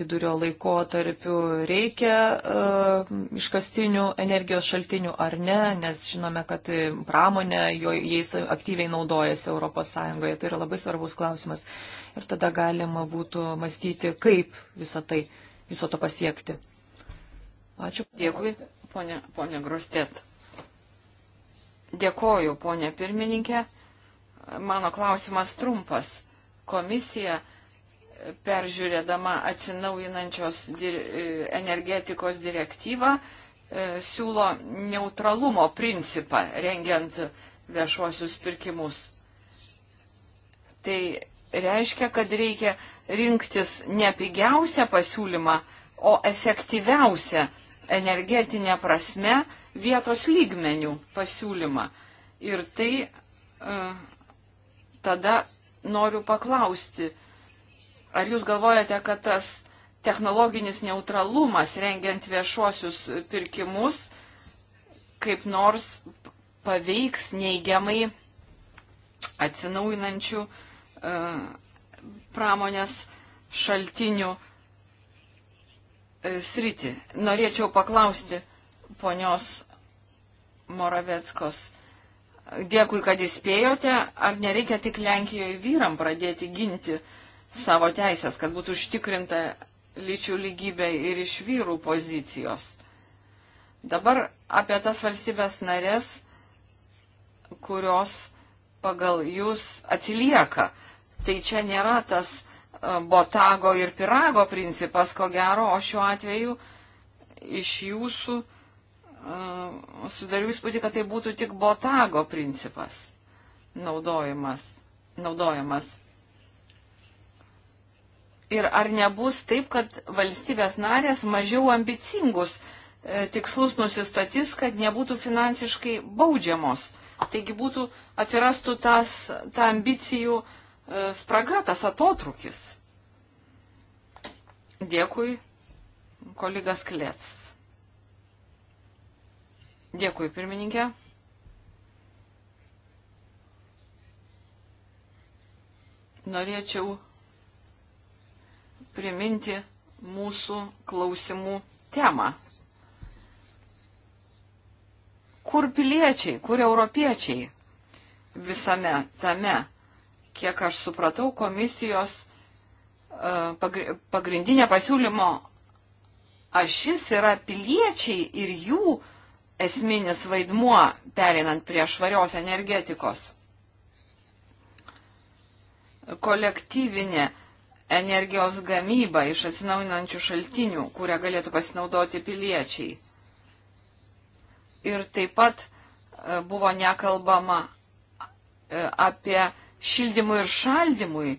vidurio laiko tarpiu, reikia uh, iškastinių energijos šaltinių ar ne, nes žinome, kad pramonė jo, jais aktyviai naudojasi ES, tai yra labai svarbus klausimas. Ir tada galima būtų mąstyti, kaip visą tai, viso to pasiekti. Ačiū. Dėkui, ponė, ponė Grustėt. Dėkoju, ponė pirmininkė. Mano klausimas trumpas. Komisija e, peržiūrėdama atsinaujinančios dir e, energetikos direktyvą e, siūlo neutralumo principą rengiant viešuosius pirkimus. Tai reiškia, kad reikia rinktis ne pigiausią pasiūlymą, o efektyviausią energetinę prasme vietos lygmenių pasiūlymą. Ir tai uh, tada noriu paklausti, ar jūs galvojate, kad tas technologinis neutralumas rengiant viešuosius pirkimus kaip nors paveiks neigiamai atsinaujinančių uh, pramonės šaltinių uh, sritį. Norėčiau paklausti ponios Moravetskos, Dėkui, kad įspėjote. Ar nereikia tik Lenkijoje vyram pradėti ginti savo teisės, kad būtų užtikrinta lyčių lygybė ir iš vyrų pozicijos? Dabar apie tas valstybės narės, kurios pagal jūs atsilieka. Tai čia nėra tas e, botago ir pirago principas, ko gero, o šiuo atveju iš jūsų sudariu įspūdį, kad tai būtų tik botago principas naudojimas. naudojimas. Ir ar nebus taip, kad valstybės narės mažiau ambicingus e, tikslus nusistatys, kad nebūtų finansiškai baudžiamos. Taigi būtų atsirastų tas, ta ambicijų e, spraga, tas atotrukis. Dėkui, kolegas Klets. Dėkui, pirmininkė. Norėčiau priminti mūsų klausimų temą. Kur piliečiai, kur europiečiai visame tame? Kiek aš supratau, komisijos e, pagrindinė pasiūlymo ašis yra piliečiai ir jų uh, esminis vaidmuo perinant prie švarios energetikos. Kolektyvinė energijos gamyba iš atsinaujinančių šaltinių, kurią galėtų pasinaudoti piliečiai. Ir taip pat e, buvo nekalbama e, apie šildymui ir šaldymui e,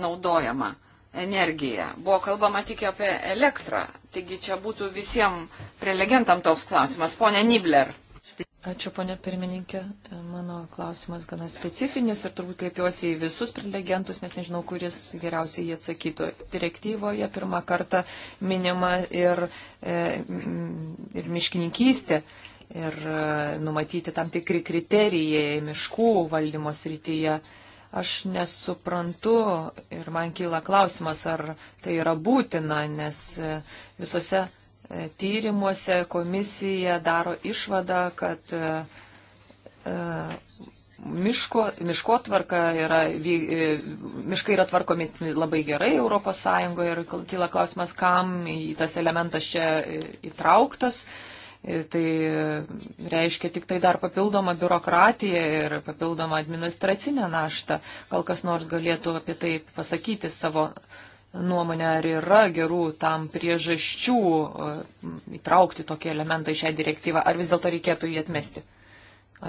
naudojamą energiją. Buvo kalbama tik apie elektrą, Taigi čia būtų visiems prelegentam toks klausimas. Pone Nibler. Ačiū, ponė pirmininkė. Mano klausimas gana specifinis ir turbūt kreipiuosi į visus prelegentus, nes nežinau, kuris geriausiai jį atsakytų. Direktyvoje pirmą kartą minima ir, e, ir miškininkystė ir e, numatyti tam tikri kriterijai miškų valdymo srityje. Aš nesuprantu ir man kyla klausimas, ar tai yra būtina, nes e, visose e, tyrimuose komisija daro išvadą, kad e, miško, miškotvarka yra, miškai yra tvarkomi labai gerai ES ir kyla klausimas, kam tas elementas čia įtrauktas tai reiškia tik tai dar papildomą biurokratiją ir papildomą administracinę naštą. Gal kas nors galėtų apie tai pasakyti savo nuomonę, ar yra gerų tam priežasčių e, įtraukti tokį elementą į šią direktyvą, ar vis dėlto reikėtų jį atmesti.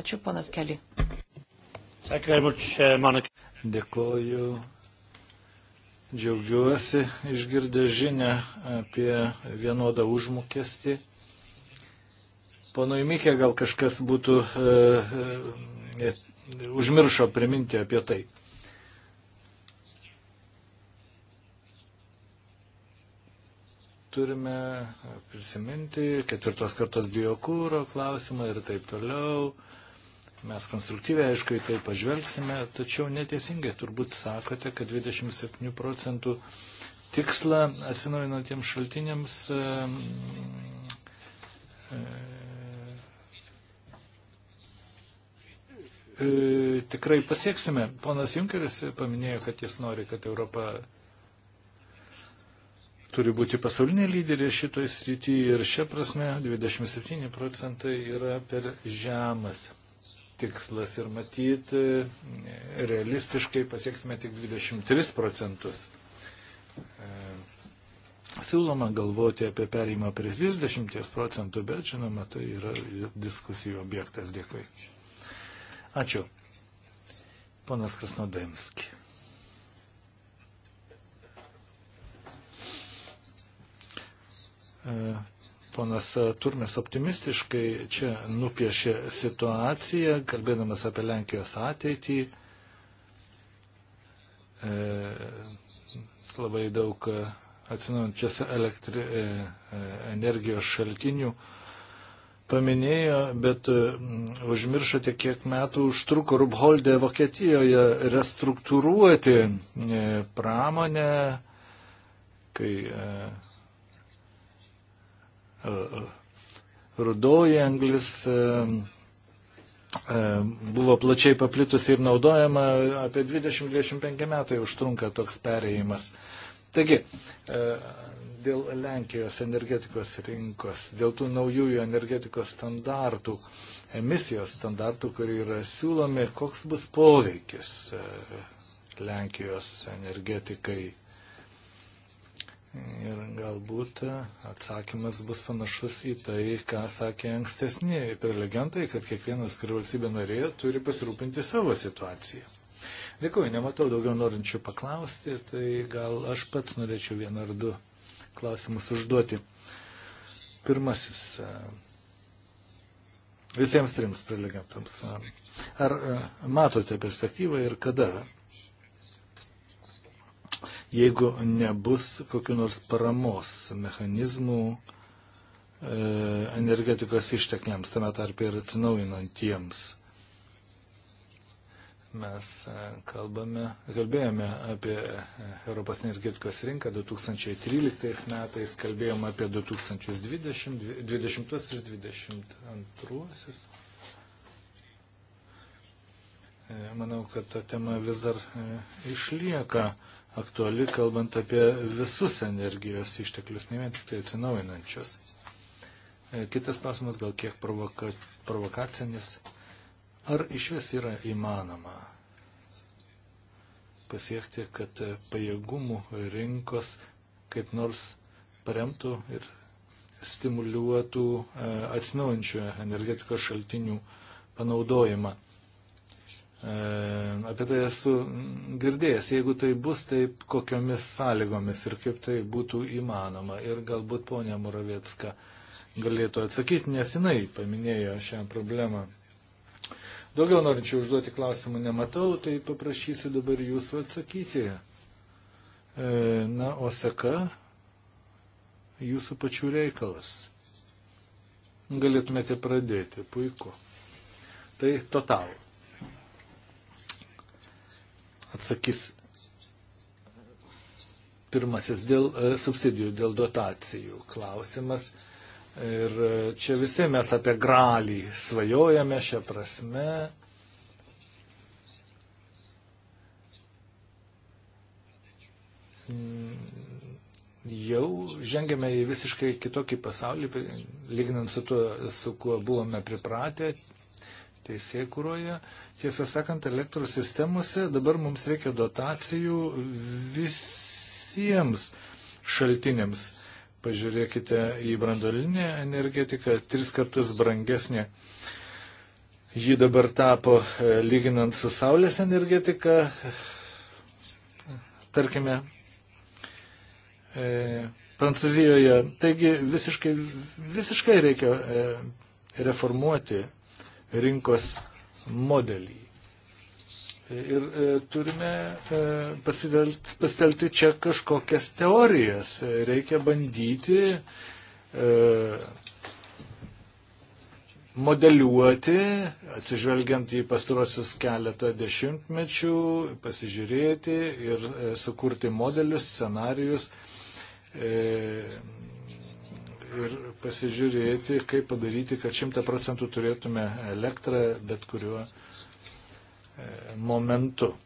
Ačiū, panas Keli. Uh, Dėkoju Džiaugiuosi išgirdę žinę apie vienodą užmokestį Ponui Mikė gal kažkas būtų e, e, užmiršo priminti apie tai. Turime prisiminti ketvirtos kartos biokūro klausimą ir taip toliau. Mes konstruktyviai, aišku, į tai pažvelgsime, tačiau neteisingai turbūt sakote, kad 27 procentų tikslą atsinaujinantiems šaltiniams e, e, E, tikrai pasieksime. Ponas Junkeris paminėjo, kad jis nori, kad Europa turi būti pasaulinė lyderė šitoj srityje ir šia prasme 27 procentai yra per žemas tikslas ir matyti e, realistiškai pasieksime tik 23 procentus. E, siūloma galvoti apie perėjimą prie 30 procentų, bet žinoma, tai yra diskusijų objektas. Dėkui. Ačiū. Ponas Krasnodemski. E, ponas Turmes optimistiškai čia nupiešė situaciją, kalbėdamas apie Lenkijos ateitį. E, labai daug e, atsinaujančias energijos šaltinių paminėjo, bet mm, užmiršote, kiek metų užtruko Rubholdė Vokietijoje restruktūruoti e, pramonę, kai e, e, rudoji anglis buvo plačiai paplitusi ir naudojama, apie 20-25 metai užtrunka toks perėjimas. Taigi, dėl Lenkijos energetikos rinkos, dėl tų naujųjų energetikos standartų, emisijos standartų, kurie yra siūlomi, koks bus poveikis e, Lenkijos energetikai. Ir galbūt e, atsakymas bus panašus į tai, ką sakė ankstesni prelegentai, kad kiekvienas, kuri valstybė norėjo, turi pasirūpinti savo situaciją. Dėkuoju, nematau daugiau norinčių paklausti, tai gal aš pats norėčiau vieną ar du klausimus užduoti. Pirmasis e, visiems trims prelegentams. Ar e, matote perspektyvą ir kada, jeigu nebus kokiu nors paramos mechanizmų, e, energetikos ištekliams, tame tarp ir atsinaujinantiems. Mes e, kalbame, kalbėjome apie e, Europos energetikos rinką 2013 metais, kalbėjome apie 2020, 2022. E, manau, kad ta tema vis dar išlieka aktuali, kalbant apie visus energijos išteklius, ne vien tik tai atsinaujinančius. Kitas klausimas gal kiek provoka, provokacinis. Ar iš vis yra įmanoma pasiekti, kad pajėgumų rinkos kaip nors paremtų ir stimuliuotų e, atsinaujančių energetikos šaltinių panaudojimą. E, apie tai esu girdėjęs, jeigu tai bus, tai kokiomis sąlygomis ir kaip tai būtų įmanoma. Ir galbūt ponia Muravietska galėtų atsakyti, nes jinai paminėjo šią problemą. Daugiau norinčių užduoti klausimų nematau, tai paprašysiu dabar jūsų atsakyti. E, na, o seka jūsų pačių reikalas. Galėtumėte pradėti, puiku. Tai total. Atsakys pirmasis dėl e, subsidijų, dėl dotacijų klausimas. Ir čia visi mes apie gralį svajojame šią prasme. Jau žengėme į visiškai kitokį pasaulį, lyginant su tuo, su kuo buvome pripratę teisėkuroje. Tiesą sakant, elektros sistemose dabar mums reikia dotacijų visiems šaltiniams. Pažiūrėkite į brandolinę energetiką, tris kartus brangesnė. Ji dabar tapo, e, lyginant su saulės energetika, tarkime, e, Prancūzijoje. Taigi visiškai, visiškai reikia e, reformuoti rinkos modelį. Ir e, turime e, pasitelti čia kažkokias teorijas. Reikia bandyti e, modeliuoti, atsižvelgiant į pastarosius keletą dešimtmečių, pasižiūrėti ir e, sukurti modelius, scenarius e, ir pasižiūrėti, kaip padaryti, kad šimta procentų turėtume elektrą bet kuriuo momentu.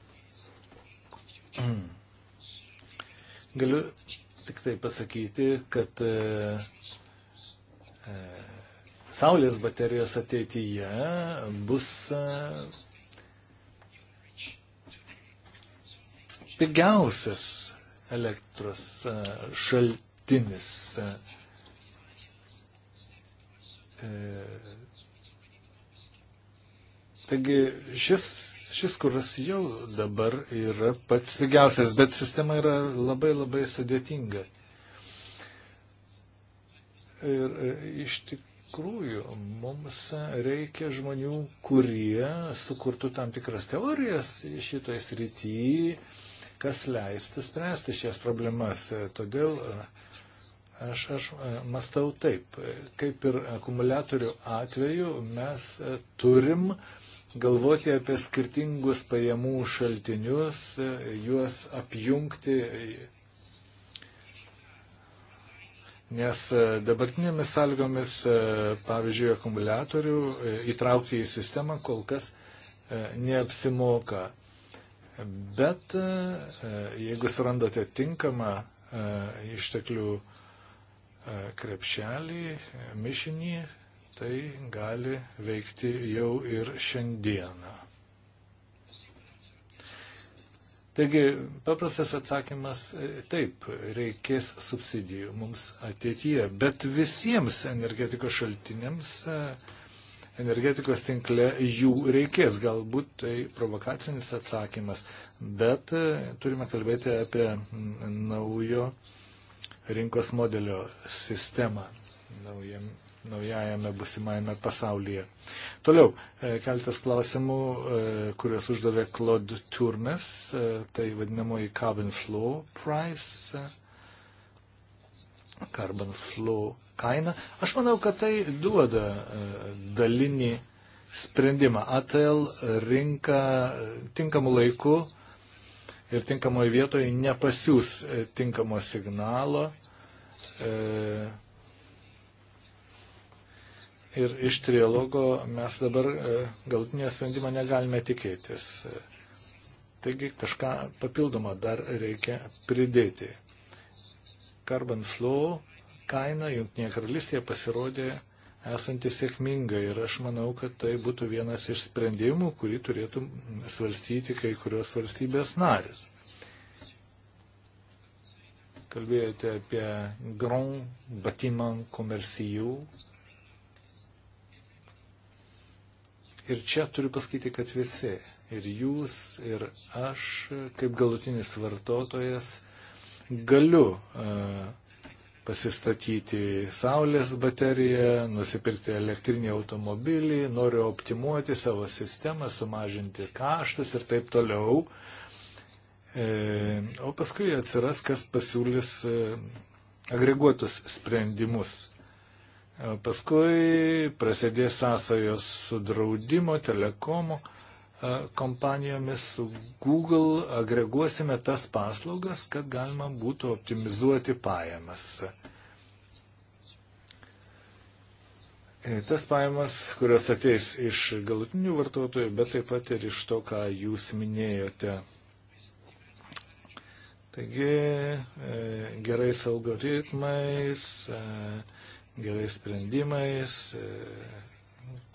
Galiu tik tai pasakyti, kad e, e, saulės baterijos ateityje bus e, pigiausias elektros šaltinis Taigi šis Šis kuras jau dabar yra pats pigiausias, bet sistema yra labai labai sudėtinga. Ir e, iš tikrųjų mums reikia žmonių, kurie sukurtų tam tikras teorijas šitoj srityje, kas leistų spręsti šias problemas. Todėl e, Aš, aš e, mastau taip, kaip ir akumuliatorių atveju mes turim uh, galvoti apie skirtingus pajamų šaltinius, juos apjungti, nes dabartinėmis sąlygomis, pavyzdžiui, akumuliatorių įtraukti į sistemą kol kas e, neapsimoka. Bet e, jeigu surandote tinkamą e, išteklių krepšelį, mišinį, tai gali veikti jau ir šiandieną. Taigi, paprastas atsakymas - taip, reikės subsidijų mums ateityje, bet visiems energetikos šaltiniams energetikos tinkle jų reikės. Galbūt tai provokacinis atsakymas, bet turime kalbėti apie naujo rinkos modelio sistemą naujam naujajame busimajame pasaulyje. Toliau, e, keltas klausimų, e, kuriuos uždavė Claude Turmes, e, tai vadinamoji Carbon Flow Price, Carbon Flow kaina. Aš manau, kad tai duoda dalinį sprendimą. ATL rinka tinkamu laiku ir tinkamoje vietoje nepasiūs tinkamo signalo. E, ir iš trialogo mes dabar e, galutinio sprendimo negalime tikėtis. E, taigi kažką papildomą dar reikia pridėti. Carbon flow kaina Junktinėje karalystėje pasirodė esanti sėkminga ir aš manau, kad tai būtų vienas iš sprendimų, kurį turėtų svarstyti kai kurios valstybės narės. Kalbėjote apie Grand Bâtiment Commerciaux Ir čia turiu pasakyti, kad visi, ir jūs, ir aš, kaip galutinis vartotojas, galiu a, e, pasistatyti saulės bateriją, nusipirkti elektrinį automobilį, noriu optimuoti savo sistemą, sumažinti kaštus ir taip toliau. E, o paskui atsiras, kas pasiūlys e, agreguotus sprendimus. E, paskui prasidės sąsajos su draudimo, telekomo e, kompanijomis, su Google, agreguosime tas paslaugas, kad galima būtų optimizuoti pajamas. E, tas pajamas, kurios ateis iš galutinių vartotojų, bet taip pat ir iš to, ką jūs minėjote. Taigi gerais algoritmais, e, gerais sprendimais, e,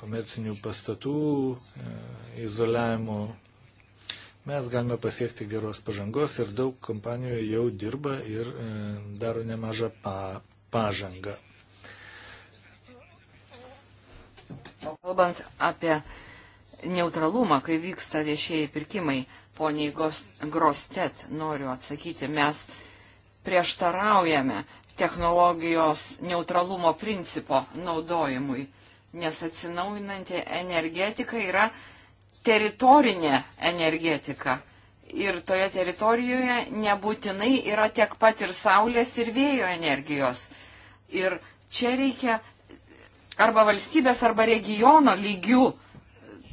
komercinių pastatų e, izoliavimu. Mes galime pasiekti geros pažangos ir daug kompanijų jau dirba ir e, daro nemažą pa, pažangą. O kalbant apie neutralumą, kai vyksta viešieji pirkimai, poniai Grostet noriu atsakyti, mes prieštaraujame technologijos neutralumo principo naudojimui, nes atsinaujinanti energetika yra teritorinė energetika. Ir toje teritorijoje nebūtinai yra tiek pat ir saulės, ir vėjo energijos. Ir čia reikia arba valstybės, arba regiono lygių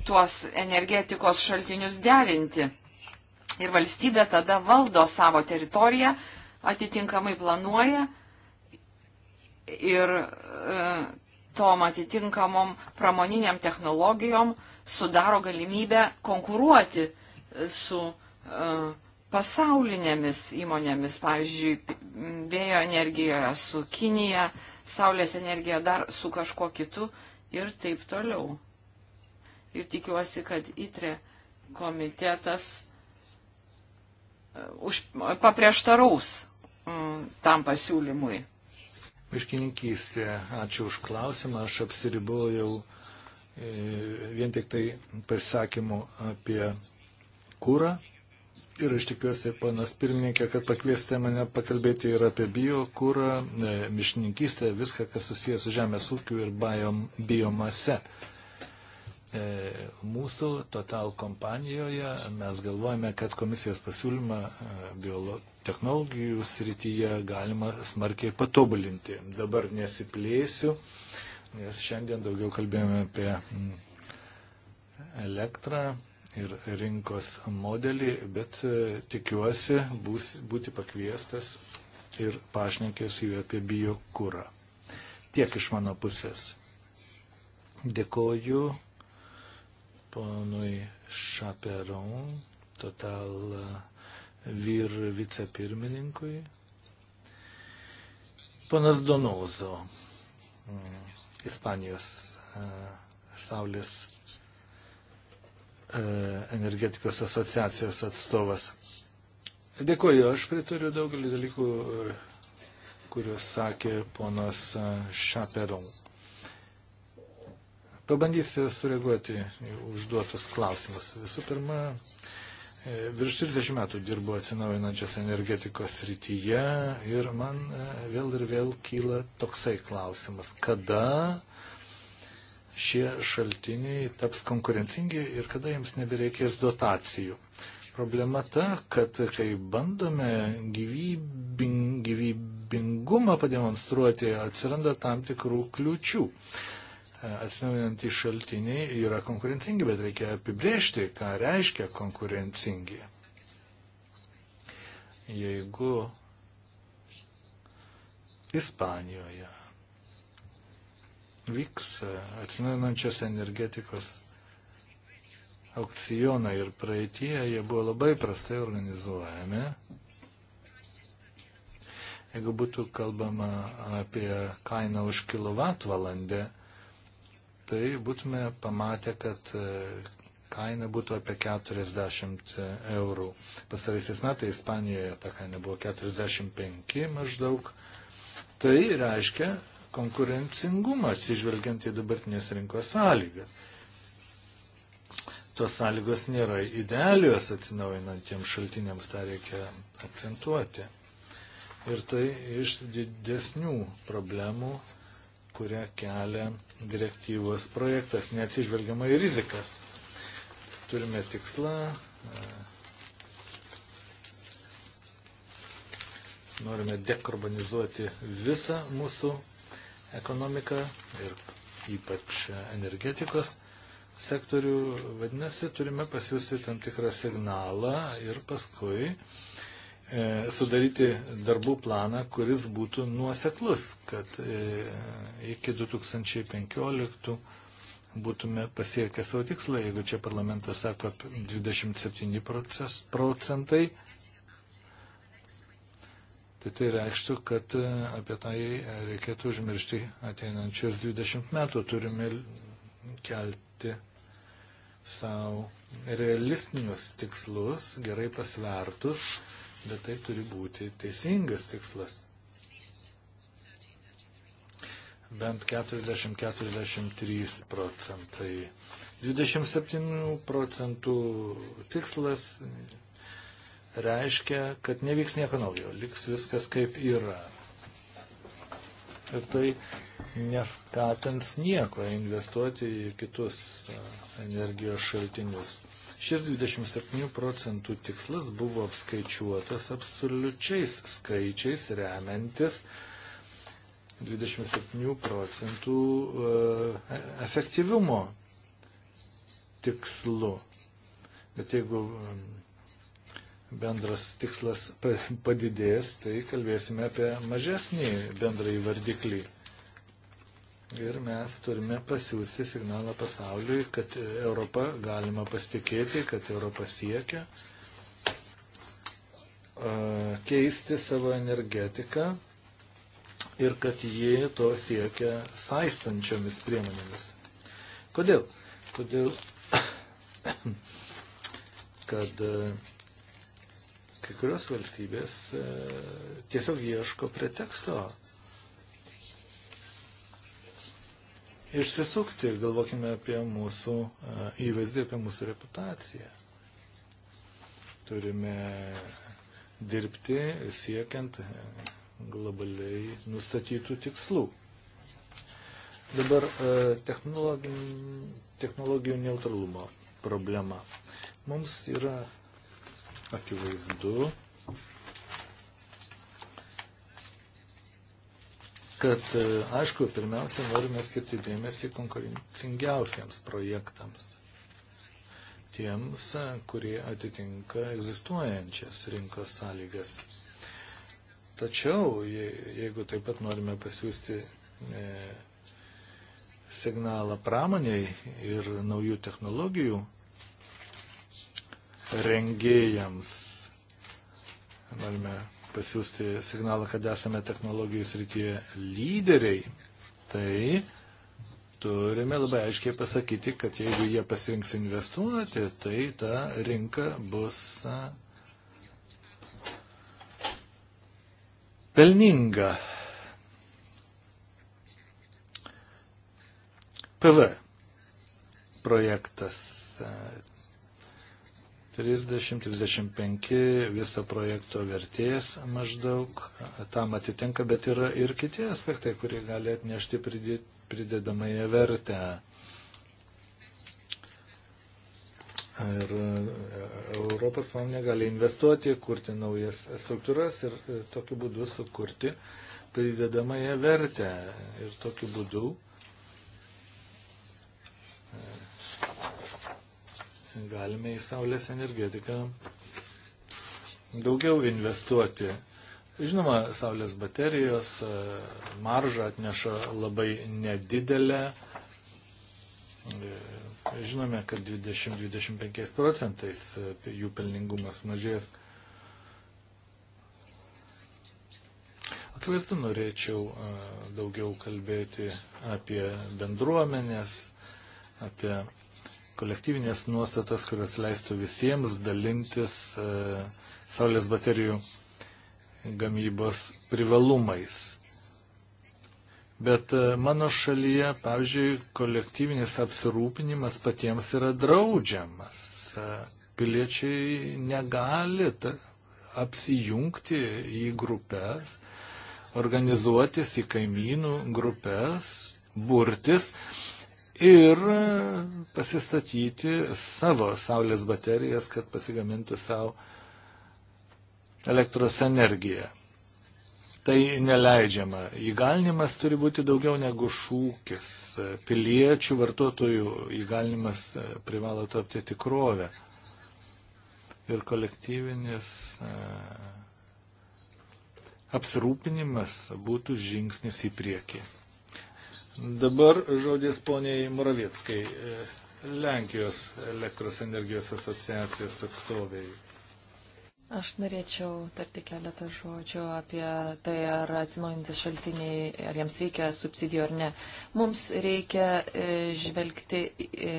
tuos energetikos šaltinius derinti. Ir valstybė tada valdo savo teritoriją, atitinkamai planuoja ir e, tom atitinkamom pramoniniam technologijom sudaro galimybę konkuruoti e, su e, pasaulinėmis įmonėmis, pavyzdžiui, vėjo energijoje su Kinija, saulės energija dar su kažkuo kitu ir taip toliau. Ir tikiuosi, kad ITRE komitetas už, paprieštaraus tam pasiūlymui miškininkystė. Ačiū už klausimą. Aš apsiribojau e, vien tik tai pasisakymu apie kūrą. Ir aš tikiuosi, panas pirmininkė, kad pakviesite mane pakalbėti ir apie biokūrą, e, miškininkystę, viską, kas susijęs su žemės ūkiu ir biom, biomase. E, mūsų Total kompanijoje mes galvojame, kad komisijos pasiūlymą biolo, technologijų srityje galima smarkiai patobulinti. Dabar nesiplėsiu, nes šiandien daugiau kalbėjome apie mm, elektrą ir rinkos modelį, bet e, tikiuosi bus, būti pakviestas ir pašnekės jų apie biokūrą. Tiek iš mano pusės. Dėkoju ponui Šaperon, Total vyr vicepirmininkui. Panas Donozo, mm, Ispanijos e, Saulės e, energetikos asociacijos atstovas. Dėkuoju, aš pritariu daugelį dalykų, kuriuos sakė ponas e, Šaperon. Pabandysiu sureaguoti užduotus klausimus. Visų pirma, E, virš 30 metų dirbu atsinaujinančios energetikos srityje ir man e, vėl ir vėl kyla toksai klausimas, kada šie šaltiniai taps konkurencingi ir kada jiems nebereikės dotacijų. Problema ta, kad kai bandome gyvybing, gyvybingumą pademonstruoti, atsiranda tam tikrų kliučių atsinaujinantys šaltiniai yra konkurencingi, bet reikia apibrėžti, ką reiškia konkurencingi. Jeigu Ispanijoje vyks atsinaujinančios energetikos aukcionai ir praeitie jie buvo labai prastai organizuojami. Jeigu būtų kalbama apie kainą už kilovatvalandę, tai būtume pamatę, kad e, kaina būtų apie 40 eurų. Pasaraisiais metais Ispanijoje ta kaina buvo 45 maždaug. Tai reiškia konkurencingumą atsižvelgiant į dabartinės rinkos sąlygas. Tos sąlygos nėra idealios atsinaujinantiems šaltiniams, tą reikia akcentuoti. Ir tai iš didesnių problemų kurią kelia direktyvos projektas, neatsižvelgiama į rizikas. Turime tikslą e, norime dekarbonizuoti visą mūsų ekonomiką ir ypač energetikos sektorių. Vadinasi, turime pasiūsti tam tikrą signalą ir paskui E, sudaryti darbų planą, kuris būtų nuoseklus, kad e, iki 2015 būtume pasiekę savo tikslą, jeigu čia parlamentas sako 27 procentai, tai tai reikštų, kad e, apie tai reikėtų užmiršti ateinančius 20 metų, turime kelti savo realistinius tikslus, gerai pasvertus, bet tai turi būti teisingas tikslas. Bent 40-43 procentai. 27 procentų tikslas reiškia, kad nevyks nieko naujo, liks viskas kaip yra. Ir tai neskatins nieko investuoti į kitus energijos šaltinius. Šis 27 procentų tikslas buvo apskaičiuotas absoliučiais skaičiais remiantis 27 procentų e, efektyvumo tikslu. Bet jeigu e, bendras tikslas padidės, tai kalbėsime apie mažesnį bendrąjį vardiklį. Ir mes turime pasiūsti signalą pasauliui, kad Europą galima pasitikėti, kad Europą siekia keisti savo energetiką ir kad ji to siekia saistančiomis priemonėmis. Kodėl? Todėl, kad kai kurios valstybės tiesiog ieško preteksto išsisukti ir galvokime apie mūsų e, įvaizdį, apie mūsų reputaciją. Turime dirbti siekiant e, globaliai nustatytų tikslų. Dabar e, technologijų, technologijų neutralumo problema. Mums yra akivaizdu, kad, e, aišku, pirmiausia, norime skirti dėmesį konkurencingiausiems projektams. Tiems, e, kurie atitinka egzistuojančias rinkos sąlygas. Tačiau, jeigu taip pat norime pasiūsti e, signalą pramoniai ir naujų technologijų rengėjams, norime pasiūsti signalą, kad esame technologijų srityje lyderiai, tai turime labai aiškiai pasakyti, kad jeigu jie pasirinks investuoti, tai ta rinka bus pelninga. PV projektas 30-35 viso projekto vertės maždaug tam atitinka, bet yra ir kiti aspektai, kurie gali atnešti pridedamąją vertę. Ir e, Europos fonde gali investuoti, kurti naujas struktūras ir e, tokiu būdu sukurti pridedamąją vertę. Ir tokiu būdu e, galime į saulės energetiką daugiau investuoti. Žinoma, saulės baterijos e, maržą atneša labai nedidelę. E, žinome, kad 20-25 procentais e, jų pelningumas mažės. Akivaizdu, norėčiau daugiau kalbėti apie bendruomenės, apie kolektyvinės nuostatas, kurios leistų visiems dalintis e, saulės baterijų gamybos privalumais. Bet e, mano šalyje, pavyzdžiui, kolektyvinis apsirūpinimas patiems yra draudžiamas. E, piliečiai negali ta, apsijungti į grupės, organizuotis į kaimynų grupės, burtis ir pasistatyti savo saulės baterijas, kad pasigamintų savo elektros energiją. Tai neleidžiama. Įgalinimas turi būti daugiau negu šūkis. Piliečių, vartotojų įgalinimas privalo tapti tikrovę. Ir kolektyvinis e, apsirūpinimas būtų žingsnis į priekį. Dabar žodis poniai Moravieckai, e, Lenkijos elektros energijos asociacijos atstoviai. Aš norėčiau tarti keletą žodžių apie tai, ar atsinaujantis šaltiniai, ar jiems reikia subsidijų ar ne. Mums reikia e, žvelgti e,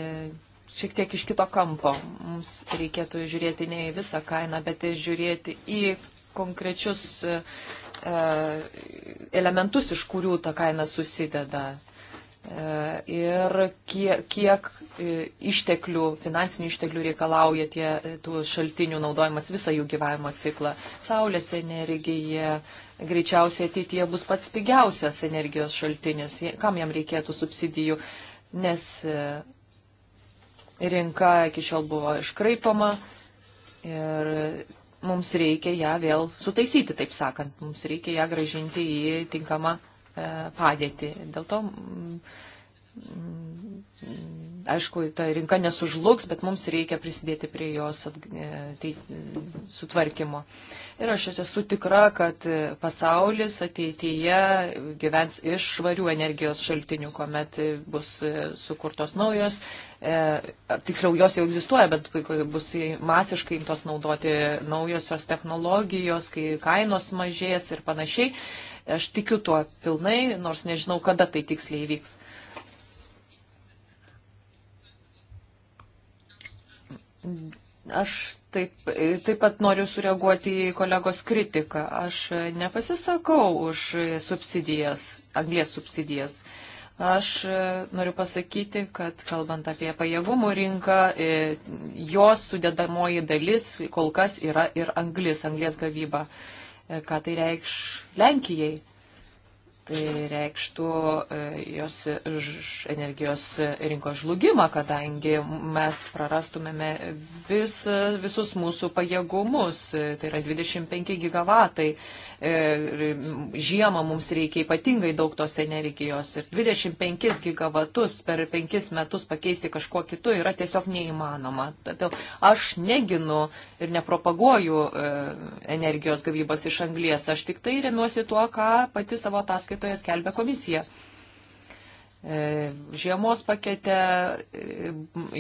šiek tiek iš kito kampo. Mums reikėtų žiūrėti ne į visą kainą, bet žiūrėti į konkrečius elementus, iš kurių ta kaina susideda. E, ir kiek, kiek išteklių, finansinių išteklių reikalauja tie e, tų šaltinių naudojimas visą jų gyvavimo ciklą. Saulės energija greičiausiai ateityje bus pats pigiausias energijos šaltinis, kam jam reikėtų subsidijų, nes e, rinka iki šiol buvo iškraipama ir mums reikia ją vėl sutaisyti, taip sakant, mums reikia ją gražinti į tinkamą E, padėtį. Dėl to, mm, aišku, ta rinka nesužlugs, bet mums reikia prisidėti prie jos e, tai, e, sutvarkymo. Ir aš esu tikra, kad pasaulis ateityje gyvens iš švarių energijos šaltinių, kuomet bus sukurtos naujos tiksliau jos jau egzistuoja, bet bus masiškai imtos naudoti naujosios technologijos, kai kainos mažės ir panašiai. Aš tikiu tuo pilnai, nors nežinau, kada tai tiksliai įvyks. Aš taip, taip pat noriu sureaguoti į kolegos kritiką. Aš nepasisakau už subsidijas, anglės subsidijas. Aš noriu pasakyti, kad kalbant apie pajėgumų rinką, e, jos sudėdamoji dalis kol kas yra ir anglis, anglės gavyba ką tai reikš Lenkijai tai reikštų e, jos energijos rinkos žlugimą, kadangi mes prarastumėme vis, visus mūsų pajėgumus, tai yra 25 gigavatai. E, žiemą mums reikia ypatingai daug tos energijos ir 25 gigavatus per 5 metus pakeisti kažkuo kitu yra tiesiog neįmanoma. Todėl aš neginu ir nepropaguoju e, energijos gavybos iš anglies, aš tik tai remiuosi tuo, ką pati savo ataskaitą perskaitytojas kelbė komisija. E, žiemos pakete, e,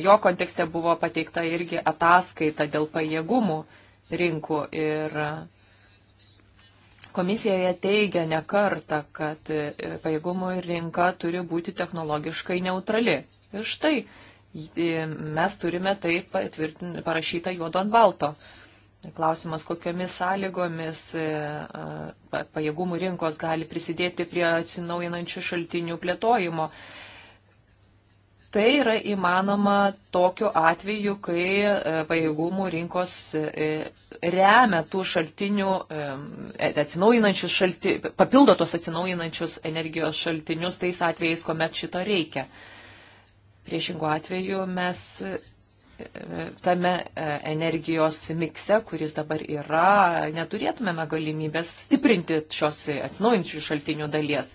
jo kontekste buvo pateikta irgi ataskaita dėl pajėgumų rinkų ir komisijoje teigia ne kartą, kad e, pajėgumų rinka turi būti technologiškai neutrali. Ir štai mes turime tai parašyta juodo ant balto. Klausimas, kokiomis sąlygomis e, e, pajėgumų rinkos gali prisidėti prie atsinaujinančių šaltinių plėtojimo. Tai yra įmanoma tokiu atveju, kai e, pajėgumų rinkos remia tų šaltinių, atsinaujinančius šalti, papildo tos atsinaujinančius energijos šaltinius tais atvejais, kuomet šito reikia. Priešingų atveju mes tame e, energijos mikse, kuris dabar yra, neturėtumėme galimybės stiprinti šios atsinaujinčių šaltinių dalies.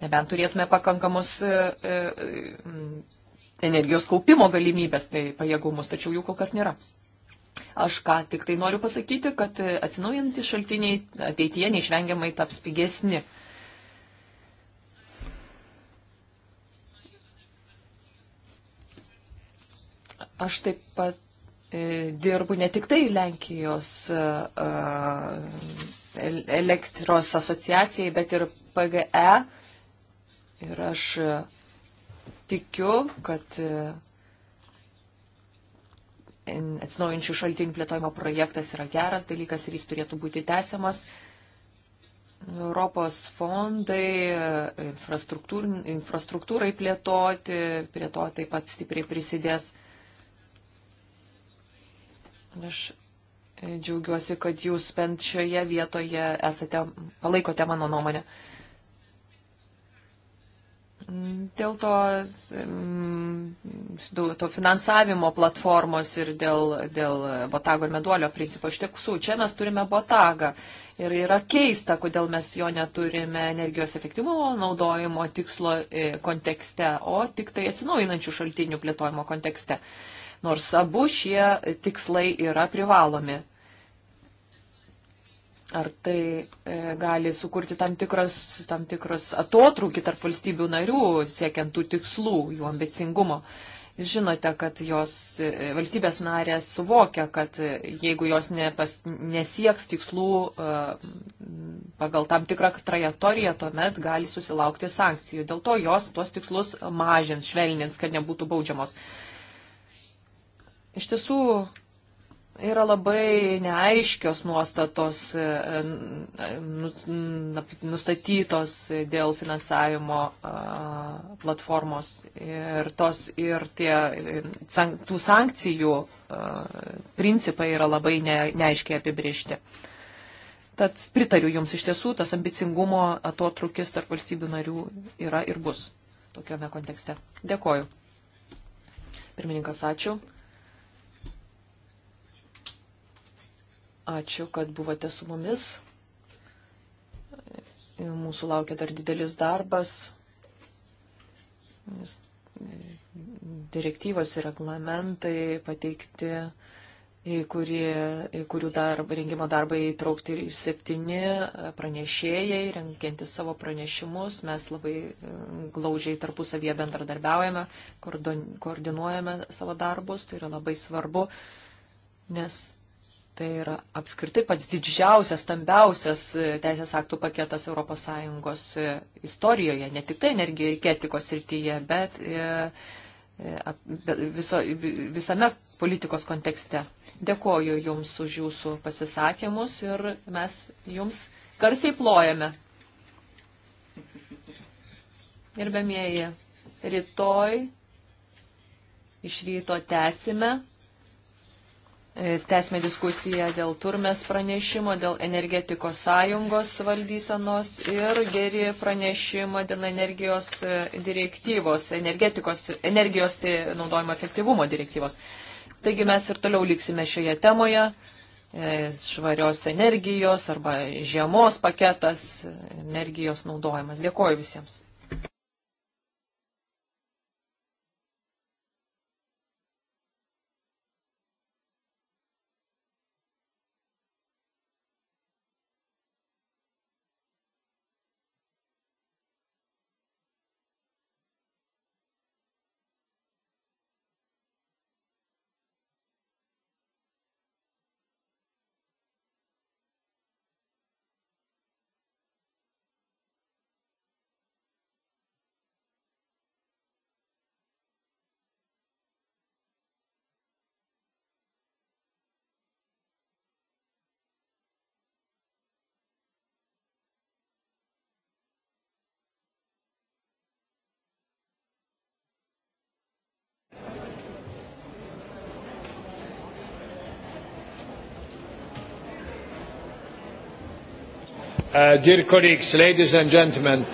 Nebent turėtume pakankamus e, e, energijos kaupimo galimybės, tai pajėgumus, tačiau jų kol kas nėra. Aš ką tik tai noriu pasakyti, kad atsinaujantys šaltiniai ateityje neišvengiamai taps pigesni. Uh, Aš taip pat e, dirbu ne tik tai Lenkijos e, e elektros asociacijai, bet ir PGE. Ir aš e, tikiu, kad e, atsinaujančių šaltinių plėtojimo projektas yra geras dalykas ir jis turėtų būti tęsiamas. Europos fondai infrastruktūrai plėtoti, prie to taip pat stipriai prisidės. Aš e, džiaugiuosi, kad jūs bent šioje vietoje esate, palaikote mano nuomonę. Dėl to, to finansavimo platformos ir dėl, dėl botago ir meduolio principo, iš tiesų, čia mes turime botagą ir yra keista, kodėl mes jo neturime energijos efektyvumo naudojimo tikslo e, kontekste, o tik tai atsinaujinančių šaltinių plėtojimo kontekste. Uh, nors abu šie tikslai yra privalomi. Ar tai e, gali sukurti tam tikras, tam tikras atotrūkį tarp valstybių narių, siekiant tų tikslų, jų ambicingumo? Žinote, kad jos e, valstybės narės suvokia, kad e, jeigu jos nepas, nesieks tikslų e, pagal tam tikrą trajektoriją, tuomet gali susilaukti sankcijų. Dėl to jos tuos tikslus mažins, švelnins, kad nebūtų baudžiamos. E, Iš tiesų yra labai neaiškios nuostatos e, nustatytos dėl finansavimo platformos ir, tos, ir tie, tų sankcijų principai yra labai neaiškiai apibriežti. Tad pritariu Jums iš tiesų, tas ambicingumo atotrukis tarp valstybių narių yra ir bus tokiame kontekste. Dėkoju. Pirmininkas, ačiū. Ačiū, kad buvote su mumis. Mūsų laukia dar didelis darbas. E, direktyvos ir reglamentai pateikti, į, kurį, į kurių darb, rengimo darbą įtraukti ir septyni e, pranešėjai, renkiantis savo pranešimus. Mes labai e, glaudžiai tarpusavie bendradarbiaujame, koordinuojame savo darbus. Tai yra labai svarbu, nes Tai yra apskritai pats didžiausias, stambiausias e, teisės aktų paketas ES e, istorijoje, ne tik tai energetikos srityje, bet e, viso, visame politikos kontekste. Dėkoju Jums už Jūsų pasisakymus ir mes Jums garsiai plojame. Gerbėmieji, rytoj iš ryto tęsime. E, tęsime diskusiją dėl turmės pranešimo, dėl energetikos sąjungos valdysenos ir geri pranešimą dėl energijos e, direktyvos, energetikos, energijos tai naudojimo efektyvumo direktyvos. Taigi mes ir toliau liksime šioje temoje. E, švarios energijos arba žiemos paketas, energijos naudojimas. Dėkoju visiems. Uh, dear colleagues, ladies and gentlemen,